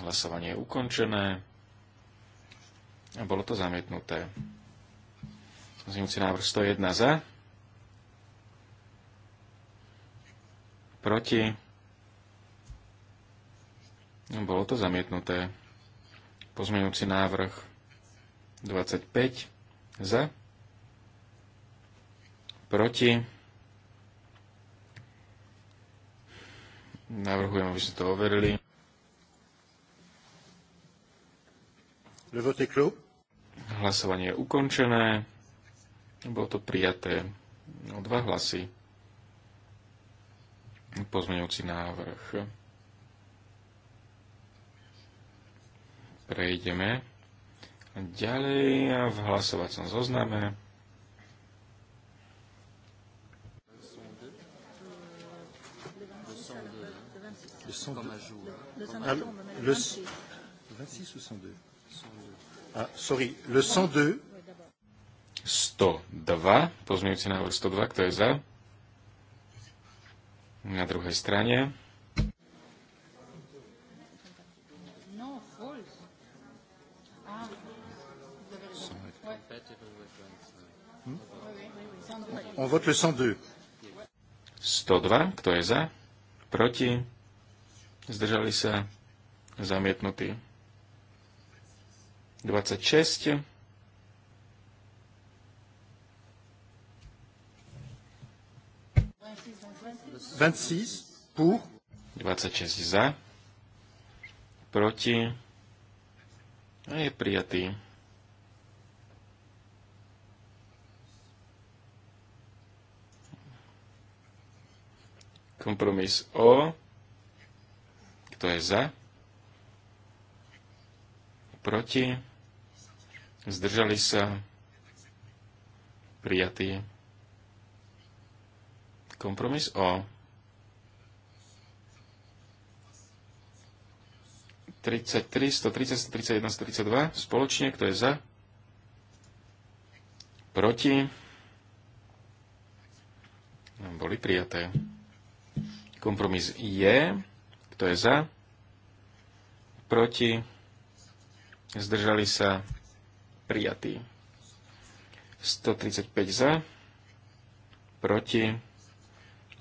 Hlasovanie je ukončené. A bolo to zamietnuté. si návrh 101 za. Proti. Bolo to zamietnuté. Pozmeňujúci návrh 25 za, proti. Navrhujem, aby ste to overili. Hlasovanie je ukončené. Bolo to prijaté o dva hlasy. Pozmeňujúci návrh prejdeme ďalej v hlasovacom zozname. Le 102. Ah, ah, sorry, le 102. 102, pozmeňujúci návrh 102, kto je za? Na druhej strane. On vote le 102. 102. Kto je za? Proti? Zdržali sa? Zamietnutí. 26. Pour. 26 za, proti, a je prijatý. Kompromis O. Kto je za? Proti? Zdržali sa? Prijatý. Kompromis O. 33, 130, 131, 132 spoločne, kto je za? Proti? Boli prijaté. Kompromis je. Kto je za? Proti? Zdržali sa prijatí. 135 za. Proti?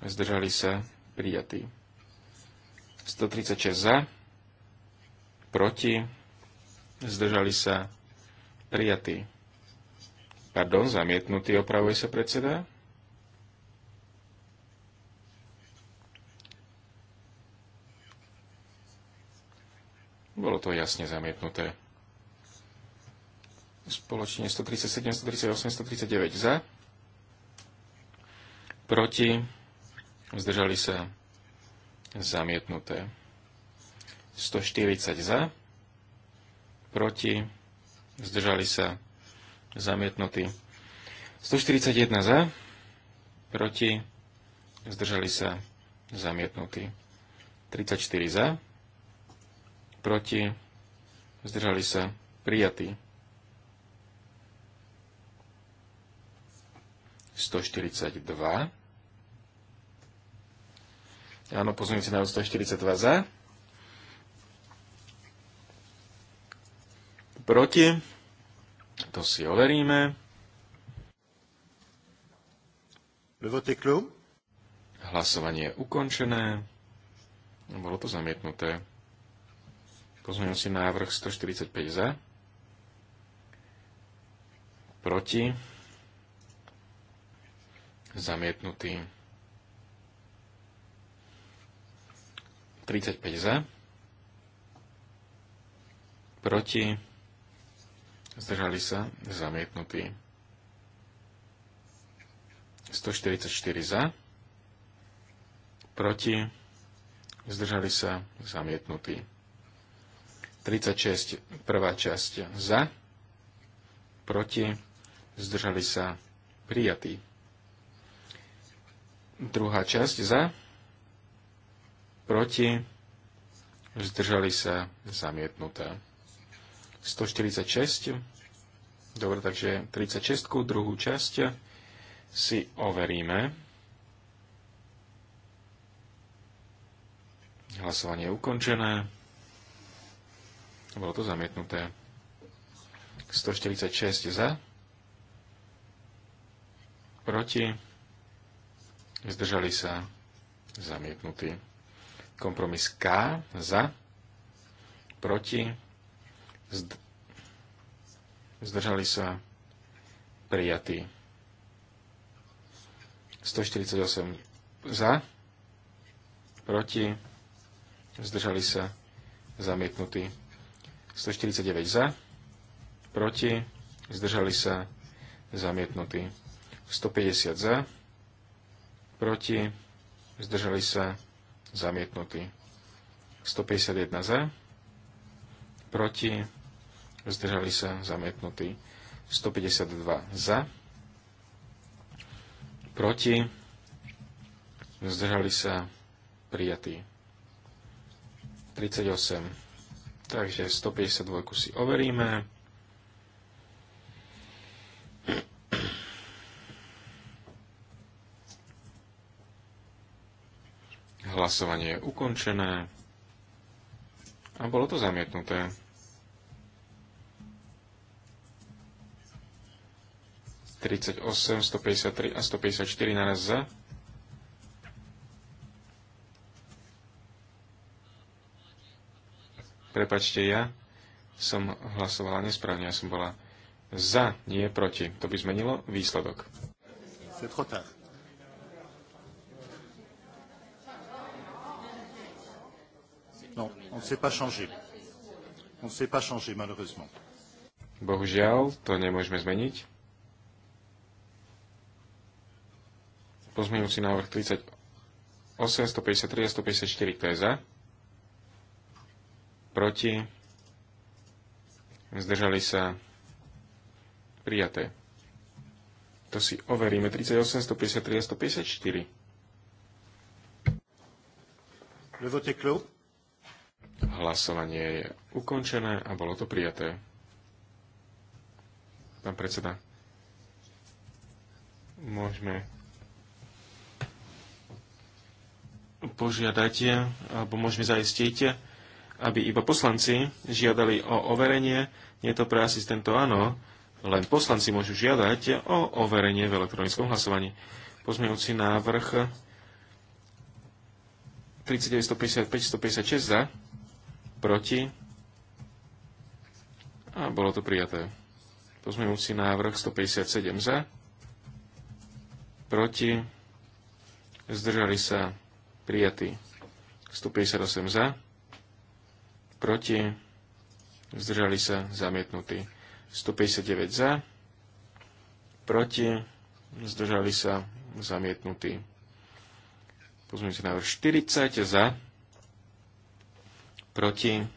Zdržali sa prijatí. 136 za. Proti? Zdržali sa prijatí. Pardon, zamietnutý, opravuje sa predseda. to jasne zamietnuté. Spoločne 137, 138, 139 za. Proti. Zdržali sa zamietnuté. 140 za. Proti. Zdržali sa zamietnutí. 141 za. Proti. Zdržali sa zamietnutí. 34 za proti, zdržali sa, prijatí. 142. Áno, pozmeňujúci na 142 za. Proti. To si overíme. Hlasovanie je ukončené. Bolo to zamietnuté. Pozmeňujúci si návrh 145 za. Proti. Zamietnutý. 35 za. Proti. Zdržali sa. Zamietnutý. 144 za. Proti. Zdržali sa. Zamietnutý. 36, prvá časť za, proti, zdržali sa prijatí. Druhá časť za, proti, zdržali sa zamietnuté. 146, dobre, takže 36, druhú časť si overíme. Hlasovanie je ukončené. Bolo to zamietnuté. 146 za. Proti. Zdržali sa. Zamietnutý. Kompromis K za. Proti. Zdržali sa. Prijatý. 148 za. Proti. Zdržali sa. Zamietnutý. 149 za, proti, zdržali sa, zamietnutí. 150 za, proti, zdržali sa, zamietnutí. 151 za, proti, zdržali sa, zamietnutí. 152 za, proti, zdržali sa, prijatí. 38 Takže 152 si overíme. Hlasovanie je ukončené. A bolo to zamietnuté. Tridsať osem, sto päťdesiat tri a sto päťdesiat naraz za. prepačte, ja som hlasovala nesprávne, ja som bola za, nie proti. To by zmenilo výsledok. Non, on ne s'est pas changé. On ne s'est pas changé, malheureusement. Bohužiaľ, to nemôžeme zmeniť. Pozmeňujúci návrh 38, 153 a 154, to je za proti, zdržali sa prijaté. To si overíme. 38, 153 a 154. Hlasovanie je ukončené a bolo to prijaté. Pán predseda, môžeme požiadať, alebo môžeme zaistiť, aby iba poslanci žiadali o overenie. Nie je to pre asistentov áno, len poslanci môžu žiadať o overenie v elektronickom hlasovaní. Pozmejúci návrh 3955 156 za, proti a bolo to prijaté. Pozmejúci návrh 157 za, proti, zdržali sa prijatí 158 za proti, zdržali sa zamietnutí. 159 za, proti, zdržali sa zamietnutí. si návrh 40 za, proti,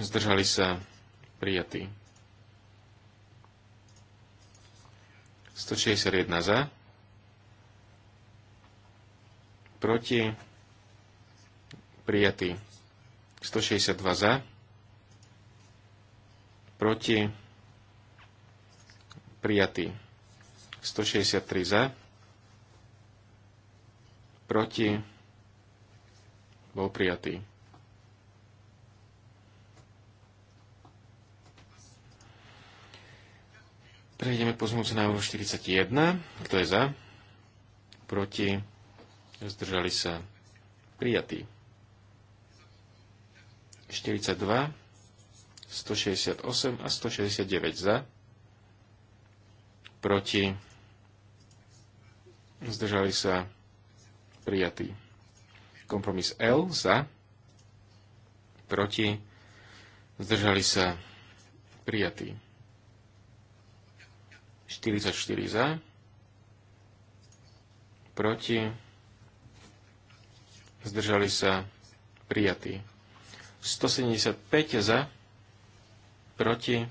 zdržali sa prijatí. 161 za, proti, prijatí. 162 za, proti, prijatý. 163 za, proti, bol prijatý. Prejdeme pozmúť na 41. Kto je za? Proti? Zdržali sa? Prijatý. 42, 168 a 169 za. Proti. Zdržali sa prijatý. Kompromis L za. Proti. Zdržali sa prijatý. 44 za. Proti. Zdržali sa prijatý. 175 za, proti,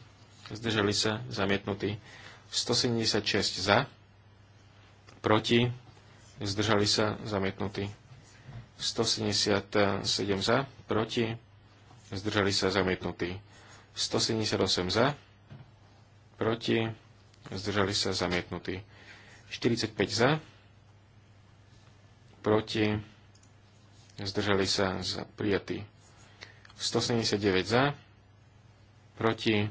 zdržali sa, zamietnutí. 176 za, proti, zdržali sa, zamietnutí. 177 za, proti, zdržali sa, zamietnutí. 178 za, proti, zdržali sa, zamietnutí. 45 za, proti, zdržali sa, prijatí. 179 za, proti,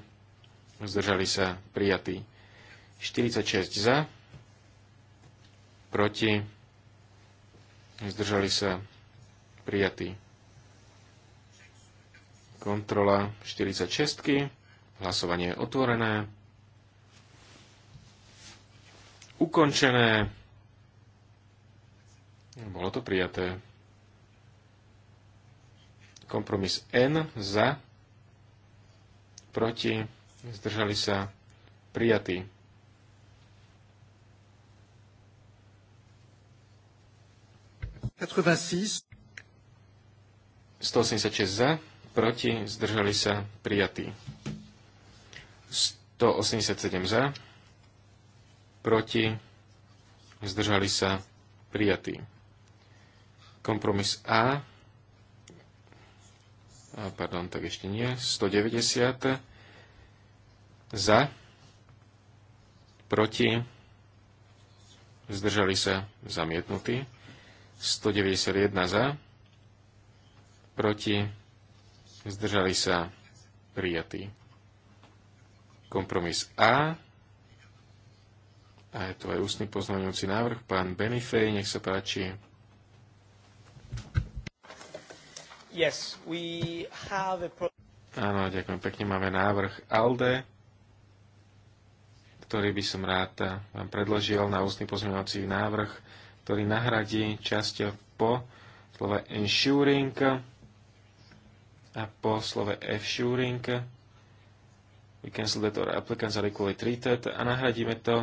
zdržali sa prijatí 46 za, proti, zdržali sa prijatí. Kontrola 46. Hlasovanie je otvorené. Ukončené. Bolo to prijaté. Kompromis N za, proti, zdržali sa prijatí. 186 za, proti, zdržali sa, prijatí. 187 za, proti, zdržali sa, prijatí. Kompromis A pardon, tak ešte nie, 190 za, proti, zdržali sa zamietnutí, 191 za, proti, zdržali sa prijatí. Kompromis A, a je to aj ústny pozmeňujúci návrh, pán Benifej, nech sa páči. Yes, we have a pro- Áno, ďakujem pekne. Máme návrh ALDE, ktorý by som rád vám predložil na ústny pozmeňovací návrh, ktorý nahradí časť po slove ensuring a po slove assuring we cancel that our applicants are equally treated a nahradíme to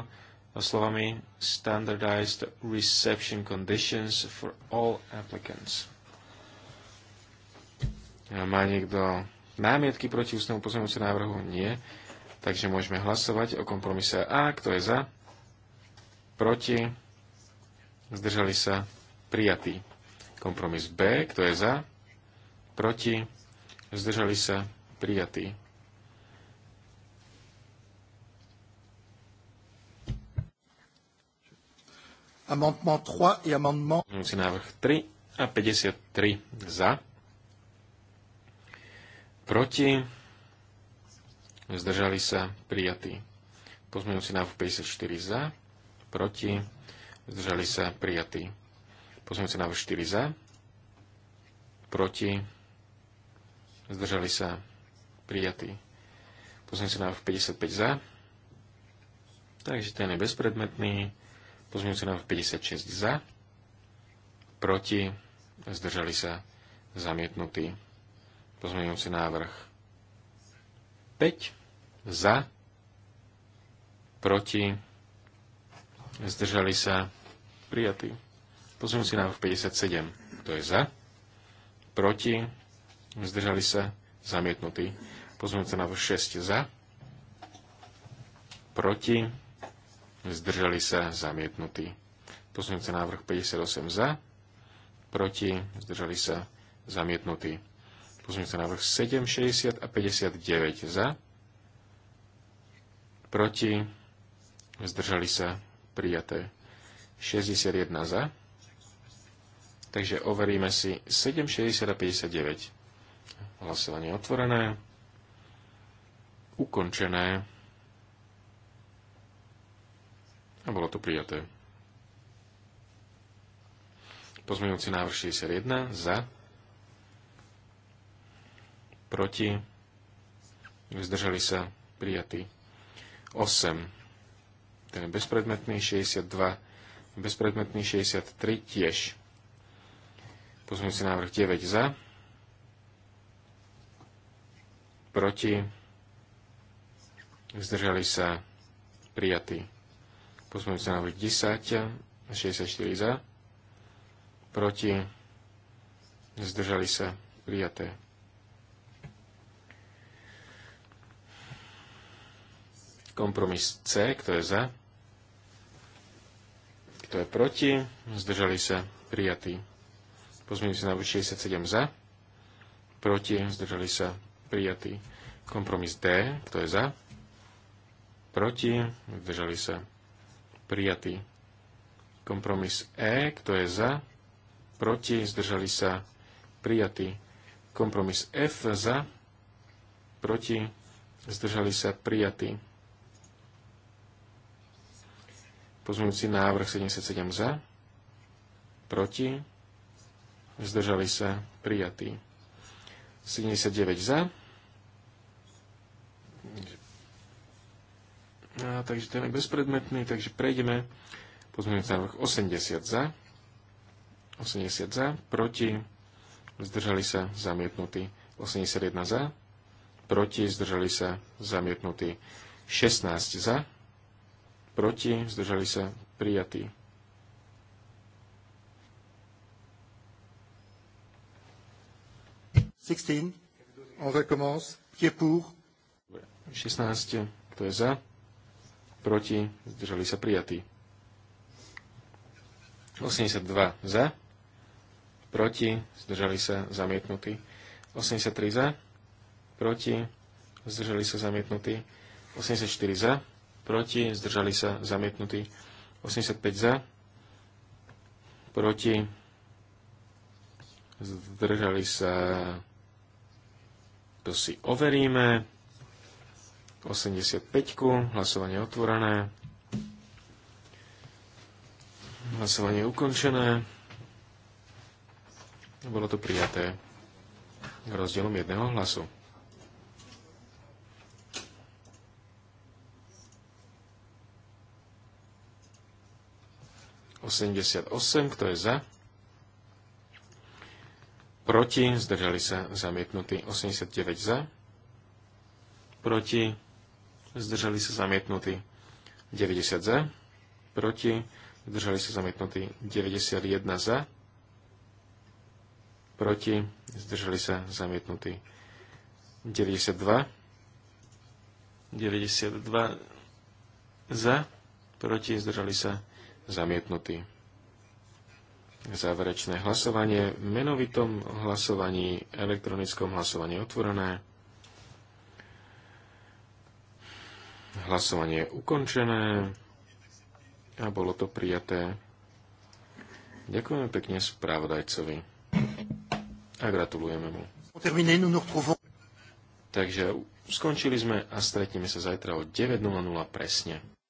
slovami standardized reception conditions for all applicants. Má niekto námietky proti ústnemu pozmeňujúcemu návrhu? Nie. Takže môžeme hlasovať o kompromise A. Kto je za? Proti? Zdržali sa? Prijatý. Kompromis B. Kto je za? Proti? Zdržali sa? Prijatý. Amendement 3 et amendement... návrh 3 a 53 za proti, zdržali sa prijatí. Pozmeňujúci návrh 54 za, proti, zdržali sa prijatí. Pozmeňujúci návrh 4 za, proti, zdržali sa prijatí. Pozmeňujúci návrh 55 za, takže ten je bezpredmetný. Pozmeňujúci návrh 56 za, proti, zdržali sa zamietnutí. Pozmeňujúci návrh 5 za, proti, zdržali sa, prijatý. Pozmeňujúci návrh 57, to je za, proti, zdržali sa, zamietnutý. Pozmeňujúci návrh 6 za, proti, zdržali sa, zamietnutý. Pozmeňujúci návrh 58 za, proti, zdržali sa, zamietnutý Pozmeňujúci návrh 7, 60 a 59 za. Proti. Zdržali sa prijaté 61 za. Takže overíme si 7, 60 a 59. Hlasovanie otvorené. Ukončené. A bolo to prijaté. Pozmeňujúci návrh 61 za proti, zdržali sa prijatí 8, ten je bezpredmetný, 62, bezpredmetný 63 tiež. si návrh 9 za, proti, zdržali sa prijatí. si návrh 10, 64 za, proti, zdržali sa prijaté. Kompromis C, kto je za? Kto je proti? Zdržali sa prijatí. sa na 67 za. Proti? Zdržali sa prijatí. Kompromis D, kto je za? Proti? Zdržali sa prijatí. Kompromis E, kto je za? Proti? Zdržali sa prijatí. Kompromis F za? Proti? Zdržali sa prijatí Pozmúci návrh 77 za, proti, zdržali sa, prijatí. 79 za. A, takže ten je bezpredmetný, takže prejdeme. Pozmúci návrh 80 za. 80 za, proti, zdržali sa, zamietnutí. 81 za, proti, zdržali sa, zamietnutí. 16 za, proti, zdržali sa prijatí. Sixteen. On recommence. Qui est pour? 16. Kto je za? Proti, zdržali sa prijatí. 82 za, proti, zdržali sa zamietnutí. 83 za, proti, zdržali sa zamietnutí. 84 za, proti, zdržali sa zamietnutí 85 za, proti, zdržali sa, to si overíme, 85, hlasovanie otvorené, hlasovanie ukončené, bolo to prijaté rozdielom jedného hlasu. 78, kto je za? Proti, zdržali sa zamietnutí 89 za. Proti, zdržali sa zamietnutí 90 za. Proti, zdržali sa zamietnutí 91 za. Proti, zdržali sa zamietnutí 92. 92 za. Proti, zdržali sa zamietnutý. Záverečné hlasovanie v menovitom hlasovaní, elektronickom hlasovaní otvorené. Hlasovanie je ukončené a bolo to prijaté. Ďakujeme pekne správodajcovi a gratulujeme mu. Takže skončili sme a stretneme sa zajtra o 9.00 presne.